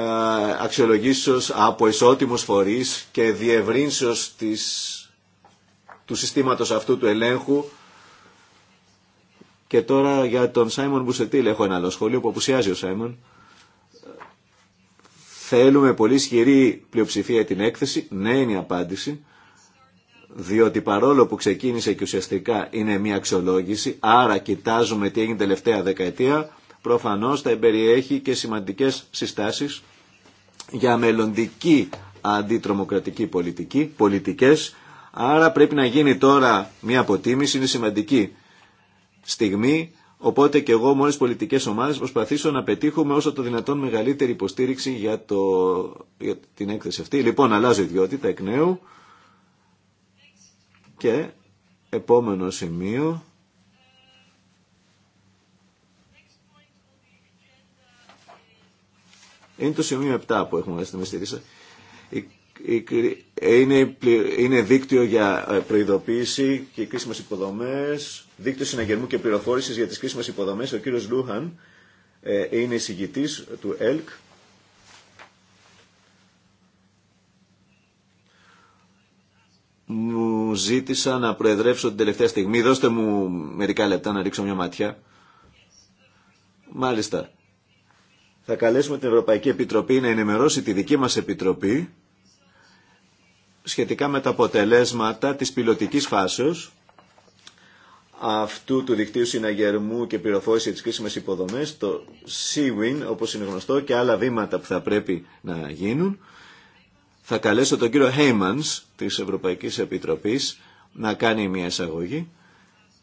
αξιολογήσεως από ισότιμους φορείς και διευρύνσεως της, του συστήματος αυτού του ελέγχου και τώρα για τον Σάιμον Μπουσετήλ έχω ένα άλλο σχόλιο που απουσιάζει ο Σάιμον. Θέλουμε πολύ ισχυρή πλειοψηφία την έκθεση. Ναι είναι η απάντηση. Διότι παρόλο που ξεκίνησε και ουσιαστικά είναι μια αξιολόγηση, άρα κοιτάζουμε τι έγινε τελευταία δεκαετία, προφανώς θα εμπεριέχει και σημαντικές συστάσεις για μελλοντική αντιτρομοκρατική πολιτική, πολιτικές, άρα πρέπει να γίνει τώρα μια αποτίμηση, είναι σημαντική στιγμή, οπότε και εγώ με όλες τις πολιτικές ομάδες προσπαθήσω να πετύχουμε όσο το δυνατόν μεγαλύτερη υποστήριξη για, το, για την έκθεση αυτή. Λοιπόν, αλλάζω ιδιότητα εκ νέου και επόμενο σημείο. Είναι το σημείο 7 που έχουμε στη μεστήριση είναι, είναι δίκτυο για ε, προειδοποίηση και κρίσιμε υποδομέ, δίκτυο συναγερμού και πληροφόρηση για τι κρίσιμε υποδομέ. Ο κύριο Λούχαν ε, είναι εισηγητή του ΕΛΚ. Μου ζήτησα να προεδρεύσω την τελευταία στιγμή. Δώστε μου μερικά λεπτά να ρίξω μια ματιά. Μάλιστα. Θα καλέσουμε την Ευρωπαϊκή Επιτροπή να ενημερώσει τη δική μας Επιτροπή σχετικά με τα αποτελέσματα της πιλωτικής φάσεως αυτού του δικτύου συναγερμού και πληροφόρηση της κρίσιμες υποδομές, το CWIN όπως είναι γνωστό, και άλλα βήματα που θα πρέπει να γίνουν. Θα καλέσω τον κύριο Heymans της Ευρωπαϊκής Επιτροπής να κάνει μια εισαγωγή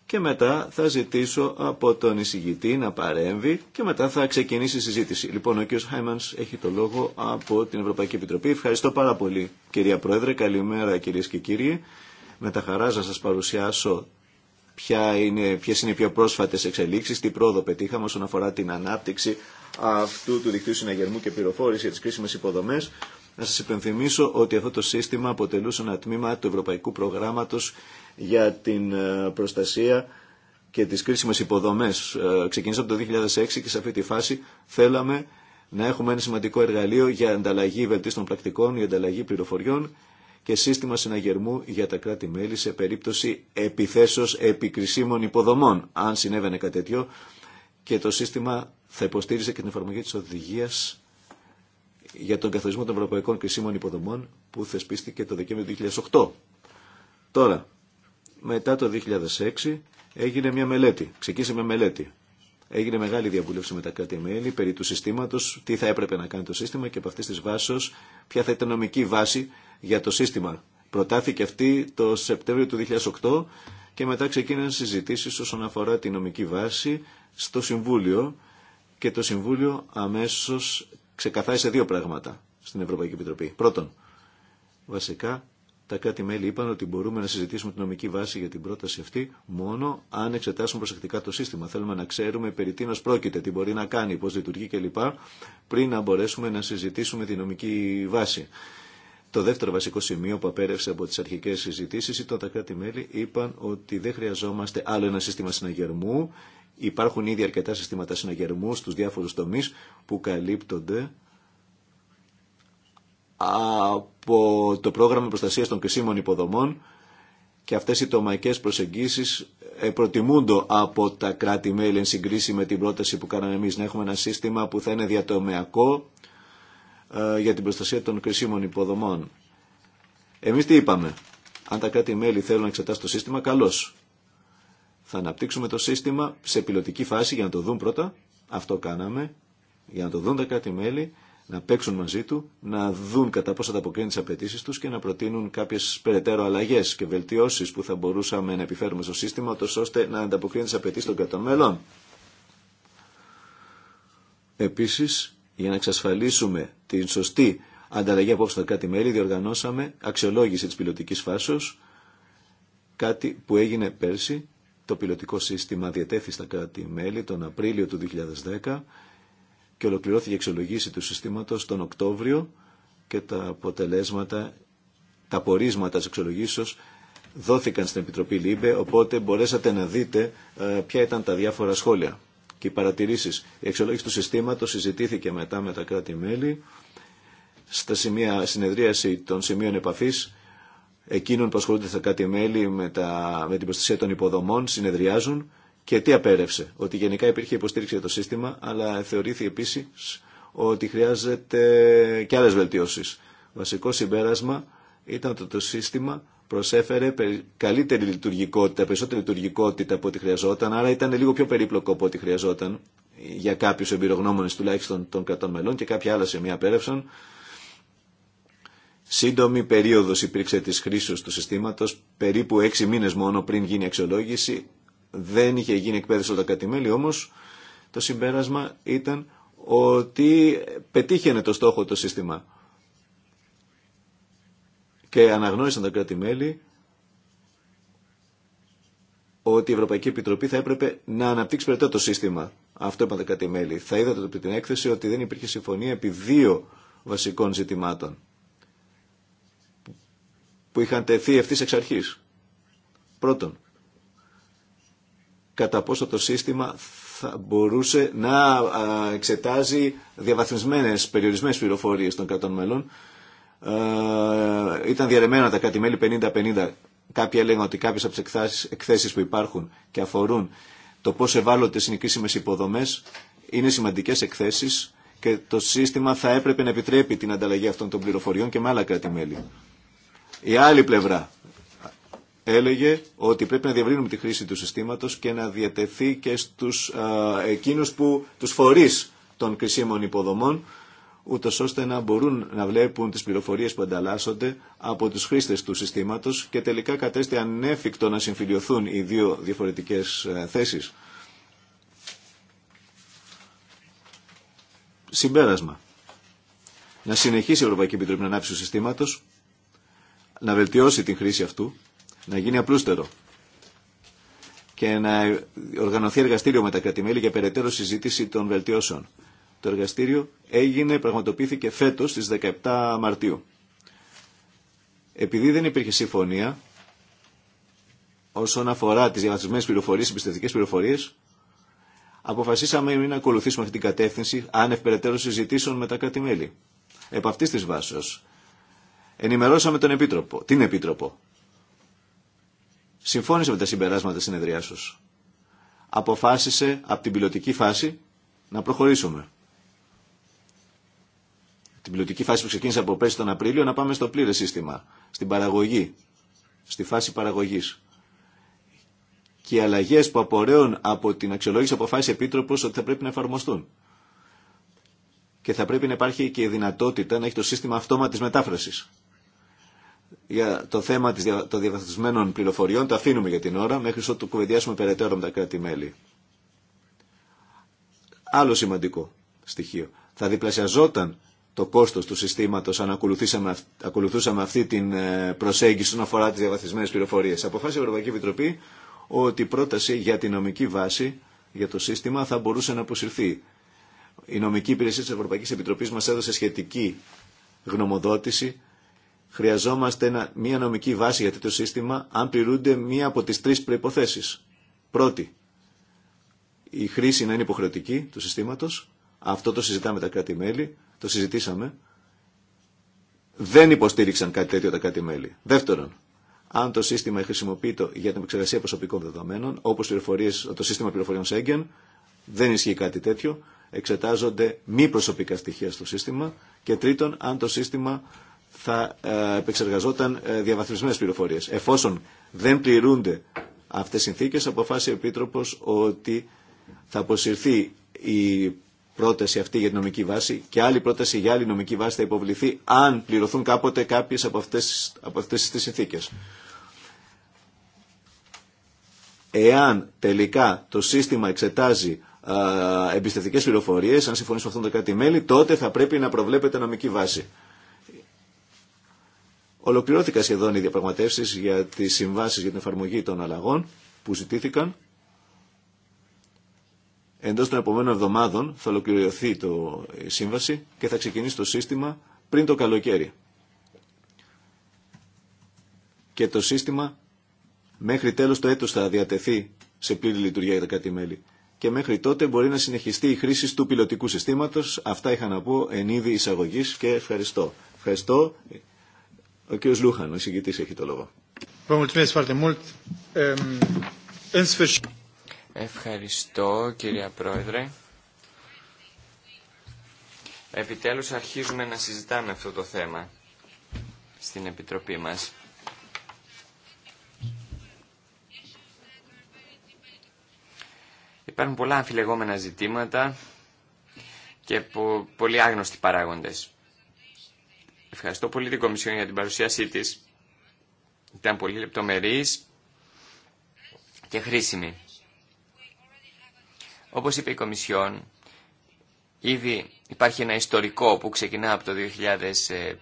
και μετά θα ζητήσω από τον εισηγητή να παρέμβει και μετά θα ξεκινήσει η συζήτηση. Λοιπόν, ο κ. Χάιμανς έχει το λόγο από την Ευρωπαϊκή Επιτροπή. Ευχαριστώ πάρα πολύ κυρία Πρόεδρε. Καλημέρα κυρίε και κύριοι. Με τα χαρά να σα παρουσιάσω ποιε είναι, ποιες είναι οι πιο πρόσφατε εξελίξει, τι πρόοδο πετύχαμε όσον αφορά την ανάπτυξη αυτού του δικτύου συναγερμού και πληροφόρηση για τι κρίσιμε υποδομέ. Να σας υπενθυμίσω ότι αυτό το σύστημα αποτελούσε ένα τμήμα του Ευρωπαϊκού Προγράμματος για την ε, προστασία και τις κρίσιμες υποδομές. Ε, ξεκινήσαμε από το 2006 και σε αυτή τη φάση θέλαμε να έχουμε ένα σημαντικό εργαλείο για ανταλλαγή βελτίστων πρακτικών, για ανταλλαγή πληροφοριών και σύστημα συναγερμού για τα κράτη-μέλη σε περίπτωση επιθέσεως επικρισίμων υποδομών, αν συνέβαινε κάτι τέτοιο, και το σύστημα θα υποστήριζε και την εφαρμογή της οδηγίας για τον καθορισμό των ευρωπαϊκών κρισίμων υποδομών που θεσπίστηκε το Δεκέμβριο του 2008. Τώρα, μετά το 2006 έγινε μια μελέτη, ξεκίνησε μια μελέτη. Έγινε μεγάλη διαβούλευση με τα κράτη-μέλη περί του συστήματο, τι θα έπρεπε να κάνει το σύστημα και από αυτή τη βάση, ποια θα ήταν νομική βάση για το σύστημα. Προτάθηκε αυτή το Σεπτέμβριο του 2008 και μετά ξεκίνησαν συζητήσει όσον αφορά τη νομική βάση στο Συμβούλιο και το Συμβούλιο αμέσως ξεκαθάρισε δύο πράγματα στην Ευρωπαϊκή Επιτροπή. Πρώτον, βασικά τα κράτη-μέλη είπαν ότι μπορούμε να συζητήσουμε την νομική βάση για την πρόταση αυτή μόνο αν εξετάσουμε προσεκτικά το σύστημα. Θέλουμε να ξέρουμε περί τίνο πρόκειται, τι μπορεί να κάνει, πώ λειτουργεί κλπ. πριν να μπορέσουμε να συζητήσουμε τη νομική βάση. Το δεύτερο βασικό σημείο που απέρευσε από τι αρχικέ συζητήσει ήταν ότι τα κράτη-μέλη είπαν ότι δεν χρειαζόμαστε άλλο ένα σύστημα συναγερμού Υπάρχουν ήδη αρκετά συστήματα συναγερμού στους διάφορους τομείς που καλύπτονται από το πρόγραμμα προστασίας των κρισίμων υποδομών και αυτές οι τομαϊκές προσεγγίσεις ε, προτιμούνται από τα κράτη-μέλη εν συγκρίση με την πρόταση που κάναμε εμείς να έχουμε ένα σύστημα που θα είναι διατομεακό ε, για την προστασία των κρισίμων υποδομών. Εμείς τι είπαμε. Αν τα κράτη-μέλη θέλουν να εξετάσουν το σύστημα, καλώς. Θα αναπτύξουμε το σύστημα σε πιλωτική φάση για να το δουν πρώτα. Αυτό κάναμε. Για να το δουν τα κράτη-μέλη, να παίξουν μαζί του, να δουν κατά πόσο αποκρίνει τι απαιτήσει του και να προτείνουν κάποιε περαιτέρω αλλαγέ και βελτιώσει που θα μπορούσαμε να επιφέρουμε στο σύστημα, ώστε να ανταποκρίνει τι απαιτήσει των κρατών μελών. Επίση, για να εξασφαλίσουμε την σωστή ανταλλαγή απόψε στα κάτι μελη διοργανώσαμε αξιολόγηση τη πιλωτική φάσεω, κάτι που έγινε πέρσι το πιλωτικό σύστημα διατέθη στα κράτη-μέλη τον Απρίλιο του 2010 και ολοκληρώθηκε η εξολογήση του συστήματος τον Οκτώβριο και τα αποτελέσματα, τα πορίσματα της εξολογήσεως δόθηκαν στην Επιτροπή ΛΥΜΠΕ, οπότε μπορέσατε να δείτε ε, ποια ήταν τα διάφορα σχόλια και οι παρατηρήσεις. Η εξολόγηση του συστήματος συζητήθηκε μετά με τα κράτη-μέλη στα σημεία συνεδρίαση των σημείων επαφής εκείνων που ασχολούνται στα κάτι μέλη με, τα, με την προστασία των υποδομών συνεδριάζουν και τι απέρευσε. Ότι γενικά υπήρχε υποστήριξη για το σύστημα, αλλά θεωρήθηκε επίση ότι χρειάζεται και άλλε βελτιώσει. Βασικό συμπέρασμα ήταν ότι το σύστημα προσέφερε καλύτερη λειτουργικότητα, περισσότερη λειτουργικότητα από ό,τι χρειαζόταν, άρα ήταν λίγο πιο περίπλοκο από ό,τι χρειαζόταν για κάποιου εμπειρογνώμονε τουλάχιστον των κρατών μελών και κάποια άλλα σημεία απέρευσαν. Σύντομη περίοδο υπήρξε τη χρήση του συστήματο, περίπου έξι μήνες μόνο πριν γίνει αξιολόγηση. Δεν είχε γίνει εκπαίδευση όλα τα κατημέλη, όμως το συμπέρασμα ήταν ότι πετύχαινε το στόχο το σύστημα. Και αναγνώρισαν τα κράτη-μέλη ότι η Ευρωπαϊκή Επιτροπή θα έπρεπε να αναπτύξει περαιτέρω το σύστημα. Αυτό είπαν τα κράτη-μέλη. Θα είδατε από την έκθεση ότι δεν υπήρχε συμφωνία επί δύο βασικών ζητημάτων που είχαν τεθεί ευθύ εξ αρχή. Πρώτον, κατά πόσο το σύστημα θα μπορούσε να εξετάζει διαβαθμισμένες, περιορισμένες πληροφορίες των κρατών μέλων. ήταν διαρρεμένα τα κάτι μέλη 50-50. Κάποιοι έλεγαν ότι κάποιες από τις εκθέσει εκθέσεις που υπάρχουν και αφορούν το πώς ευάλωτες είναι οι κρίσιμες υποδομές είναι σημαντικές εκθέσεις και το σύστημα θα έπρεπε να επιτρέπει την ανταλλαγή αυτών των πληροφοριών και με άλλα κράτη-μέλη. Η άλλη πλευρά έλεγε ότι πρέπει να διαβρύνουμε τη χρήση του συστήματος και να διατεθεί και στους α, εκείνους που, τους φορείς των κρισίμων υποδομών, ούτω ώστε να μπορούν να βλέπουν τις πληροφορίες που ανταλλάσσονται από τους χρήστες του συστήματος και τελικά κατέστη ανέφικτο να συμφιλειωθούν οι δύο διαφορετικές ε, θέσεις. Συμπέρασμα. Να συνεχίσει η Ευρωπαϊκή Επιτροπή να ανάψει του συστήματος να βελτιώσει την χρήση αυτού, να γίνει απλούστερο και να οργανωθεί εργαστήριο με τα κρατημέλη για περαιτέρω συζήτηση των βελτιώσεων. Το εργαστήριο έγινε, πραγματοποιήθηκε φέτος στις 17 Μαρτίου. Επειδή δεν υπήρχε συμφωνία όσον αφορά τις διαβαθμισμένες πληροφορίες, εμπιστευτικές πληροφορίες, αποφασίσαμε να ακολουθήσουμε αυτή την κατεύθυνση άνευ περαιτέρω συζητήσεων με τα κρατημέλη. Επ' αυτής της Ενημερώσαμε τον Επίτροπο, την Επίτροπο. Συμφώνησε με τα συμπεράσματα συνεδριάσεως. Αποφάσισε από την πιλωτική φάση να προχωρήσουμε. Την πιλωτική φάση που ξεκίνησε από πέρσι τον Απρίλιο να πάμε στο πλήρες σύστημα, στην παραγωγή, στη φάση παραγωγής. Και οι αλλαγέ που απορρέουν από την αξιολόγηση αποφάσισε Επίτροπο ότι θα πρέπει να εφαρμοστούν και θα πρέπει να υπάρχει και η δυνατότητα να έχει το σύστημα αυτόματης μετάφρασης για το θέμα των διαβαθμισμένων πληροφοριών το αφήνουμε για την ώρα μέχρι ότου κουβεντιάσουμε περαιτέρω με τα κράτη-μέλη. Άλλο σημαντικό στοιχείο. Θα διπλασιαζόταν το κόστο του συστήματο αν ακολουθούσαμε, αυτή την ε, προσέγγιση όσον αφορά τι διαβαθμισμένε πληροφορίε, Αποφάσισε η Ευρωπαϊκή Επιτροπή ότι η πρόταση για τη νομική βάση για το σύστημα θα μπορούσε να αποσυρθεί. Η νομική υπηρεσία τη Ευρωπαϊκή Επιτροπή μα έδωσε σχετική γνωμοδότηση χρειαζόμαστε μια νομική βάση για τέτοιο σύστημα αν πληρούνται μία από τις τρεις προϋποθέσεις. Πρώτη, η χρήση να είναι υποχρεωτική του συστήματος. Αυτό το συζητάμε τα κράτη-μέλη, το συζητήσαμε. Δεν υποστήριξαν κάτι τέτοιο τα κράτη-μέλη. Δεύτερον, αν το σύστημα χρησιμοποιείται για την επεξεργασία προσωπικών δεδομένων, όπω το σύστημα πληροφοριών Σέγγεν, δεν ισχύει κάτι τέτοιο. Εξετάζονται μη προσωπικά στοιχεία στο σύστημα. Και τρίτον, αν το σύστημα θα ε, επεξεργαζόταν ε, διαβαθμισμένες πληροφορίες. Εφόσον δεν πληρούνται αυτές οι συνθήκες, αποφάσισε ο Επίτροπος ότι θα αποσυρθεί η πρόταση αυτή για την νομική βάση και άλλη πρόταση για άλλη νομική βάση θα υποβληθεί αν πληρωθούν κάποτε κάποιες από αυτές, από αυτές τις συνθήκες. Εάν τελικά το σύστημα εξετάζει εμπιστευτικές πληροφορίες, αν συμφωνήσουν αυτόν το κάτι μέλη, τότε θα πρέπει να προβλέπεται νομική βάση. Ολοκληρώθηκαν σχεδόν οι διαπραγματεύσεις για τις συμβάσεις για την εφαρμογή των αλλαγών που ζητήθηκαν. Εντός των επόμενων εβδομάδων θα ολοκληρωθεί το, σύμβαση και θα ξεκινήσει το σύστημα πριν το καλοκαίρι. Και το σύστημα μέχρι τέλος το έτος θα διατεθεί σε πλήρη λειτουργία για τα κάτι μέλη. Και μέχρι τότε μπορεί να συνεχιστεί η χρήση του πιλωτικού συστήματος. Αυτά είχα να πω εν είδη εισαγωγής και Ευχαριστώ ο κ. Λούχαν, ο συγκητή, έχει το λόγο. Ευχαριστώ κυρία Πρόεδρε. Επιτέλους αρχίζουμε να συζητάμε αυτό το θέμα στην Επιτροπή μας. Υπάρχουν πολλά αμφιλεγόμενα ζητήματα και πολύ άγνωστοι παράγοντες. Ευχαριστώ πολύ την Κομισιόν για την παρουσίασή τη Ήταν πολύ λεπτομερής και χρήσιμη. Όπως είπε η Κομισιόν, ήδη υπάρχει ένα ιστορικό που ξεκινά από το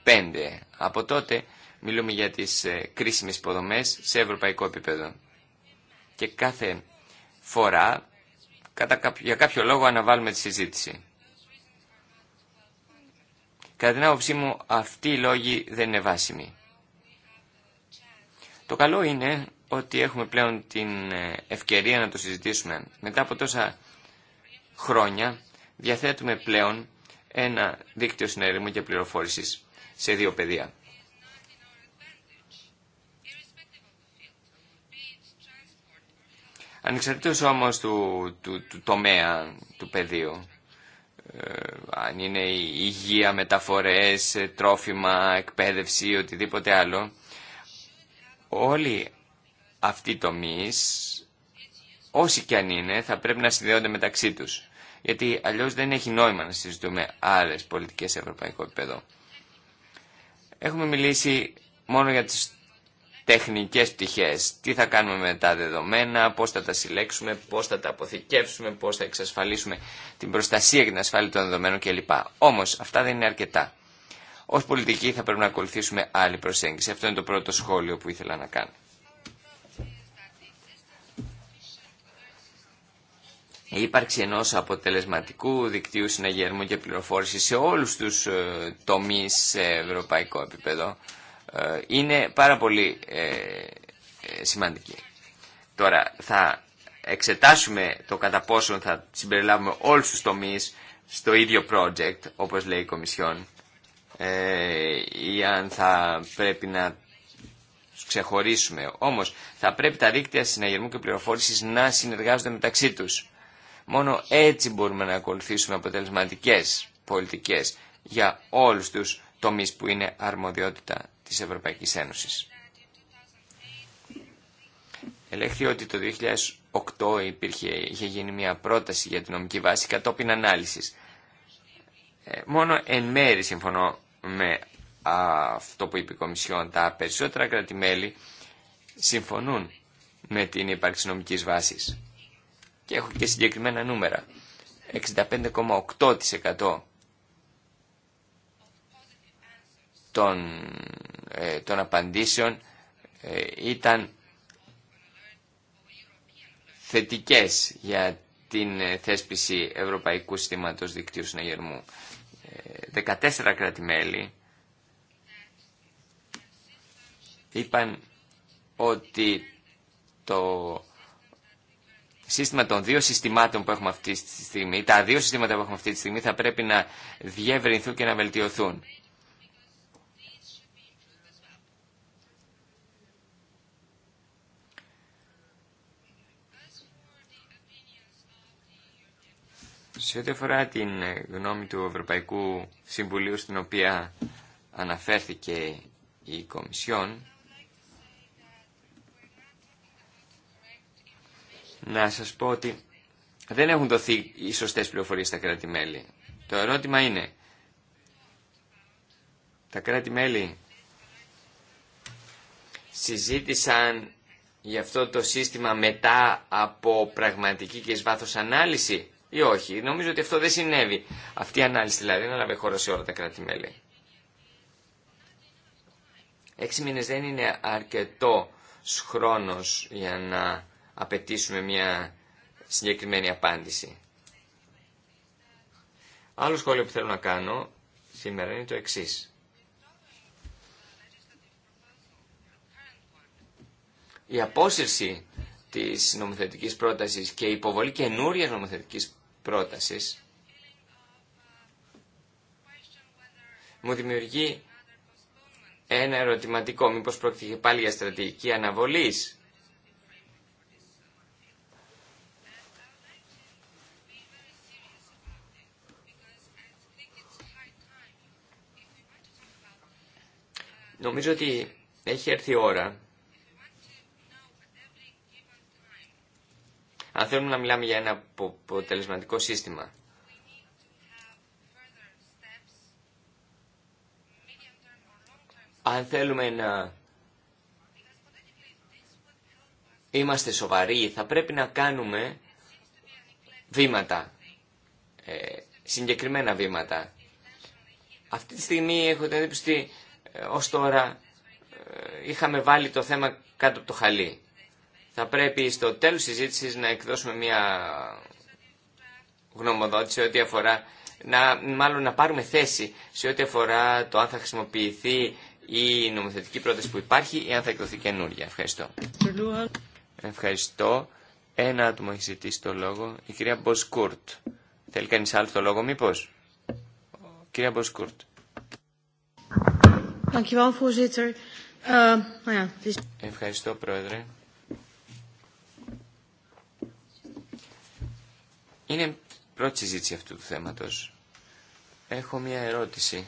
2005. Από τότε μιλούμε για τις ε, κρίσιμε υποδομέ σε ευρωπαϊκό επίπεδο. Και κάθε φορά, κατά για κάποιο λόγο, αναβάλουμε τη συζήτηση. Κατά την άποψή μου αυτοί οι λόγοι δεν είναι βάσιμοι. Το καλό είναι ότι έχουμε πλέον την ε, ευκαιρία να το συζητήσουμε. Μετά από τόσα χρόνια διαθέτουμε πλέον ένα δίκτυο συνεργασμού και πληροφόρησης σε δύο πεδία. Ανεξαρτήτως όμως του, του, του τομέα του πεδίου, ε, αν είναι υγεία, μεταφορές, ε, τρόφιμα, εκπαίδευση ή οτιδήποτε άλλο, όλοι αυτοί οι τομείς, όσοι και αν είναι, θα πρέπει να συνδέονται μεταξύ τους. Γιατί αλλιώς δεν έχει νόημα να συζητούμε άλλες πολιτικές σε ευρωπαϊκό επίπεδο. Έχουμε μιλήσει μόνο για τις τεχνικές πτυχέ. Τι θα κάνουμε με τα δεδομένα, πώς θα τα συλλέξουμε, πώς θα τα αποθηκεύσουμε, πώς θα εξασφαλίσουμε την προστασία και την ασφάλεια των δεδομένων κλπ. Όμως αυτά δεν είναι αρκετά. Ως πολιτικοί θα πρέπει να ακολουθήσουμε άλλη προσέγγιση. Αυτό είναι το πρώτο σχόλιο που ήθελα να κάνω. η ύπαρξη ενός αποτελεσματικού δικτύου συναγερμού και πληροφόρηση σε όλους τους ε, τομείς σε ευρωπαϊκό επίπεδο ε, είναι πάρα πολύ ε, ε, σημαντική. Τώρα θα εξετάσουμε το κατά πόσον θα συμπεριλάβουμε όλους τους τομείς στο ίδιο project, όπως λέει η Κομισιόν, ή αν θα πρέπει να ξεχωρίσουμε. Όμως θα πρέπει τα δίκτυα συναγερμού και πληροφόρησης να συνεργάζονται μεταξύ τους. Μόνο έτσι μπορούμε να ακολουθήσουμε αποτελεσματικές πολιτικές για όλους τους τομείς που είναι αρμοδιότητα της Ευρωπαϊκής Ένωσης. Ελέγχθη ότι το 2008 υπήρχε, είχε γίνει μια πρόταση για την νομική βάση κατόπιν ανάλυσης. Ε, μόνο εν μέρη συμφωνώ με αυτό που είπε η Κομισιόν. Τα περισσότερα κρατημέλη συμφωνούν με την ύπαρξη νομικής βάσης. Και έχω και συγκεκριμένα νούμερα. 65,8% Ε, των, απαντήσεων ε, ήταν θετικές για την ε, θέσπιση Ευρωπαϊκού Συστήματος Δικτύου Συναγερμού. 14 κράτη-μέλη είπαν ότι το σύστημα των δύο συστημάτων που έχουμε αυτή τη στιγμή, τα δύο συστήματα που έχουμε αυτή τη στιγμή θα πρέπει να διευρυνθούν και να βελτιωθούν. Σε ό,τι αφορά την γνώμη του Ευρωπαϊκού Συμβουλίου στην οποία αναφέρθηκε η Κομισιόν, να σας πω ότι δεν έχουν δοθεί οι σωστές πληροφορίες στα κράτη-μέλη. Το ερώτημα είναι, τα κράτη-μέλη συζήτησαν για αυτό το σύστημα μετά από πραγματική και εις βάθος ανάλυση ή όχι. Νομίζω ότι αυτό δεν συνέβη. Αυτή η ανάλυση δηλαδή δεν έλαβε χώρο σε όλα τα κράτη-μέλη. Έξι μήνες δεν λαβει χωρο σε ολα τα αρκετό χρόνος για να απαιτήσουμε μια συγκεκριμένη απάντηση. Άλλο σχόλιο που θέλω να κάνω σήμερα είναι το εξή. Η απόσυρση της νομοθετικής πρότασης και η υποβολή καινούριας νομοθετικής πρότασης μου δημιουργεί ένα ερωτηματικό. Μήπως πρόκειται πάλι για στρατηγική αναβολής. Νομίζω ότι έχει έρθει η ώρα αν θέλουμε να μιλάμε για ένα αποτελεσματικό σύστημα. Αν θέλουμε να είμαστε σοβαροί, θα πρέπει να κάνουμε βήματα, ε, συγκεκριμένα βήματα. Αυτή τη στιγμή έχω την εντύπωση ότι ε, ως τώρα ε, είχαμε βάλει το θέμα κάτω από το χαλί. Θα πρέπει στο τέλος της συζήτησης να εκδώσουμε μια γνωμοδότηση ό,τι αφορά, να, μάλλον να πάρουμε θέση σε ό,τι αφορά το αν θα χρησιμοποιηθεί η νομοθετική πρόταση που υπάρχει ή αν θα εκδοθεί καινούργια. Ευχαριστώ. Ευχαριστώ. Ένα άτομο έχει ζητήσει το λόγο. Η κυρία Μποσκούρτ. Θέλει κανεί άλλο το λόγο, μήπω. Κυρία Μποσκούρτ. Uh, Ευχαριστώ, Πρόεδρε. Είναι πρώτη συζήτηση αυτού του θέματος. Έχω μία ερώτηση.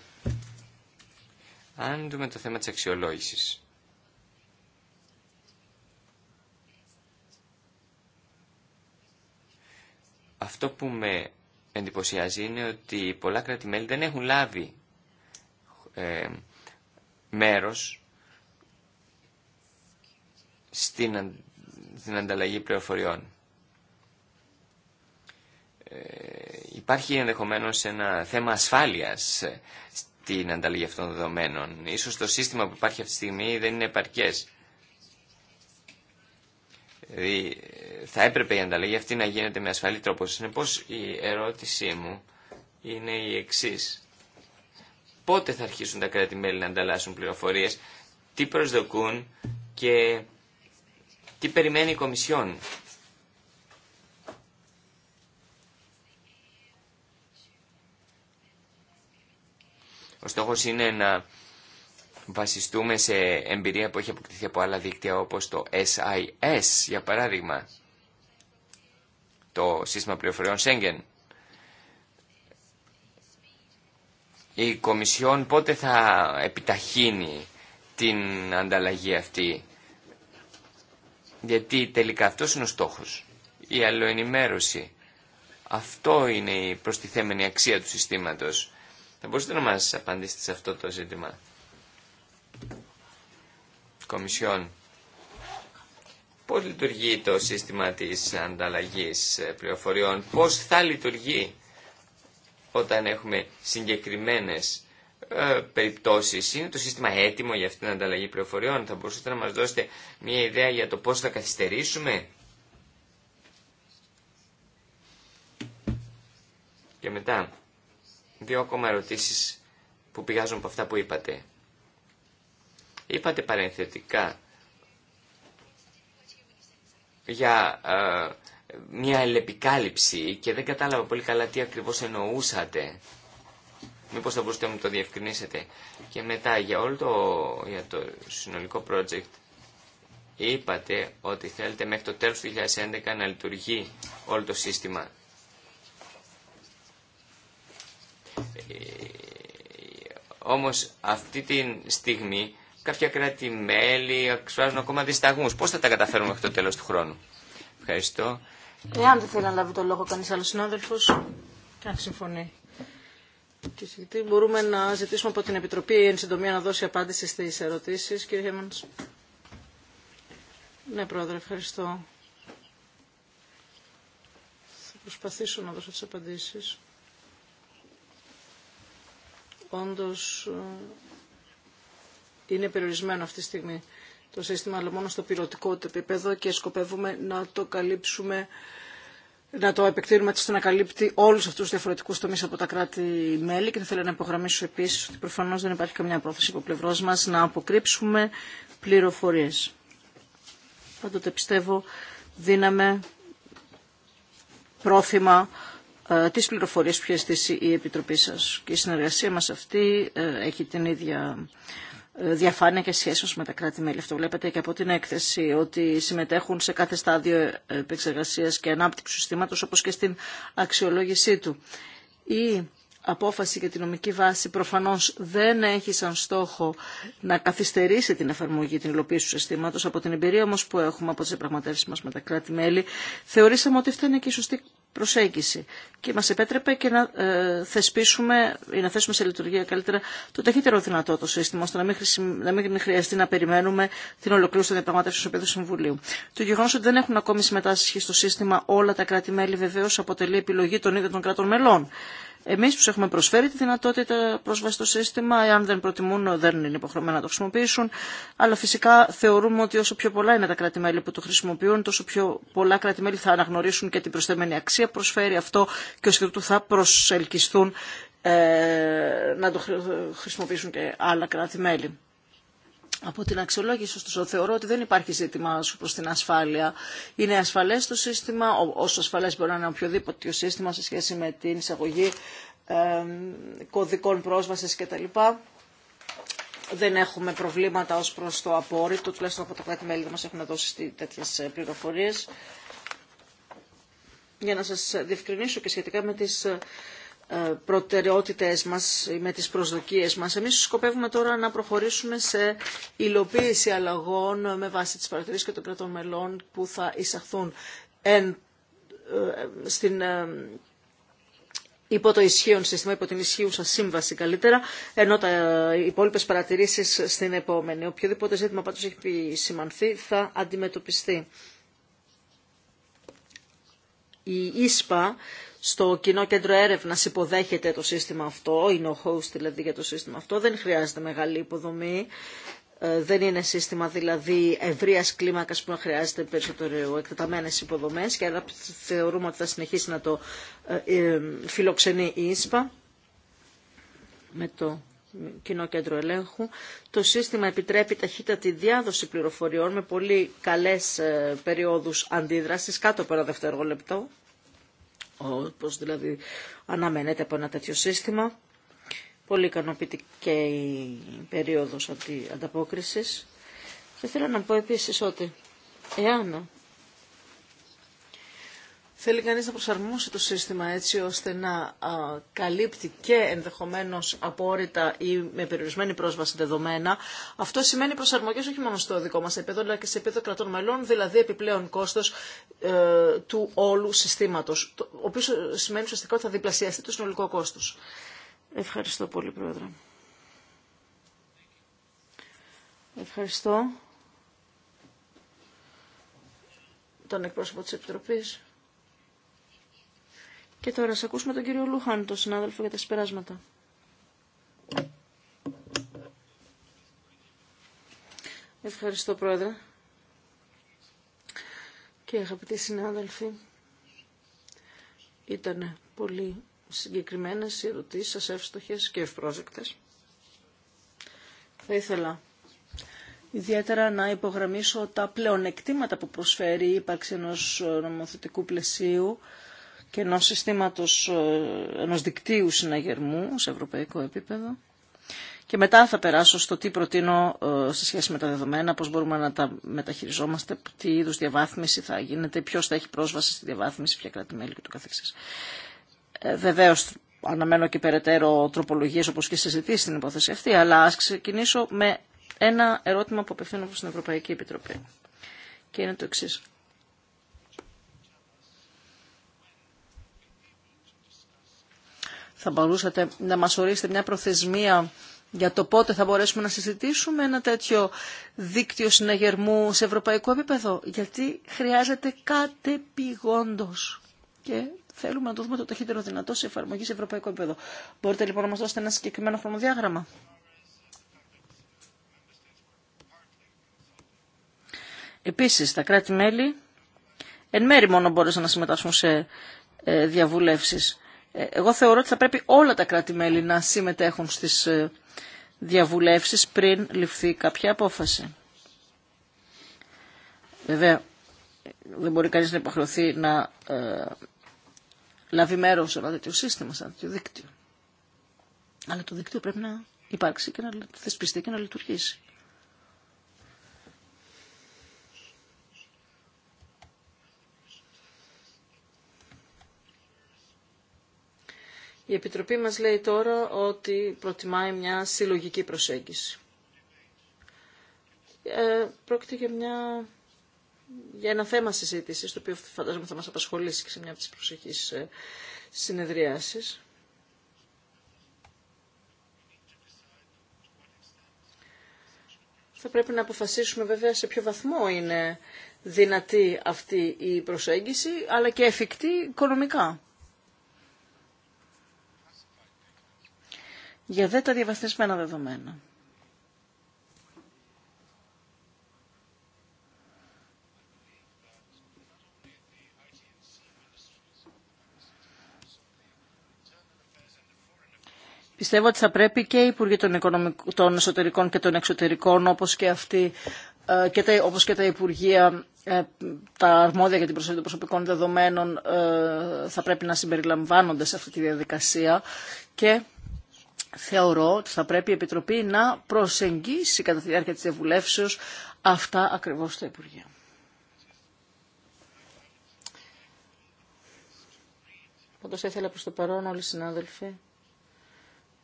Αν δούμε το θέμα της αξιολόγησης. Αυτό που με εντυπωσιάζει είναι ότι πολλά κράτη-μέλη δεν έχουν λάβει ε, μέρος στην, στην ανταλλαγή πληροφοριών. Ε, υπάρχει ενδεχομένως ένα θέμα ασφάλειας ε, στην ανταλλαγή αυτών των δεδομένων. Ίσως το σύστημα που υπάρχει αυτή τη στιγμή δεν είναι επαρκές. Δηλαδή ε, θα έπρεπε η ανταλλαγή αυτή να γίνεται με ασφαλή τρόπο. Συνεπώς η ερώτησή μου είναι η εξής. Πότε θα αρχίσουν τα κράτη-μέλη να ανταλλάσσουν πληροφορίες, τι προσδοκούν και τι περιμένει η Κομισιόν Ο στόχο είναι να βασιστούμε σε εμπειρία που έχει αποκτηθεί από άλλα δίκτυα όπως το SIS, για παράδειγμα, το σύστημα πληροφοριών Schengen. Η Κομισιόν πότε θα επιταχύνει την ανταλλαγή αυτή, γιατί τελικά αυτός είναι ο στόχος, η αλλοενημέρωση. Αυτό είναι η προστιθέμενη αξία του συστήματος. Θα μπορούσατε να μας απαντήσετε σε αυτό το ζήτημα. Κομισιόν. Πώς λειτουργεί το σύστημα της ανταλλαγής πληροφοριών, πώς θα λειτουργεί όταν έχουμε συγκεκριμένες ε, περιπτώσεις. Είναι το σύστημα έτοιμο για αυτήν την ανταλλαγή πληροφοριών. Θα μπορούσατε να μας δώσετε μια ιδέα για το πώς θα καθυστερήσουμε. Και μετά, Δύο ακόμα ερωτήσεις που πηγάζουν από αυτά που είπατε. Είπατε παρενθετικά για ε, μια ελεπικάλυψη και δεν κατάλαβα πολύ καλά τι ακριβώς εννοούσατε. Μήπως θα μπορούσατε να μου το διευκρινίσετε. Και μετά για όλο το, για το συνολικό project είπατε ότι θέλετε μέχρι το τέλος του 2011 να λειτουργεί όλο το σύστημα. Ε, όμως αυτή τη στιγμή κάποια κράτη-μέλη εξουσιάζουν ακόμα δισταγμούς. Πώς θα τα καταφέρουμε μέχρι το τέλος του χρόνου. Ευχαριστώ. Εάν δεν θέλει να λάβει το λόγο κανείς άλλος συνάδελφος, αν συμφωνεί. Και μπορούμε να ζητήσουμε από την Επιτροπή εν συντομία να δώσει απάντηση στις ερωτήσεις, κύριε Χέμανς. Ναι, Πρόεδρε, ευχαριστώ. Θα προσπαθήσω να δώσω τις απαντήσεις. Πάντως ε, είναι περιορισμένο αυτή τη στιγμή το σύστημα, αλλά μόνο στο πιλωτικό επίπεδο και σκοπεύουμε να το καλύψουμε να το επεκτείνουμε έτσι ώστε να καλύπτει όλου αυτού του διαφορετικού τομεί από τα κράτη-μέλη. Και ήθελα να υπογραμμίσω επίση ότι προφανώ δεν υπάρχει καμιά πρόθεση από πλευρό μα να αποκρύψουμε πληροφορίε. Πάντοτε πιστεύω δύναμε πρόθυμα ε, τις πληροφορίες που έχει αισθήσει η Επιτροπή σας. Και η συνεργασία μας αυτή ε, έχει την ίδια ε, διαφάνεια και σχέσεις με τα κράτη-μέλη. Αυτό βλέπετε και από την έκθεση ότι συμμετέχουν σε κάθε στάδιο επεξεργασίας και ανάπτυξη του συστήματος όπως και στην αξιολόγησή του. Η απόφαση για την νομική βάση προφανώς δεν έχει σαν στόχο να καθυστερήσει την εφαρμογή, την υλοποίηση του συστήματος. Από την εμπειρία όμως που έχουμε από τις διαπραγματεύσεις μας με τα κράτη-μέλη, θεωρήσαμε ότι αυτή είναι και η σωστή προσέγγιση και μας επέτρεπε και να ε, θεσπίσουμε ή να θέσουμε σε λειτουργία καλύτερα το ταχύτερο δυνατό το σύστημα, ώστε να μην, να χρειαστεί να περιμένουμε την ολοκλήρωση των διαπραγματεύσεων στο επίπεδο Συμβουλίου. Το γεγονό ότι δεν έχουν ακόμη συμμετάσχει στο σύστημα όλα τα κράτη-μέλη βεβαίω αποτελεί επιλογή των ίδιων των κρατών μελών. Εμεί του έχουμε προσφέρει τη δυνατότητα πρόσβαση στο σύστημα, εάν δεν προτιμούν δεν είναι υποχρεωμένοι να το χρησιμοποιήσουν, αλλά φυσικά θεωρούμε ότι όσο πιο πολλά είναι τα κράτη-μέλη που το χρησιμοποιούν, τόσο πιο πολλά κράτη-μέλη θα αναγνωρίσουν και την προσθέμενη αξία προσφέρει αυτό και και τούτου θα προσελκυστούν ε, να το χρησιμοποιήσουν και άλλα κράτη-μέλη από την αξιολόγηση ωστόσο θεωρώ ότι δεν υπάρχει ζήτημα σου προς την ασφάλεια. Είναι ασφαλές το σύστημα, όσο ασφαλές μπορεί να είναι οποιοδήποτε σύστημα σε σχέση με την εισαγωγή κωδικών πρόσβασης κτλ. Δεν έχουμε προβλήματα ως προς το απόρριτο, τουλάχιστον από τα κράτη-μέλη δεν μας έχουν δώσει τέτοιες ε, πληροφορίες. Για να σας διευκρινίσω και σχετικά με τις ε, ε, προτεραιότητες μας, με τις προσδοκίες μας. Εμείς σκοπεύουμε τώρα να προχωρήσουμε σε υλοποίηση αλλαγών με βάση τις παρατηρήσεις και των κρατών μελών που θα εισαχθούν εν, ε, στην ε, υπό το ισχύον σύστημα, υπό την ισχύουσα σύμβαση καλύτερα, ενώ τα υπόλοιπε παρατηρήσεις στην επόμενη. Οποιοδήποτε ζήτημα πάντως έχει σημανθεί θα αντιμετωπιστεί. Η ΙΣΠΑ στο κοινό κέντρο έρευνας υποδέχεται το σύστημα αυτό, είναι ο host δηλαδή για το σύστημα αυτό, δεν χρειάζεται μεγάλη υποδομή, ε, δεν είναι σύστημα δηλαδή ευρεία κλίμακα που να χρειάζεται περισσότερο εκτεταμένε υποδομέ και άρα θεωρούμε ότι θα συνεχίσει να το ε, ε, φιλοξενεί η ΙΣΠΑ με το Κοινό Κέντρο Ελέγχου. Το σύστημα επιτρέπει ταχύτατη διάδοση πληροφοριών με πολύ καλές περιόδου αντίδραση κάτω από ένα δευτερόλεπτο, όπως δηλαδή αναμένεται από ένα τέτοιο σύστημα. Πολύ ικανοποιητική η περίοδος ανταπόκρισης. Και θέλω να πω επίσης ότι εάν θέλει κανείς να προσαρμόσει το σύστημα έτσι ώστε να καλύπτει και ενδεχομένως απόρριτα ή με περιορισμένη πρόσβαση δεδομένα. Αυτό σημαίνει προσαρμογές όχι μόνο στο δικό μας επίπεδο αλλά και σε επίπεδο κρατών μελών, δηλαδή επιπλέον κόστος ε, του όλου συστήματος, το οποίο σημαίνει ουσιαστικά ότι θα διπλασιαστεί το συνολικό κόστος. Ευχαριστώ πολύ, Πρόεδρε. Ευχαριστώ τον εκπρόσωπο της Επιτροπής. Και τώρα ας ακούσουμε τον κύριο Λούχαν, τον συνάδελφο για τα συμπεράσματα. Ευχαριστώ πρόεδρε. Και αγαπητοί συνάδελφοι, ήταν πολύ συγκεκριμένες οι ερωτήσεις σας εύστοχες και ευπρόζεκτες. Θα ήθελα ιδιαίτερα να υπογραμμίσω τα πλεονεκτήματα που προσφέρει η ύπαρξη ενός νομοθετικού πλαισίου και ενός συστήματος, ε, ενός δικτύου συναγερμού σε ευρωπαϊκό επίπεδο. Και μετά θα περάσω στο τι προτείνω ε, σε σχέση με τα δεδομένα, πώς μπορούμε να τα μεταχειριζόμαστε, τι είδους διαβάθμιση θα γίνεται, ποιος θα έχει πρόσβαση στη διαβάθμιση, ποια κράτη-μέλη και το καθεξής. Ε, βεβαίως αναμένω και περαιτέρω τροπολογίες όπως και συζητήσει στην υπόθεση αυτή, αλλά ας ξεκινήσω με ένα ερώτημα που απευθύνω προς την Ευρωπαϊκή Επιτροπή. Και είναι το εξή. Θα μπορούσατε να μας ορίσετε μια προθεσμία για το πότε θα μπορέσουμε να συζητήσουμε ένα τέτοιο δίκτυο συναγερμού σε ευρωπαϊκό επίπεδο. Γιατί χρειάζεται κατεπηγόντως. Και θέλουμε να το δούμε το ταχύτερο δυνατό σε εφαρμογή σε ευρωπαϊκό επίπεδο. Μπορείτε λοιπόν να μας δώσετε ένα συγκεκριμένο χρονοδιάγραμμα. Επίσης, τα κράτη-μέλη εν μέρη μόνο μπορούσαν να συμμετάσχουν σε ε, διαβουλεύσεις. Ε, εγώ θεωρώ ότι θα πρέπει όλα τα κράτη-μέλη να συμμετέχουν στις ε, διαβουλεύσεις πριν ληφθεί κάποια απόφαση. Βέβαια, δεν μπορεί κανείς να υποχρεωθεί να ε, λάβει μέρος σε ένα τέτοιο σύστημα, σε ένα τέτοιο δίκτυο. Αλλά το δίκτυο πρέπει να υπάρξει και να θεσπιστεί και να λειτουργήσει. Η Επιτροπή μας λέει τώρα ότι προτιμάει μια συλλογική προσέγγιση. Ε, πρόκειται για, μια... για ένα θέμα συζήτησης, το οποίο φαντάζομαι θα μας απασχολήσει και σε μια από τις προσεχείς ε, συνεδριάσεις. Θα πρέπει να αποφασίσουμε βέβαια σε ποιο βαθμό είναι δυνατή αυτή η προσέγγιση, αλλά και εφικτή οικονομικά. για δε τα διαβαθμισμένα δεδομένα. Πιστεύω ότι θα πρέπει και οι Υπουργοί των, Εσωτερικών και των Εξωτερικών, όπως και αυτοί, ε, και τα, όπως και τα Υπουργεία, ε, τα αρμόδια για την προσέγγιση των προσωπικών δεδομένων, ε, θα πρέπει να συμπεριλαμβάνονται σε αυτή τη διαδικασία. Και θεωρώ ότι θα πρέπει η Επιτροπή να προσεγγίσει κατά τη διάρκεια της διαβουλεύσεως αυτά ακριβώς τα Υπουργεία. Πάντω ήθελα προς το παρόν όλοι οι συνάδελφοι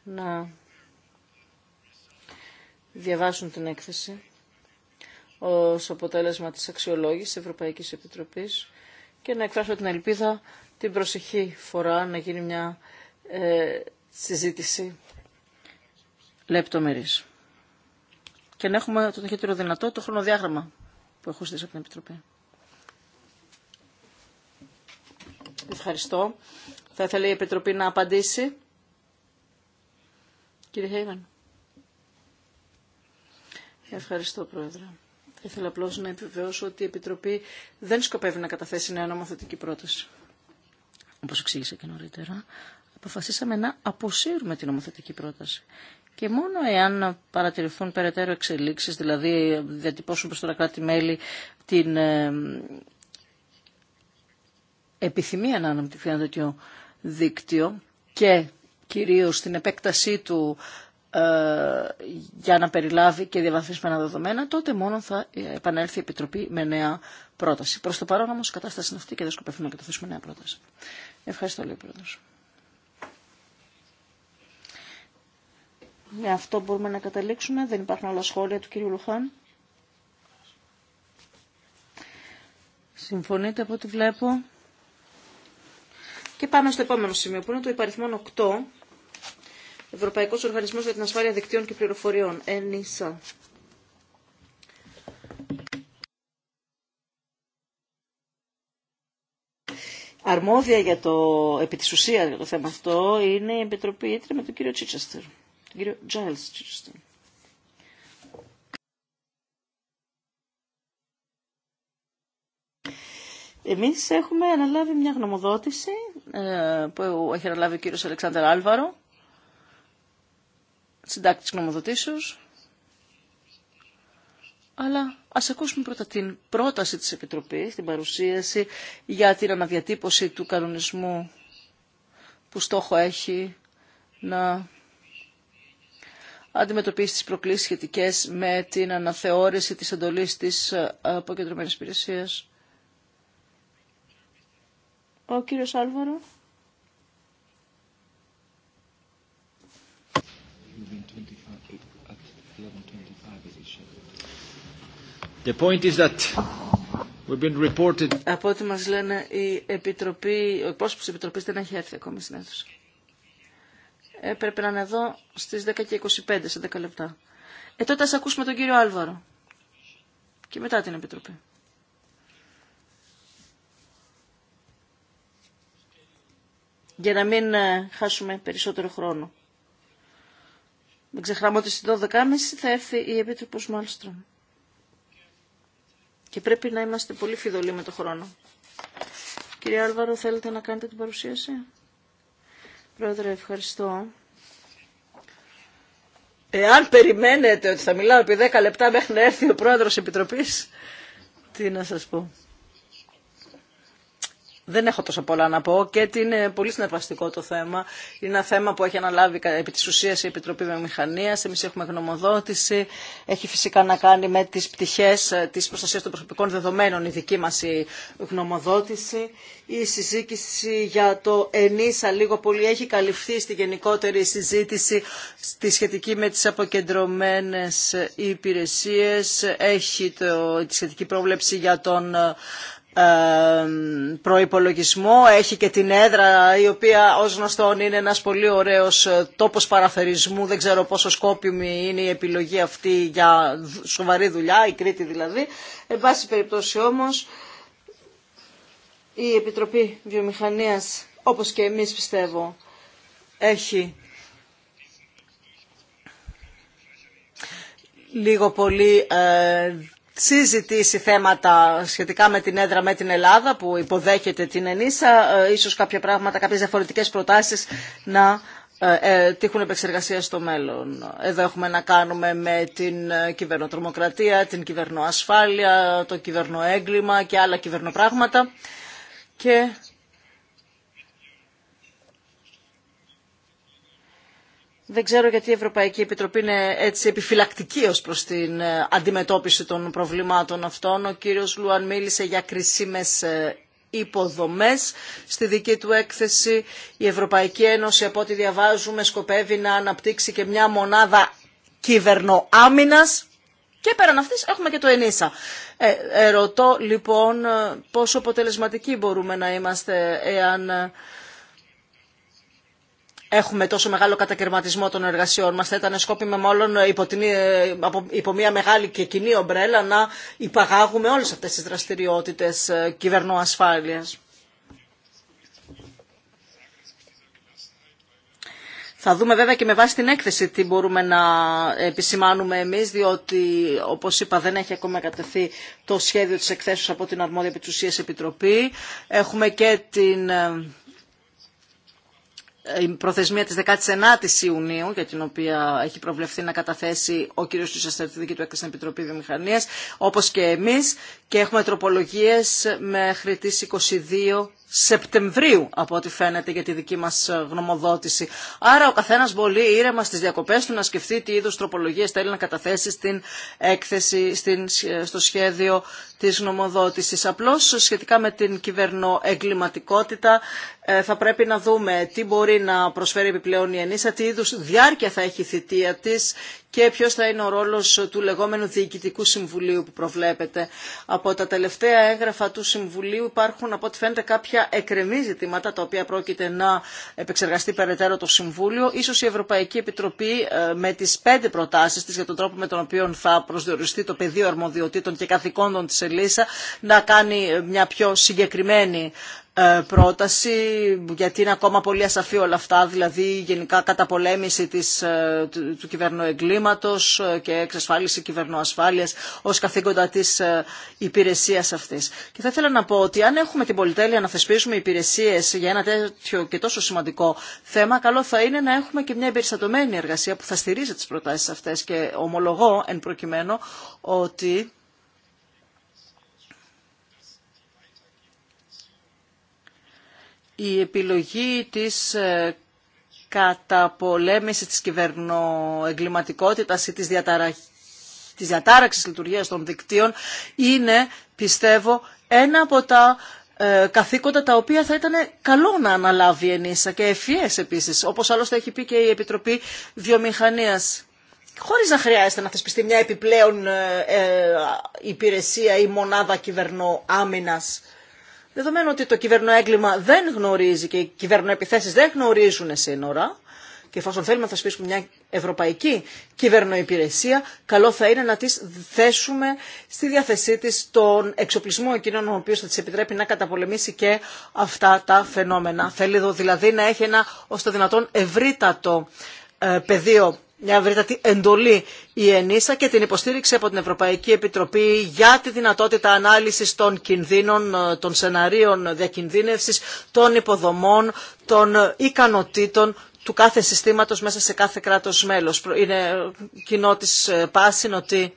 να διαβάσουν την έκθεση ως αποτέλεσμα της αξιολόγησης Ευρωπαϊκής Επιτροπής και να εκφράσω την ελπίδα την προσεχή φορά να γίνει μια ε, συζήτηση λεπτομερής. Και να έχουμε το ταχύτερο δυνατό το χρονοδιάγραμμα που έχω στήσει από την Επιτροπή. Ευχαριστώ. Θα ήθελε η Επιτροπή να απαντήσει. Κύριε Χέιβαν. Ευχαριστώ, Πρόεδρε. Θα ήθελα απλώ να επιβεβαιώσω ότι η Επιτροπή δεν σκοπεύει να καταθέσει νέα νομοθετική πρόταση. Όπω εξήγησα και νωρίτερα, αποφασίσαμε να αποσύρουμε την νομοθετική πρόταση και μόνο εάν παρατηρηθούν περαιτέρω εξελίξεις, δηλαδή διατυπώσουν προς τώρα κράτη-μέλη την ε, επιθυμία να αναπτυχθεί ένα τέτοιο δίκτυο και κυρίως την επέκτασή του ε, για να περιλάβει και διαβαθμισμένα δεδομένα, τότε μόνο θα επανέλθει η Επιτροπή με νέα πρόταση. Προς το παρόν όμως η κατάσταση είναι αυτή και δεν σκοπεύουμε να καταθέσουμε νέα πρόταση. Ευχαριστώ, λίγο Με ναι, αυτό μπορούμε να καταλήξουμε. Δεν υπάρχουν άλλα σχόλια του κύριου Λουχάν. Συμφωνείτε από ό,τι βλέπω. Και πάμε στο επόμενο σημείο που είναι το υπαριθμό 8. Ευρωπαϊκός Οργανισμός για την Ασφάλεια Δικτύων και Πληροφοριών. ΕΝΙΣΑ. Αρμόδια για το, επί της ουσίας για το θέμα αυτό είναι η Επιτροπή Ήτρε με τον κύριο Τσίτσαστερ. Εμείς έχουμε αναλάβει μια γνωμοδότηση ε, που έχει αναλάβει ο κύριος Αλεξάνδρ Άλβαρο, συντάκτης γνωμοδοτήσεως, αλλά ας ακούσουμε πρώτα την πρόταση της Επιτροπής, την παρουσίαση για την αναδιατύπωση του κανονισμού που στόχο έχει να αντιμετωπίσει τις προκλήσεις σχετικές με την αναθεώρηση της εντολής της ε, αποκεντρωμένης υπηρεσία. Ο κύριος Άλβαρο. The point is that we've been reported... Από ό,τι μας λένε, η Επιτροπή, ο εκπρόσωπος της Επιτροπής δεν έχει έρθει ακόμη στην αίθουσα έπρεπε να είναι εδώ στις 10 και 25, σε 10 λεπτά. Ε, τότε ας ακούσουμε τον κύριο Άλβαρο. Και μετά την Επιτροπή. Για να μην ε, χάσουμε περισσότερο χρόνο. Μην ξεχνάμε ότι στις 12.30 θα έρθει η Επίτροπος Μάλστρομ. Και πρέπει να είμαστε πολύ φιδωλοί με το χρόνο. Κύριε Άλβαρο, θέλετε να κάνετε την παρουσίαση. Πρόεδρε, ευχαριστώ. Εάν περιμένετε ότι θα μιλάω επί 10 λεπτά μέχρι να έρθει ο πρόεδρος της Επιτροπής, τι να σας πω δεν έχω τόσο πολλά να πω και είναι πολύ συνεργαστικό το θέμα. Είναι ένα θέμα που έχει αναλάβει επί της ουσίας η Επιτροπή Μηχανίας. Εμείς έχουμε γνωμοδότηση. Έχει φυσικά να κάνει με τις πτυχές ε, της προστασίας των προσωπικών δεδομένων η δική μας γνωμοδότηση. Η συζήτηση για το ΕΝΙΣΑ λίγο πολύ έχει καλυφθεί στη γενικότερη συζήτηση στη σχετική με τις αποκεντρωμένες υπηρεσίες. Έχει το, τη σχετική πρόβλεψη για τον ε, προϋπολογισμό, έχει και την έδρα η οποία ως γνωστόν είναι ένας πολύ ωραίος ε, τόπος παραφερισμού, δεν ξέρω πόσο σκόπιμη είναι η επιλογή αυτή για σοβαρή δουλειά, η Κρήτη δηλαδή. Εν πάση περιπτώσει όμως η Επιτροπή Βιομηχανίας όπως και εμείς πιστεύω έχει λίγο πολύ ε, συζητήσει θέματα σχετικά με την έδρα με την Ελλάδα που υποδέχεται την ενίσα ε, ίσως κάποια πράγματα, κάποιες διαφορετικές προτάσεις να ε, ε, τύχουν επεξεργασία στο μέλλον. Εδώ έχουμε να κάνουμε με την κυβερνοτρομοκρατία, την κυβερνοασφάλεια, το κυβερνοέγκλημα και άλλα κυβερνοπράγματα. Και Δεν ξέρω γιατί η Ευρωπαϊκή Επιτροπή είναι έτσι επιφυλακτική ως προς την ε, αντιμετώπιση των προβλημάτων αυτών. Ο κύριος Λουαν μίλησε για κρισίμες ε, υποδομές. Στη δική του έκθεση η Ευρωπαϊκή Ένωση από ό,τι διαβάζουμε σκοπεύει να αναπτύξει και μια μονάδα κυβερνοάμυνας και πέραν αυτή έχουμε και το ΕΝΙΣΑ. Ε, ερωτώ λοιπόν ε, πόσο αποτελεσματικοί μπορούμε να είμαστε εάν έχουμε τόσο μεγάλο κατακαιρματισμό των εργασιών μας. Θα ήταν σκόπιμο μάλλον ε, υπό, ε, υπό μια μεγάλη και κοινή ομπρέλα να υπαγάγουμε όλες αυτές τις δραστηριότητες ε, κυβερνοασφάλειας. Θα δούμε βέβαια και με βάση την έκθεση τι μπορούμε να επισημάνουμε εμείς, διότι όπως είπα δεν έχει ακόμα κατευθεί το σχέδιο της εκθέσεως από την αρμόδια επιτουσίας επιτροπή. Έχουμε και την ε, η προθεσμία της 19ης Ιουνίου, για την οποία έχει προβλεφθεί να καταθέσει ο κύριος του τη του έκθεση Επιτροπή Βιομηχανίας, όπως και εμείς, και έχουμε τροπολογίες μέχρι τις 22 Σεπτεμβρίου από ό,τι φαίνεται για τη δική μας ε, γνωμοδότηση. Άρα ο καθένας μπορεί ήρεμα στις διακοπές του να σκεφτεί τι είδου τροπολογίες θέλει να καταθέσει στην έκθεση, στην, στο σχέδιο της γνωμοδότηση. Απλώς σχετικά με την κυβερνοεγκληματικότητα ε, θα πρέπει να δούμε τι μπορεί να προσφέρει επιπλέον η Ενίσα, τι είδου διάρκεια θα έχει η θητεία τη και ποιο θα είναι ο ρόλος του λεγόμενου Διοικητικού Συμβουλίου που προβλέπεται. Από τα τελευταία έγγραφα του Συμβουλίου υπάρχουν από ό,τι φαίνεται κάποια εκρεμή ζητήματα τα οποία πρόκειται να επεξεργαστεί περαιτέρω το Συμβούλιο. Ίσως η Ευρωπαϊκή Επιτροπή ε, με τις πέντε προτάσεις τη για τον τρόπο με τον οποίο θα προσδιοριστεί το πεδίο αρμοδιοτήτων και καθηκόντων τη Ελίσσα να κάνει ε, μια πιο συγκεκριμένη ε, πρόταση, γιατί είναι ακόμα πολύ ασαφή όλα αυτά, δηλαδή γενικά καταπολέμηση της, ε, του κυβερνοεγκλήματος ε, και εξασφάλιση κυβερνοασφάλειας ως καθήκοντα της υπηρεσίας αυτής. Και θα ήθελα να πω ότι αν έχουμε την πολυτέλεια να θεσπίζουμε υπηρεσίες για ένα τέτοιο και τόσο σημαντικό θέμα, καλό θα είναι να έχουμε και μια εμπεριστατωμένη εργασία που θα στηρίζει τις προτάσεις αυτές και ομολογώ εν προκειμένου ότι η επιλογή της ε, καταπολέμησης της κυβερνοεγκληματικότητας ή της, διατάραξη της διατάραξης λειτουργίας των δικτύων είναι, πιστεύω, ένα από τα ε, καθήκοντα τα οποία θα ήταν καλό να αναλάβει η ΕΝΗΣΑ και ευφυές επίσης, όπως άλλωστε έχει πει και η Επιτροπή Βιομηχανίας. Χωρίς να χρειάζεται να θεσπιστεί μια επιπλέον ε, υπηρεσία ή μονάδα κυβερνοάμυνας. Δεδομένου ότι το έγκλημα δεν γνωρίζει και οι επιθέσεις δεν γνωρίζουν σύνορα, και εφόσον θέλουμε να θεσπίσουμε μια ευρωπαϊκή υπηρεσία καλό θα είναι να τις θέσουμε στη διάθεσή της τον εξοπλισμό εκείνων ο οποίος θα της επιτρέπει να καταπολεμήσει και αυτά τα φαινόμενα. Θέλει δηλαδή να έχει ένα ως το δυνατόν ευρύτατο ε, πεδίο μια ευρύτατη εντολή η ΕΝΙΣΑ και την υποστήριξη από την Ευρωπαϊκή Επιτροπή για τη δυνατότητα ανάλυσης των κινδύνων, ε, των σεναρίων διακινδύνευσης, των υποδομών, των ικανοτήτων του κάθε συστήματος μέσα σε κάθε κράτος μέλος. Είναι κοινό της ε, πάση. ότι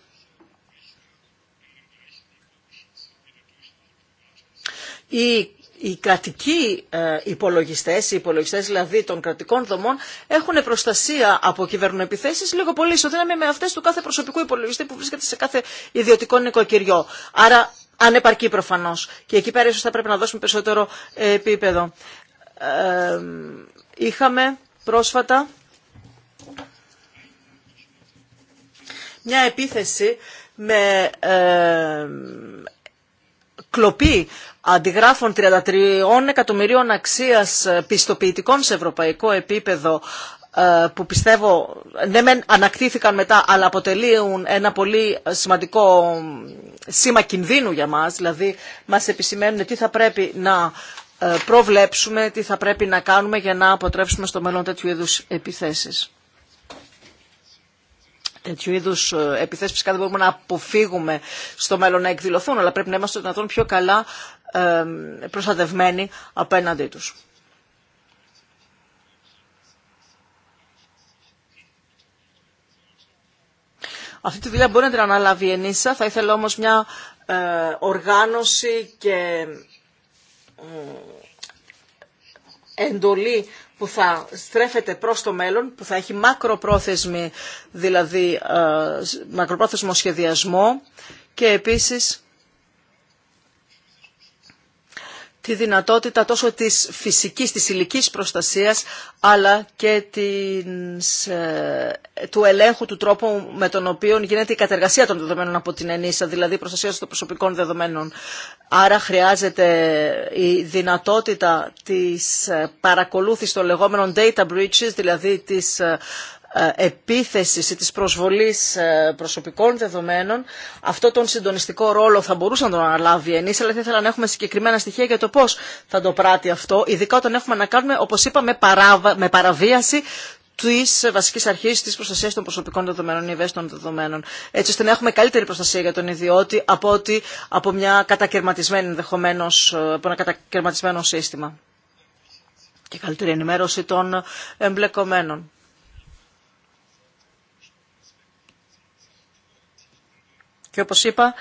οι κρατικοί ε, υπολογιστέ, οι υπολογιστέ δηλαδή των κρατικών δομών έχουν προστασία από κυβερνοεπιθέσεις λίγο πολύ ισοδύναμη με αυτές του κάθε προσωπικού υπολογιστή που βρίσκεται σε κάθε ιδιωτικό νοικοκυριό. Άρα ανεπαρκή προφανώς και εκεί πέρα ίσω θα πρέπει να δώσουμε περισσότερο ε, επίπεδο. Ε, είχαμε πρόσφατα μια επίθεση με κλοπή αντιγράφων 33 εκατομμυρίων αξίας ε, πιστοποιητικών σε ευρωπαϊκό επίπεδο ε, που πιστεύω ναι μεν ανακτήθηκαν μετά αλλά αποτελούν ένα πολύ σημαντικό σήμα κινδύνου για μας δηλαδή μας επισημαίνουν τι θα πρέπει να ε, προβλέψουμε, τι θα πρέπει να κάνουμε για να αποτρέψουμε στο μέλλον τέτοιου είδους επιθέσεις τέτοιου είδου ε, επιθέσει φυσικά δεν μπορούμε να αποφύγουμε στο μέλλον να εκδηλωθούν, αλλά πρέπει να είμαστε δυνατόν πιο καλά ε, προστατευμένοι απέναντί του. Αυτή τη δουλειά μπορεί να την αναλάβει η Ενίσα. Θα ήθελα όμως μια ε, οργάνωση και εντολή που θα στρέφεται προς το μέλλον, που θα έχει μακροπρόθεσμη, δηλαδή ε, μακροπρόθεσμο σχεδιασμό και επίσης τη δυνατότητα τόσο της φυσικής, της υλικής προστασίας, αλλά και της, ε, του ελέγχου του τρόπου με τον οποίο γίνεται η κατεργασία των δεδομένων από την ΕΝΗΣΑ, δηλαδή η προστασία των προσωπικών δεδομένων. Άρα χρειάζεται η δυνατότητα της ε, παρακολούθησης των λεγόμενων data breaches, δηλαδή της ε, ε, επίθεσης ή της προσβολής ε, προσωπικών δεδομένων, αυτό τον συντονιστικό ρόλο θα μπορούσε να τον αναλάβει εμείς, αλλά θα ήθελα να έχουμε συγκεκριμένα στοιχεία για το πώς θα το πράττει αυτό, ειδικά όταν έχουμε να κάνουμε, όπως είπα, με παραβίαση τη βασική αρχή τη προστασία των προσωπικών δεδομένων ή ευαίσθητων δεδομένων. Έτσι ώστε να έχουμε καλύτερη προστασία για τον ιδιώτη από ότι από, μια κατακαιρματισμένη, ενδεχομένω ε, από ένα κατακαιρματισμένο σύστημα. Και καλύτερη ενημέρωση των εμπλεκομένων. Και όπως είπα,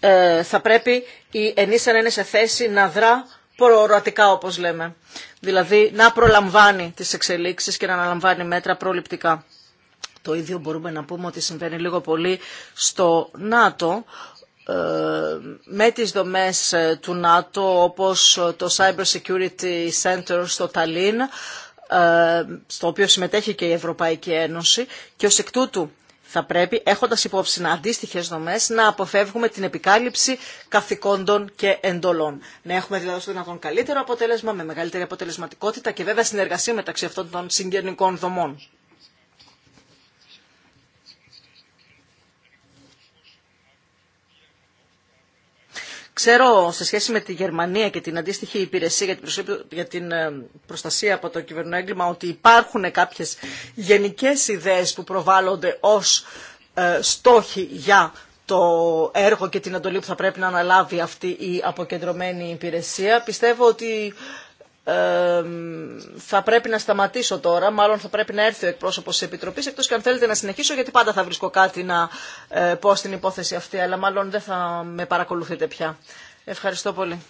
ε, θα πρέπει η ενίσα να είναι σε θέση να δρά προορατικά όπως λέμε. Δηλαδή να προλαμβάνει τις εξελίξεις και να αναλαμβάνει μέτρα προληπτικά. Το ίδιο μπορούμε να πούμε ότι συμβαίνει λίγο πολύ στο ΝΑΤΟ, ε, με τις δομές ε, του ΝΑΤΟ όπως το Cyber Security Center στο Ταλίν, στο οποίο συμμετέχει και η Ευρωπαϊκή Ένωση και ως εκ τούτου θα πρέπει, έχοντας υπόψη να αντίστοιχες δομές, να αποφεύγουμε την επικάλυψη καθηκόντων και εντολών. Να έχουμε δηλαδή στο δυνατόν καλύτερο αποτέλεσμα, με μεγαλύτερη αποτελεσματικότητα και βέβαια συνεργασία μεταξύ αυτών των συγγενικών δομών. Ξέρω σε σχέση με τη Γερμανία και την αντίστοιχη υπηρεσία για την ε, προστασία από το κυβερνοέγκλημα ότι υπάρχουν κάποιες γενικές ιδέες που προβάλλονται ως ε, στόχοι για το έργο και την αντολή που θα πρέπει να αναλάβει αυτή η αποκεντρωμένη υπηρεσία. Πιστεύω ότι θα πρέπει να σταματήσω τώρα, μάλλον θα πρέπει να έρθει ο εκπρόσωπο τη Επιτροπή, εκτό και αν θέλετε να συνεχίσω, γιατί πάντα θα βρίσκω κάτι να ε, πω στην υπόθεση αυτή, αλλά μάλλον δεν θα με παρακολουθείτε πια. Ευχαριστώ πολύ.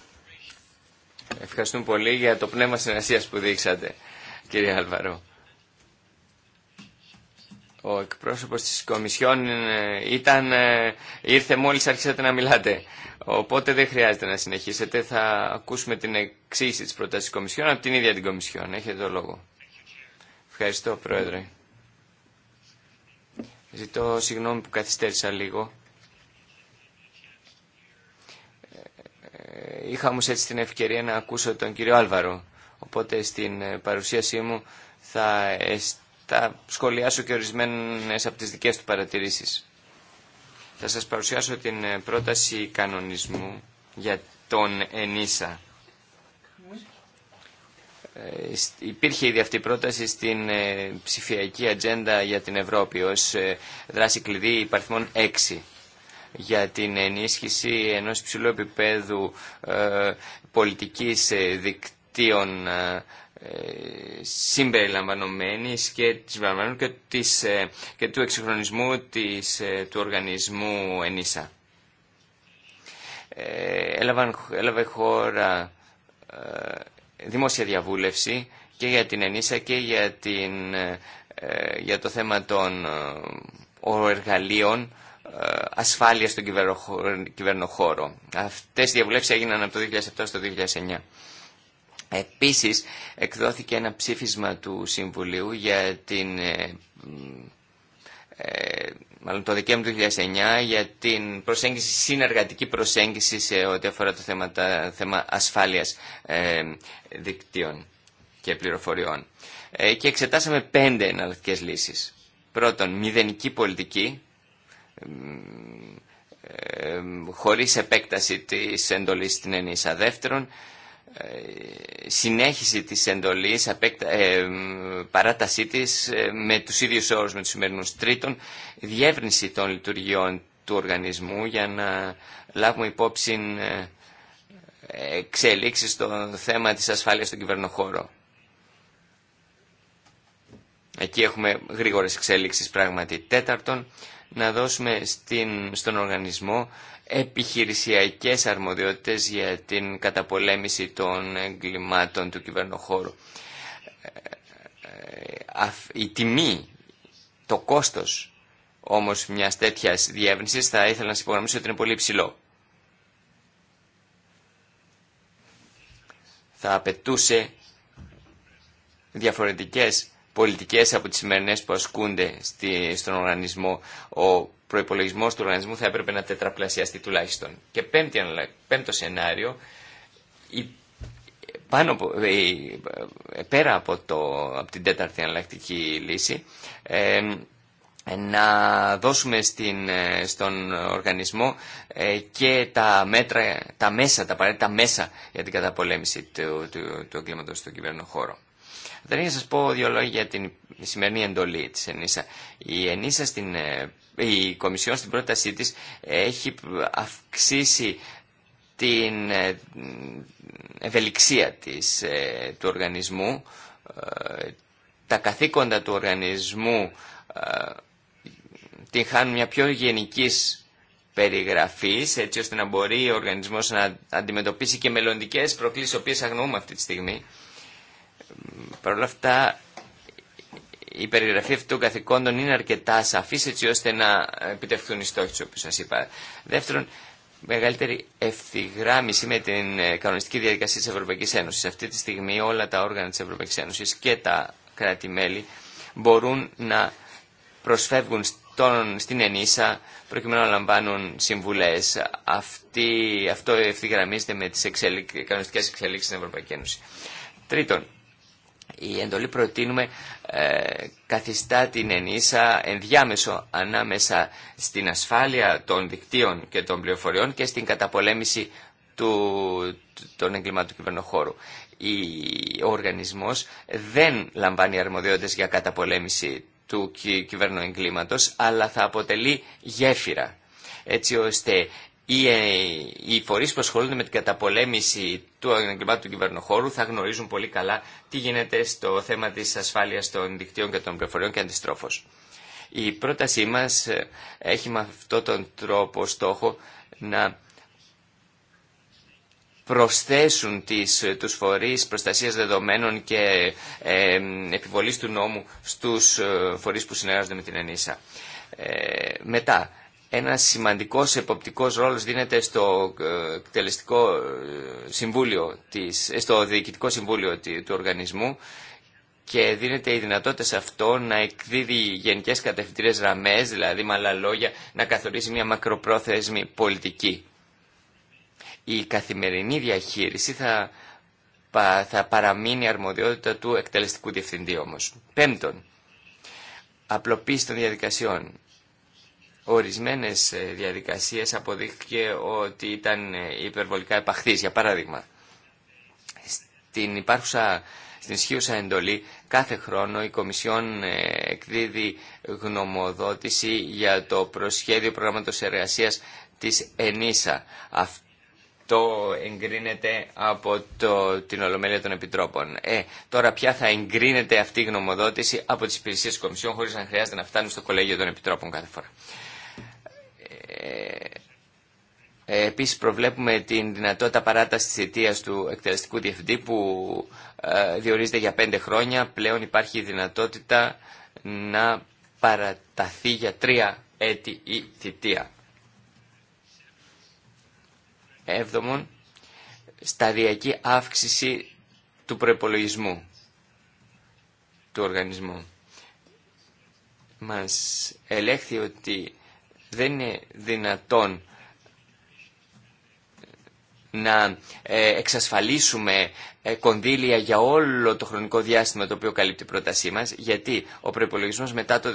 Ευχαριστούμε πολύ για το πνεύμα συνεργασία που δείξατε, κύριε Αλβαρό ο εκπρόσωπος της Κομισιόν ε, ήταν, ε, ήρθε μόλις αρχίσατε να μιλάτε. Οπότε δεν χρειάζεται να συνεχίσετε. Θα ακούσουμε την εξήγηση της προτάσης της Κομισιόν από την ίδια την Κομισιόν. Έχετε το λόγο. Ευχαριστώ, Πρόεδρε. Ζητώ συγγνώμη που καθυστέρησα λίγο. Ε, είχα όμως έτσι την ευκαιρία να ακούσω τον κύριο Άλβαρο. Οπότε στην παρουσίασή μου θα θα σχολιάσω και ορισμένες από τις δικές του παρατηρήσεις. Θα σας παρουσιάσω την ε, πρόταση κανονισμού για τον ΕΝΙΣΑ. Ε, υπήρχε ήδη αυτή η πρόταση στην ε, ψηφιακή ατζέντα για την Ευρώπη ως δράση κλειδί υπαριθμών 6 για την ενίσχυση ενός ψηλού επίπεδου πολιτικής δικτύων ε, συμπεριλαμβανομένης και, και, της, ε, και του εξυγχρονισμού της, ε, του οργανισμού ΕΝΙΣΑ. Έλαβαν, έλαβε χώρα δημόσια διαβούλευση και για την ΕΝΙΣΑ και για, την, για το θέμα των εργαλείων ασφάλεια στον κυβερνοχώρο. Αυτές οι διαβουλεύσεις έγιναν από το 2007 στο 2009. Επίσης, εκδόθηκε ένα ψήφισμα του Συμβουλίου για την... Ε, ε, μάλλον το Δεκέμβριο του 2009 για την προσέγγιση, συνεργατική προσέγγιση σε ό,τι αφορά το θέμα, τα, θέμα ασφάλειας ε, δικτύων και πληροφοριών. και εξετάσαμε πέντε εναλλακτικές λύσεις. Πρώτον, μηδενική πολιτική, χωρίς επέκταση της εντολής στην ενίσα. Δεύτερον, ε, συνέχιση της εντολής, απέκτα, ε, παράτασή της ε, με τους ίδιους όρους με τους σημερινούς τρίτων, διεύρυνση των λειτουργιών του οργανισμού για να λάβουμε υπόψη εξελίξεις στο θέμα της ασφάλειας στον κυβερνοχώρο. Εκεί έχουμε γρήγορες εξέλιξεις πράγματι. Τέταρτον, να δώσουμε στην, στον οργανισμό επιχειρησιακές αρμοδιότητες για την καταπολέμηση των εγκλημάτων του κυβερνοχώρου. Ε, ε, ε, η τιμή, το κόστος όμως μιας τέτοιας διεύρυνσης θα ήθελα να σας ότι είναι πολύ ψηλό. Θα απαιτούσε διαφορετικές πολιτικές από τις σημερινές που ασκούνται στον οργανισμό. Ο προπολογισμό του οργανισμού θα έπρεπε να τετραπλασιαστεί τουλάχιστον. Και πέμπτη, πέμπτο σενάριο, η, πάνω πέρα από, το, από την τέταρτη εναλλακτική λύση, ε, να δώσουμε στην, ε, στον οργανισμό ε, και τα μέτρα, τα μέσα, τα απαραίτητα μέσα για την καταπολέμηση του, του, του εγκλήματος στον κυβέρνο χώρο. Θα ήθελα να σας πω δύο λόγια για την σημερινή εντολή της ΕΝΗΣΑ. Η ΕΝΗΣΑ στην η Κομισιόν στην πρότασή της έχει αυξήσει την ε, ευελιξία της, ε, του οργανισμού, ε, τα καθήκοντα του οργανισμού την χάνουν μια πιο γενικής περιγραφής, έτσι ώστε να μπορεί ο οργανισμός να αντιμετωπίσει και μελλοντικές προκλήσεις, οποίες αγνοούμε αυτή τη στιγμή. Παρ' όλα αυτά η περιγραφή αυτού των καθηκόντων είναι αρκετά σαφή έτσι ώστε να επιτευχθούν οι στόχοι όπω σα είπα. Δεύτερον, μεγαλύτερη ευθυγράμμιση με την ε, κανονιστική διαδικασία της Ευρωπαϊκής Ένωσης. Αυτή τη στιγμή όλα τα όργανα τη Ευρωπαϊκή Ένωση και τα κράτη-μέλη μπορούν να προσφεύγουν στον, στην ενίσα προκειμένου να λαμβάνουν συμβουλέ. αυτό ευθυγραμμίζεται με τι κανονιστικέ κανονιστικές εξελίξεις στην Ευρωπαϊκή Ένωση. Τρίτον, η εντολή προτείνουμε ε, καθιστά την ενίσα ενδιάμεσο ανάμεσα στην ασφάλεια των δικτύων και των πληροφοριών και στην καταπολέμηση του, των εγκλημάτων του κυβερνοχώρου. Ο οργανισμός δεν λαμβάνει αρμοδιότητες για καταπολέμηση του κυβερνοεγκλήματος, αλλά θα αποτελεί γέφυρα έτσι ώστε οι, ε, οι φορείς που ασχολούνται με την καταπολέμηση του εγκλημάτου του κυβερνοχώρου θα γνωρίζουν πολύ καλά τι γίνεται στο θέμα της ασφάλειας των δικτύων και των πληροφοριών και αντιστρόφως. Η πρότασή μας ε, έχει με αυτόν τον τρόπο στόχο να προσθέσουν τις, τους φορείς προστασίας δεδομένων και ε, επιβολής του νόμου στους ε, φορείς που συνεργάζονται με την ΕΝΗΣΑ. Ε, μετά, ένα σημαντικός εποπτικός ρόλος δίνεται στο, ε, εκτελεστικό ε, συμβούλιο της, ε, στο διοικητικό συμβούλιο του οργανισμού και δίνεται η δυνατότητα σε αυτό να εκδίδει γενικές κατευθυντήρες ραμές, δηλαδή με άλλα λόγια να καθορίσει μια μακροπρόθεσμη πολιτική. Η καθημερινή διαχείριση θα, θα παραμείνει αρμοδιότητα του εκτελεστικού διευθυντή όμως. Πέμπτον, απλοποίηση των διαδικασιών ορισμένες ε, διαδικασίες αποδείχθηκε ότι ήταν ε, υπερβολικά επαχθείς. Για παράδειγμα, στην υπάρχουσα στην ισχύουσα εντολή κάθε χρόνο η Κομισιόν ε, εκδίδει γνωμοδότηση για το προσχέδιο προγράμματος εργασίας της ΕΝΙΣΑ. Αυτό εγκρίνεται από το, την Ολομέλεια των Επιτρόπων. Ε, τώρα πια θα εγκρίνεται αυτή η γνωμοδότηση από τις υπηρεσίες της Κομισιόν χωρίς να χρειάζεται να φτάνουν στο Κολέγιο των Επιτρόπων κάθε φορά. Ε, ε, επίσης προβλέπουμε την δυνατότητα παράτασης της αιτίας του εκτελεστικού διευθυντή που ε, διορίζεται για πέντε χρόνια. Πλέον υπάρχει η δυνατότητα να παραταθεί για τρία έτη ή θητεία. Έβδομον, σταδιακή αύξηση του προϋπολογισμού του οργανισμού. Μας ελέγχθη ότι δεν είναι δυνατόν να ε, εξασφαλίσουμε ε, κονδύλια για όλο το χρονικό διάστημα το οποίο καλύπτει η πρότασή μας, γιατί ο προϋπολογισμός μετά το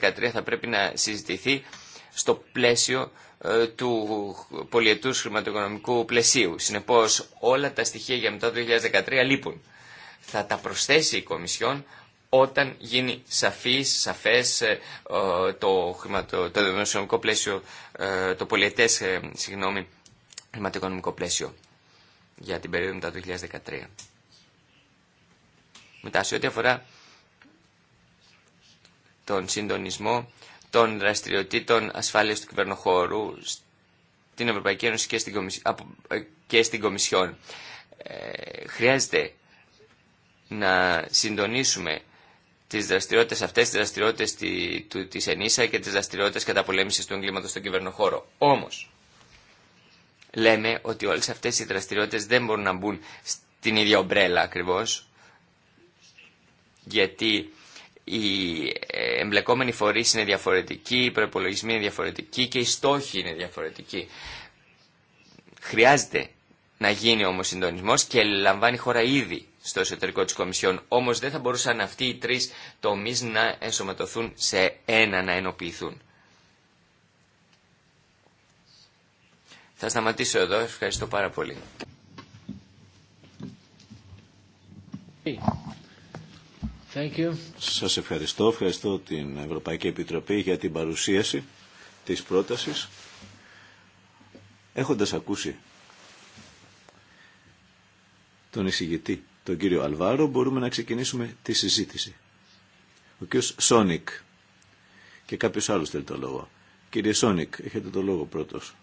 2013 θα πρέπει να συζητηθεί στο πλαίσιο ε, του πολιετούς χρηματοοικονομικού πλαισίου. Συνεπώς όλα τα στοιχεία για μετά το 2013 λείπουν. Θα τα προσθέσει η Κομισιόν όταν γίνει σαφής, σαφές ε, το, χρηματο, το δημοσιονομικό πλαίσιο, ε, το πολιετές, ε, συγγνώμη, χρηματοοικονομικό πλαίσιο για την περίοδο μετά το 2013. Μετά σε ό,τι αφορά τον συντονισμό των δραστηριοτήτων ασφάλειας του κυβερνοχώρου στην Ευρωπαϊκή Ένωση και στην, Κομισι... και στην Κομισιόν. χρειάζεται να συντονίσουμε τι δραστηριότητε, αυτέ, τι δραστηριότητε τη ΕΝΗΣΑ και τις δραστηριότητες καταπολέμηση του εγκλήματο στον κυβερνοχώρο. Όμω, λέμε ότι όλε αυτέ οι δραστηριότητε δεν μπορούν να μπουν στην ίδια ομπρέλα ακριβώ. γιατί οι ε, εμπλεκόμενοι φορεί είναι διαφορετικοί, οι προπολογισμοί είναι διαφορετικοί και οι στόχοι είναι διαφορετικοί. Χρειάζεται να γίνει όμως συντονισμός και λαμβάνει χώρα ήδη στο εσωτερικό της Κομισιόν. Όμως δεν θα μπορούσαν αυτοί οι τρεις τομείς να ενσωματωθούν σε ένα, να ενοποιηθούν. Θα σταματήσω εδώ. Ευχαριστώ πάρα πολύ. Thank you. Σας ευχαριστώ. Ευχαριστώ την Ευρωπαϊκή Επιτροπή για την παρουσίαση της πρότασης. Έχοντας ακούσει τον εισηγητή τον κύριο Αλβάρο μπορούμε να ξεκινήσουμε τη συζήτηση. Ο κύριος Σόνικ και κάποιος άλλος θέλει το λόγο. Κύριε Σόνικ, έχετε το λόγο πρώτος.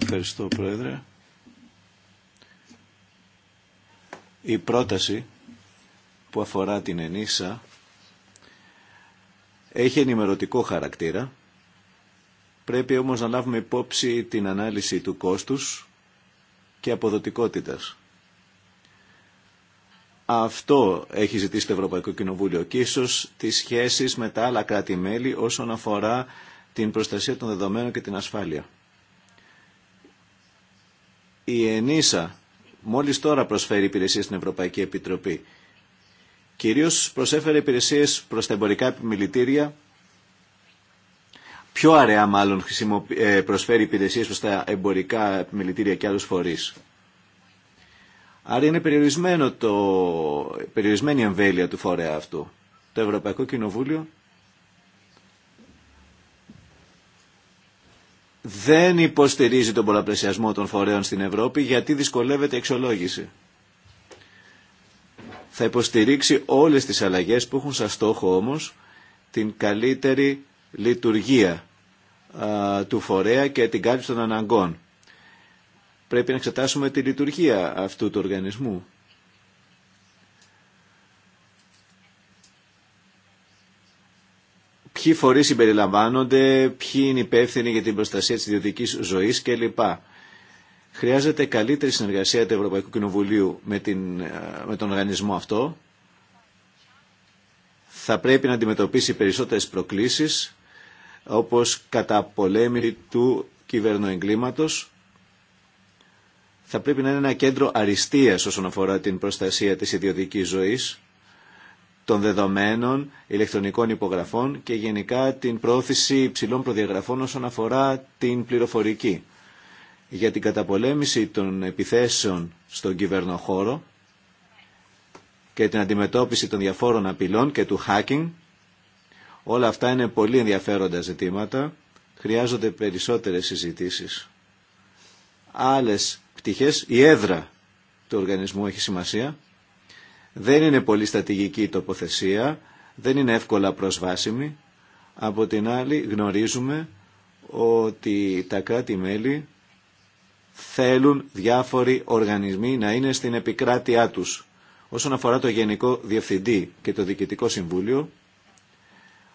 Ευχαριστώ Πρόεδρε. Η πρόταση που αφορά την ενίσα έχει ενημερωτικό χαρακτήρα Πρέπει όμως να λάβουμε υπόψη την ανάλυση του κόστους και αποδοτικότητας. Αυτό έχει ζητήσει το Ευρωπαϊκό Κοινοβούλιο και ίσω τι σχέσει με τα άλλα κράτη-μέλη όσον αφορά την προστασία των δεδομένων και την ασφάλεια. Η ΕΝΙΣΑ μόλις τώρα προσφέρει υπηρεσίες στην Ευρωπαϊκή Επιτροπή. Κυρίως προσέφερε υπηρεσίες προς τα εμπορικά επιμελητήρια πιο αραιά μάλλον ε, προσφέρει υπηρεσίες προς τα εμπορικά επιμελητήρια και άλλους φορείς. Άρα είναι περιορισμένο το, περιορισμένη η εμβέλεια του φορέα αυτού. Το Ευρωπαϊκό Κοινοβούλιο δεν υποστηρίζει τον πολλαπλασιασμό των φορέων στην Ευρώπη γιατί δυσκολεύεται η εξολόγηση. Θα υποστηρίξει όλες τις αλλαγές που έχουν σαν στόχο όμως την καλύτερη λειτουργία του φορέα και την κάλυψη των αναγκών. Πρέπει να εξετάσουμε τη λειτουργία αυτού του οργανισμού. Ποιοι φορεί συμπεριλαμβάνονται, ποιοι είναι υπεύθυνοι για την προστασία της ιδιωτική ζωής κλπ. Χρειάζεται καλύτερη συνεργασία του Ευρωπαϊκού Κοινοβουλίου με, την, με τον οργανισμό αυτό. Θα πρέπει να αντιμετωπίσει περισσότερες προκλήσεις όπως πολέμη του κυβερνοεγκλήματος. Θα πρέπει να είναι ένα κέντρο αριστείας όσον αφορά την προστασία της ιδιωτικής ζωής, των δεδομένων, ηλεκτρονικών υπογραφών και γενικά την πρόθεση υψηλών προδιαγραφών όσον αφορά την πληροφορική. Για την καταπολέμηση των επιθέσεων στον κυβερνοχώρο και την αντιμετώπιση των διαφόρων απειλών και του hacking, Όλα αυτά είναι πολύ ενδιαφέροντα ζητήματα, χρειάζονται περισσότερες συζητήσεις. Άλλες πτυχές, η έδρα του οργανισμού έχει σημασία, δεν είναι πολύ στατηγική η τοποθεσία, δεν είναι εύκολα προσβάσιμη. Από την άλλη γνωρίζουμε ότι τα κράτη-μέλη θέλουν διάφοροι οργανισμοί να είναι στην επικράτειά τους. Όσον αφορά το Γενικό Διευθυντή και το Διοικητικό Συμβούλιο,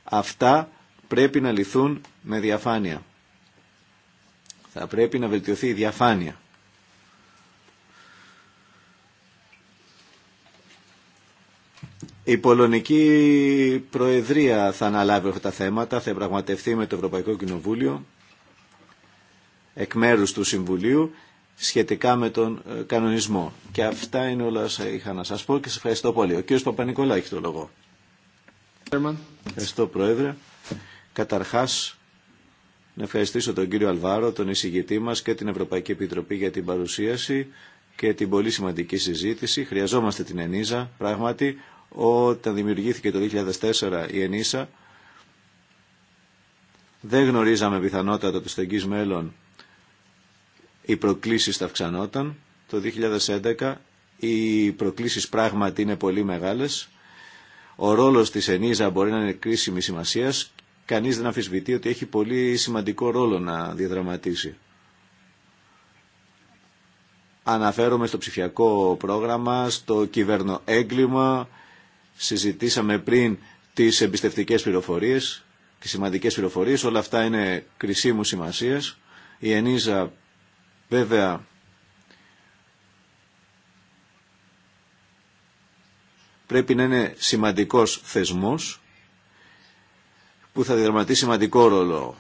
Αυτά πρέπει να λυθούν με διαφάνεια. Θα πρέπει να βελτιωθεί η διαφάνεια. Η Πολωνική Προεδρία θα αναλάβει αυτά τα θέματα, θα πραγματευτεί με το Ευρωπαϊκό Κοινοβούλιο εκ μέρου του Συμβουλίου σχετικά με τον ε, κανονισμό. Και αυτά είναι όλα όσα είχα να σας πω και σας ευχαριστώ πολύ. Ο κ. παπα το λόγο. Ευχαριστώ Πρόεδρε. Καταρχάς, να ευχαριστήσω τον κύριο Αλβάρο, τον εισηγητή μας και την Ευρωπαϊκή Επιτροπή για την παρουσίαση και την πολύ σημαντική συζήτηση. Χρειαζόμαστε την ΕΝΙΖΑ, πράγματι. Όταν δημιουργήθηκε το 2004 η ΕΝΙΖΑ, δεν γνωρίζαμε πιθανότατα το στεγγής μέλλον οι προκλήσεις θα αυξανόταν. Το 2011 οι προκλήσεις πράγματι είναι πολύ μεγάλες ο ρόλος της ΕΝΙΖΑ μπορεί να είναι κρίσιμη σημασία. Κανείς δεν αμφισβητεί ότι έχει πολύ σημαντικό ρόλο να διαδραματίσει. Αναφέρομαι στο ψηφιακό πρόγραμμα, στο κυβέρνο έγκλημα. Συζητήσαμε πριν τις εμπιστευτικές πληροφορίες, τις σημαντικές πληροφορίες. Όλα αυτά είναι κρισίμου σημασίας. Η ΕΝΙΖΑ βέβαια πρέπει να είναι σημαντικός θεσμός που θα διδραματίσει σημαντικό ρόλο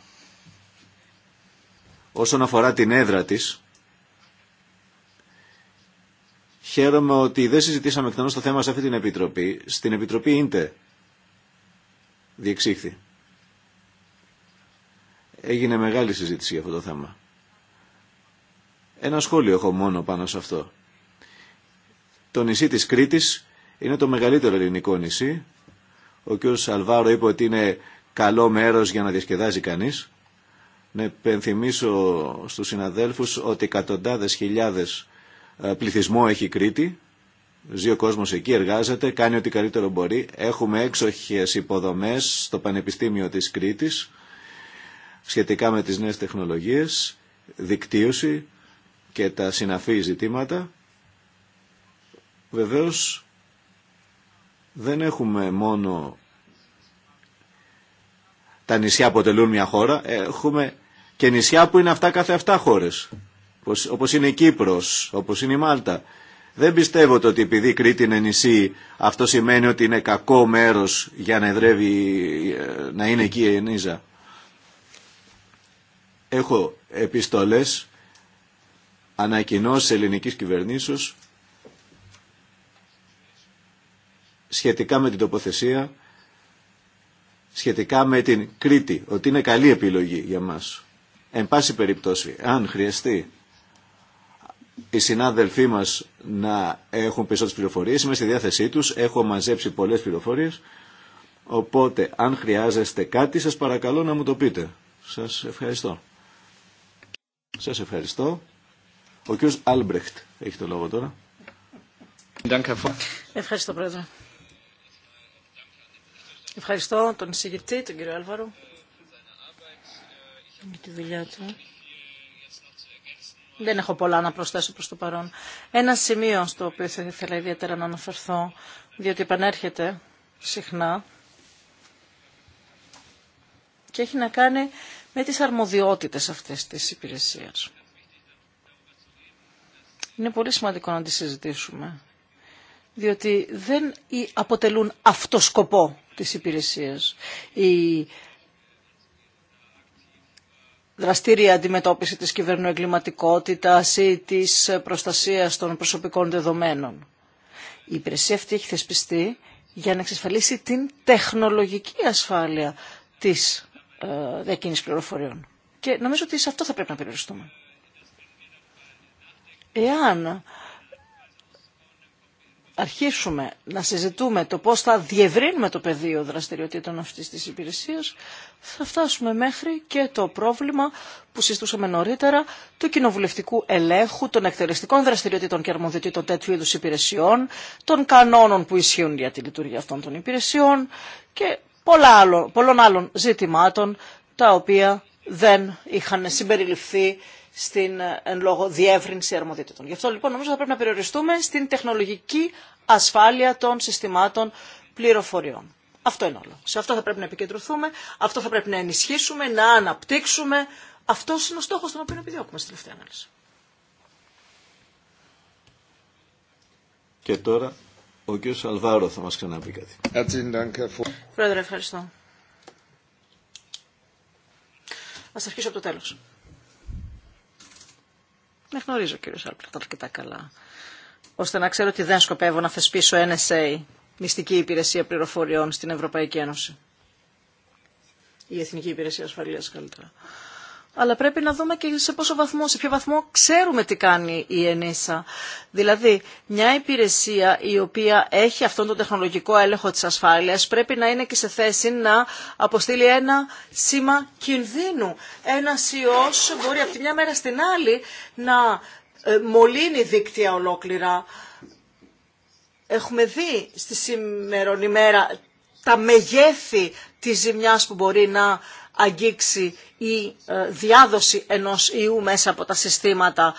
όσον αφορά την έδρα της. Χαίρομαι ότι δεν συζητήσαμε εκτενώς το θέμα σε αυτή την Επιτροπή. Στην Επιτροπή ίντε διεξήχθη. Έγινε μεγάλη συζήτηση για αυτό το θέμα. Ένα σχόλιο έχω μόνο πάνω σε αυτό. Το νησί της Κρήτης είναι το μεγαλύτερο ελληνικό νησί. Ο κ. Αλβάρο είπε ότι είναι καλό μέρος για να διασκεδάζει κανείς. Να επενθυμίσω στους συναδέλφους ότι εκατοντάδες χιλιάδες ε, πληθυσμό έχει Κρήτη. Ζει ο κόσμος εκεί, εργάζεται, κάνει ό,τι καλύτερο μπορεί. Έχουμε έξοχες υποδομές στο Πανεπιστήμιο της Κρήτης σχετικά με τις νέες τεχνολογίες, δικτύωση και τα συναφή ζητήματα. Βεβαίως δεν έχουμε μόνο τα νησιά που αποτελούν μια χώρα, έχουμε και νησιά που είναι αυτά κάθε αυτά χώρες, όπως είναι η Κύπρος, όπως είναι η Μάλτα. Δεν πιστεύω ότι επειδή η Κρήτη είναι νησί, αυτό σημαίνει ότι είναι κακό μέρος για να εδρεύει, να είναι εκεί η Ενίζα. Έχω επιστολές, ανακοινώσεις ελληνικής κυβερνήσεως σχετικά με την τοποθεσία, σχετικά με την Κρήτη, ότι είναι καλή επιλογή για μας. Εν πάση περιπτώσει, αν χρειαστεί οι συνάδελφοί μας να έχουν περισσότερες πληροφορίες, είμαι στη διάθεσή τους, έχω μαζέψει πολλές πληροφορίες, οπότε αν χρειάζεστε κάτι σας παρακαλώ να μου το πείτε. Σας ευχαριστώ. Σας ευχαριστώ. Ο κ. Άλμπρεχτ έχει το λόγο τώρα. Ευχαριστώ, Πρόεδρε. Ευχαριστώ τον εισηγητή, τον κύριο Άλβαρο, για τη δουλειά του. Δεν έχω πολλά να προσθέσω προς το παρόν. Ένα σημείο στο οποίο θα ήθελα ιδιαίτερα να αναφερθώ, διότι επανέρχεται συχνά και έχει να κάνει με τις αρμοδιότητες αυτές της υπηρεσίας. Είναι πολύ σημαντικό να τη συζητήσουμε, διότι δεν αποτελούν αυτό σκοπό της υπηρεσίας. Η δραστήρια αντιμετώπιση της κυβερνοεγκληματικότητας ή της προστασίας των προσωπικών δεδομένων. Η υπηρεσία αυτή έχει θεσπιστεί για να εξασφαλίσει την τεχνολογική ασφάλεια της ε, διακίνησης πληροφοριών. Και νομίζω ότι σε αυτό θα πρέπει να περιοριστούμε. Εάν αρχίσουμε να συζητούμε το πώς θα διευρύνουμε το πεδίο δραστηριοτήτων αυτής της υπηρεσίας, θα φτάσουμε μέχρι και το πρόβλημα που συζητούσαμε νωρίτερα του κοινοβουλευτικού ελέγχου, των εκτελεστικών δραστηριοτήτων και αρμοδιοτήτων τέτοιου είδους υπηρεσιών, των κανόνων που ισχύουν για τη λειτουργία αυτών των υπηρεσιών και πολλών άλλων ζητημάτων τα οποία δεν είχαν συμπεριληφθεί στην ε, εν λόγω διεύρυνση αρμοδιότητων. Γι' αυτό λοιπόν νομίζω θα πρέπει να περιοριστούμε στην τεχνολογική ασφάλεια των συστημάτων πληροφοριών. Αυτό είναι όλο. Σε αυτό θα πρέπει να επικεντρωθούμε, αυτό θα πρέπει να ενισχύσουμε, να αναπτύξουμε. Αυτό είναι ο στόχο τον οποίο επιδιώκουμε στη τελευταία ανάλυση. Και τώρα ο κ. Αλβάρο θα μα ξαναπεί κάτι. Πρόεδρε, ευχαριστώ. Ας αρχίσω από το τέλος. Με ναι, γνωρίζω, κύριε κύριο αρκετά καλά. Ώστε να ξέρω ότι δεν σκοπεύω να θεσπίσω NSA, μυστική υπηρεσία πληροφοριών στην Ευρωπαϊκή Ένωση. Η Εθνική Υπηρεσία Ασφαλείας καλύτερα αλλά πρέπει να δούμε και σε πόσο βαθμό, σε ποιο βαθμό ξέρουμε τι κάνει η ΕΝΕΣΑ. Δηλαδή, μια υπηρεσία η οποία έχει αυτόν τον τεχνολογικό έλεγχο της ασφάλειας πρέπει να είναι και σε θέση να αποστείλει ένα σήμα κινδύνου. Ένα ιός μπορεί από τη μια μέρα στην άλλη να ε, μολύνει δίκτυα ολόκληρα. Έχουμε δει στη σήμερον ημέρα τα μεγέθη της ζημιάς που μπορεί να αγγίξει η ε, διάδοση ενός ιού μέσα από τα συστήματα.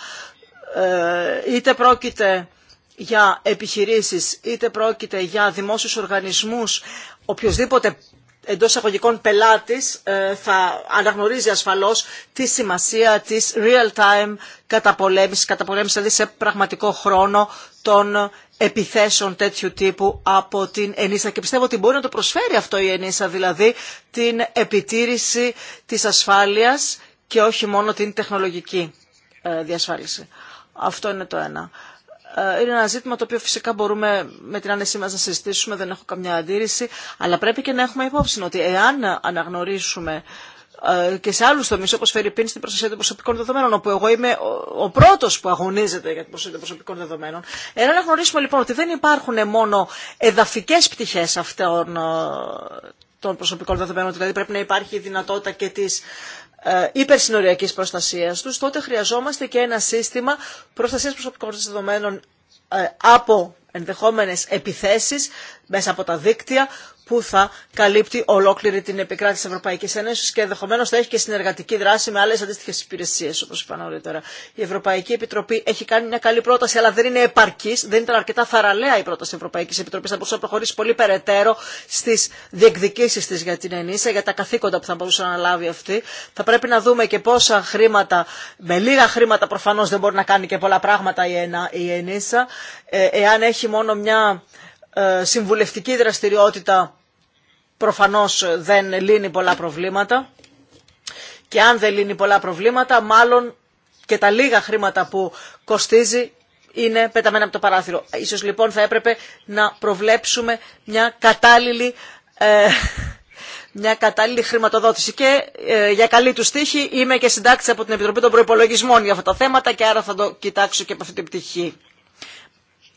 Ε, είτε πρόκειται για επιχειρήσεις, είτε πρόκειται για δημόσιους οργανισμούς, οποιοδήποτε εντό αγωγικών πελάτης ε, θα αναγνωρίζει ασφαλώς τη σημασία της real-time καταπολέμησης, καταπολέμησης, δηλαδή σε πραγματικό χρόνο των επιθέσεων τέτοιου τύπου από την ΕΝΙΣΑ και πιστεύω ότι μπορεί να το προσφέρει αυτό η ΕΝΙΣΑ, δηλαδή την επιτήρηση της ασφάλειας και όχι μόνο την τεχνολογική ε, διασφάλιση. Αυτό είναι το ένα. Ε, είναι ένα ζήτημα το οποίο φυσικά μπορούμε με την άνεσή μας να συζητήσουμε, δεν έχω καμιά αντίρρηση, αλλά πρέπει και να έχουμε υπόψη ότι εάν αναγνωρίσουμε ε, και σε άλλου τομεί, όπω φέρει πίνη στην προστασία των προσωπικών δεδομένων, όπου εγώ είμαι ο πρώτο που αγωνίζεται για την προστασία των προσωπικών δεδομένων. να γνωρίσουμε λοιπόν ότι δεν υπάρχουν μόνο εδαφικέ πτυχέ αυτών ε, των προσωπικών δεδομένων, δηλαδή πρέπει να υπάρχει η δυνατότητα και τη ε, υπερσυνοριακή προστασία του, τότε χρειαζόμαστε και ένα σύστημα προστασία προσωπικών δεδομένων από ενδεχόμενες επιθέσεις μέσα από τα δίκτυα που θα καλύπτει ολόκληρη την επικράτηση της Ευρωπαϊκής Ένωση και ενδεχομένω θα έχει και συνεργατική δράση με άλλες αντίστοιχε υπηρεσίες όπως είπα νωρίτερα. Η Ευρωπαϊκή Επιτροπή έχει κάνει μια καλή πρόταση αλλά δεν είναι επαρκή, δεν ήταν αρκετά θαραλέα η πρόταση τη Ευρωπαϊκής Επιτροπής. Θα μπορούσε να προχωρήσει πολύ περαιτέρω στι διεκδικήσει τη για την ενίσχυση, για τα καθήκοντα που θα μπορούσε να λάβει αυτή. Θα πρέπει να δούμε και πόσα χρήματα, με λίγα χρήματα προφανώ δεν μπορεί να κάνει και πολλά πράγματα η, ε, εάν έχει μόνο μια ε, συμβουλευτική δραστηριότητα προφανώς δεν λύνει πολλά προβλήματα και αν δεν λύνει πολλά προβλήματα μάλλον και τα λίγα χρήματα που κοστίζει είναι πεταμένα από το παράθυρο. Ίσως λοιπόν θα έπρεπε να προβλέψουμε μια κατάλληλη, ε, μια κατάλληλη χρηματοδότηση. Και ε, για καλή του στίχη είμαι και συντάξει από την Επιτροπή των Προϋπολογισμών για αυτά τα θέματα και άρα θα το κοιτάξω και από αυτή την πτυχή.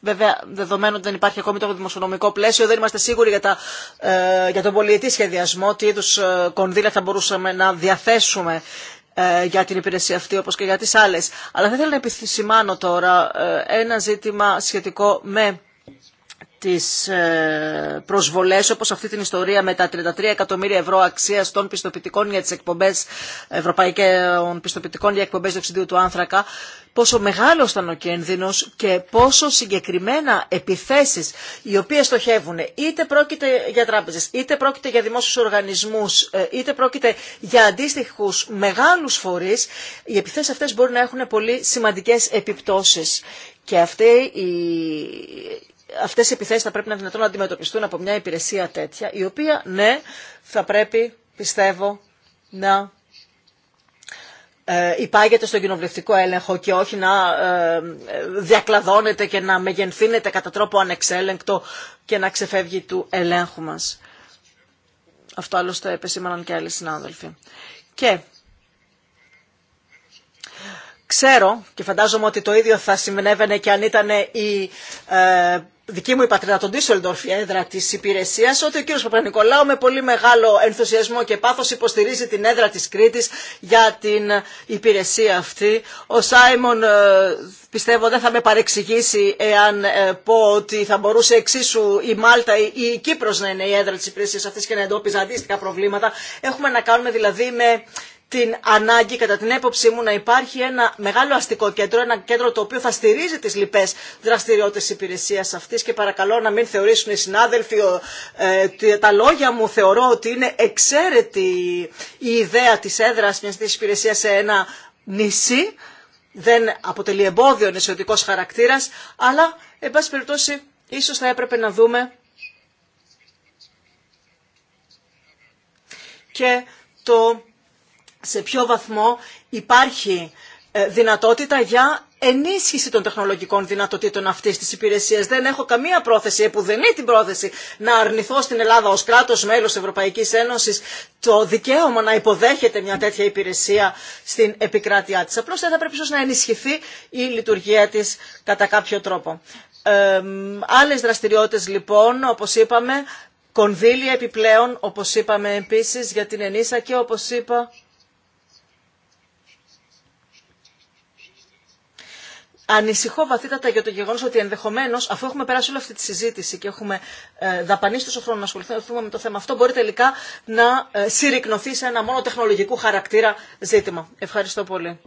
Βέβαια, δεδομένου ότι δεν υπάρχει ακόμη το δημοσιονομικό πλαίσιο, δεν είμαστε σίγουροι για, τα, ε, για τον πολιετή σχεδιασμό, τι είδου ε, κονδύλια θα μπορούσαμε να διαθέσουμε ε, για την υπηρεσία αυτή, όπω και για τι άλλε. Αλλά θα ήθελα να επισημάνω τώρα ένα ζήτημα σχετικό με τις ε, προσβολές όπως αυτή την ιστορία με τα 33 εκατομμύρια ευρώ αξίας των πιστοποιητικών για τις εκπομπές ευρωπαϊκών πιστοποιητικών για εκπομπές διοξιδίου του άνθρακα πόσο μεγάλος ήταν ο κίνδυνος και πόσο συγκεκριμένα επιθέσεις οι οποίες στοχεύουν είτε πρόκειται για τράπεζες, είτε πρόκειται για δημόσιους οργανισμούς, ε, είτε πρόκειται για αντίστοιχους μεγάλους φορείς, οι επιθέσεις αυτές μπορούν να έχουν πολύ σημαντικές επιπτώσεις. Και αυτή η αυτές οι επιθέσεις θα πρέπει να δυνατόν να αντιμετωπιστούν από μια υπηρεσία τέτοια, η οποία, ναι, θα πρέπει, πιστεύω, να ε, υπάγεται στον κοινοβουλευτικό έλεγχο και όχι να ε, διακλαδώνεται και να μεγενθύνεται κατά τρόπο ανεξέλεγκτο και να ξεφεύγει του ελέγχου μας. Αυτό άλλωστε επεσήμαναν και άλλοι συνάδελφοι. Και ξέρω και φαντάζομαι ότι το ίδιο θα σημαίνευε και αν ήταν η ε, δική μου η πατρίδα, τον Τίσσελντορφ, η έδρα τη υπηρεσία, ότι ο κύριο με πολύ μεγάλο ενθουσιασμό και πάθο υποστηρίζει την έδρα τη Κρήτη για την ε, υπηρεσία αυτή. Ο Σάιμον ε, πιστεύω δεν θα με παρεξηγήσει εάν ε, πω ότι θα μπορούσε εξίσου η Μάλτα ή η Κύπρος να είναι η έδρα της Υπηρεσία αυτή και να εντόπιζα αντίστοιχα προβλήματα. Έχουμε να κάνουμε δηλαδή με την ανάγκη, κατά την έποψή μου, να υπάρχει ένα μεγάλο αστικό κέντρο, ένα κέντρο το οποίο θα στηρίζει τις λοιπές δραστηριότητες υπηρεσίας αυτής και παρακαλώ να μην θεωρήσουν οι συνάδελφοι, ε, τα λόγια μου θεωρώ ότι είναι εξαίρετη η ιδέα της έδρας μιας της υπηρεσίας σε ένα νησί, δεν αποτελεί εμπόδιο νησιωτικό χαρακτήρας, αλλά, εν πάση περιπτώσει, ίσως θα έπρεπε να δούμε και το σε ποιο βαθμό υπάρχει ε, δυνατότητα για ενίσχυση των τεχνολογικών δυνατοτήτων αυτή τη υπηρεσία. Δεν έχω καμία πρόθεση, επουδενή την πρόθεση, να αρνηθώ στην Ελλάδα ω κράτο μέλο Ευρωπαϊκή Ένωση το δικαίωμα να υποδέχεται μια τέτοια υπηρεσία στην επικράτειά τη. Απλώ θα πρέπει ίσω να ενισχυθεί η λειτουργία τη κατά κάποιο τρόπο. Ε, άλλες δραστηριότητες λοιπόν, όπω είπαμε, κονδύλια επιπλέον, όπω είπαμε επίση, για την ενίσα και όπω είπα Ανησυχώ βαθύτατα για το γεγονό ότι ενδεχομένω, αφού έχουμε περάσει όλη αυτή τη συζήτηση και έχουμε ε, δαπανίσει τόσο χρόνο να ασχοληθούμε με το θέμα αυτό, μπορεί τελικά να ε, συρρυκνωθεί σε ένα μόνο τεχνολογικού χαρακτήρα ζήτημα. Ευχαριστώ πολύ.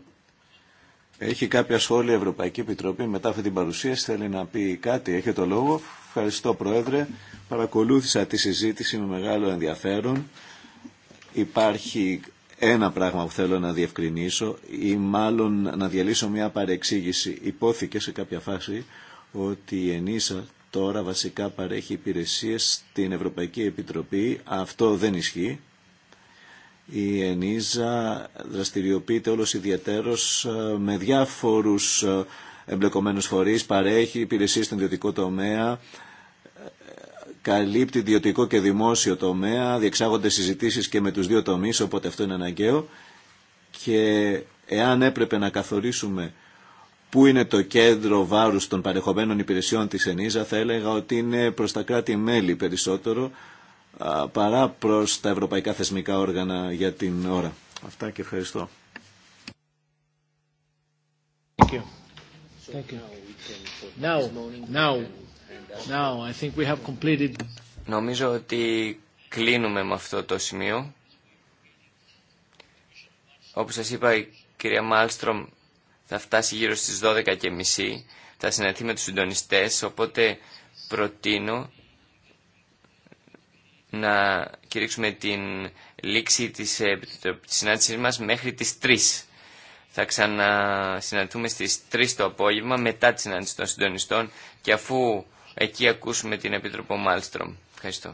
Έχει κάποια σχόλια η Ευρωπαϊκή Επιτροπή μετά αυτή την παρουσίαση, θέλει να πει κάτι, έχει το λόγο. Ευχαριστώ Πρόεδρε. Παρακολούθησα τη συζήτηση με μεγάλο ενδιαφέρον. Υπάρχει ένα πράγμα που θέλω να διευκρινίσω ή μάλλον να διαλύσω μια παρεξήγηση. Υπόθηκε σε κάποια φάση ότι η ενίσα δραστηριοποιείται τώρα βασικά παρέχει υπηρεσίες στην Ευρωπαϊκή Επιτροπή. Αυτό δεν ισχύει. Η ΕΝΙΖΑ δραστηριοποιείται όλος ιδιαίτερος ε, με διάφορους ε, εμπλεκομένους φορείς, παρέχει υπηρεσίες στον ιδιωτικό τομέα, καλύπτει ιδιωτικό και δημόσιο τομέα, διεξάγονται συζητήσεις και με τους δύο τομείς, οπότε αυτό είναι αναγκαίο. Και εάν έπρεπε να καθορίσουμε πού είναι το κέντρο βάρους των παρεχομένων υπηρεσιών της ΕΝΙΖΑ, θα έλεγα ότι είναι προς τα κράτη-μέλη περισσότερο, παρά προς τα ευρωπαϊκά θεσμικά όργανα για την ώρα. Αυτά και ευχαριστώ. Thank you. Now, now Νομίζω ότι κλείνουμε με αυτό το σημείο. Όπως σας είπα, η κυρία Μάλστρομ θα φτάσει γύρω στις 12.30. Θα συναντηθεί με τους συντονιστές, οπότε προτείνω να κηρύξουμε την λήξη της, ε, της συνάντησής μας μέχρι τις 3. Θα ξανασυναντηθούμε στις 3 το απόγευμα μετά τη συνάντηση των συντονιστών και αφού Εκεί ακούσουμε την Επίτροπο Μάλστρομ. Ευχαριστώ.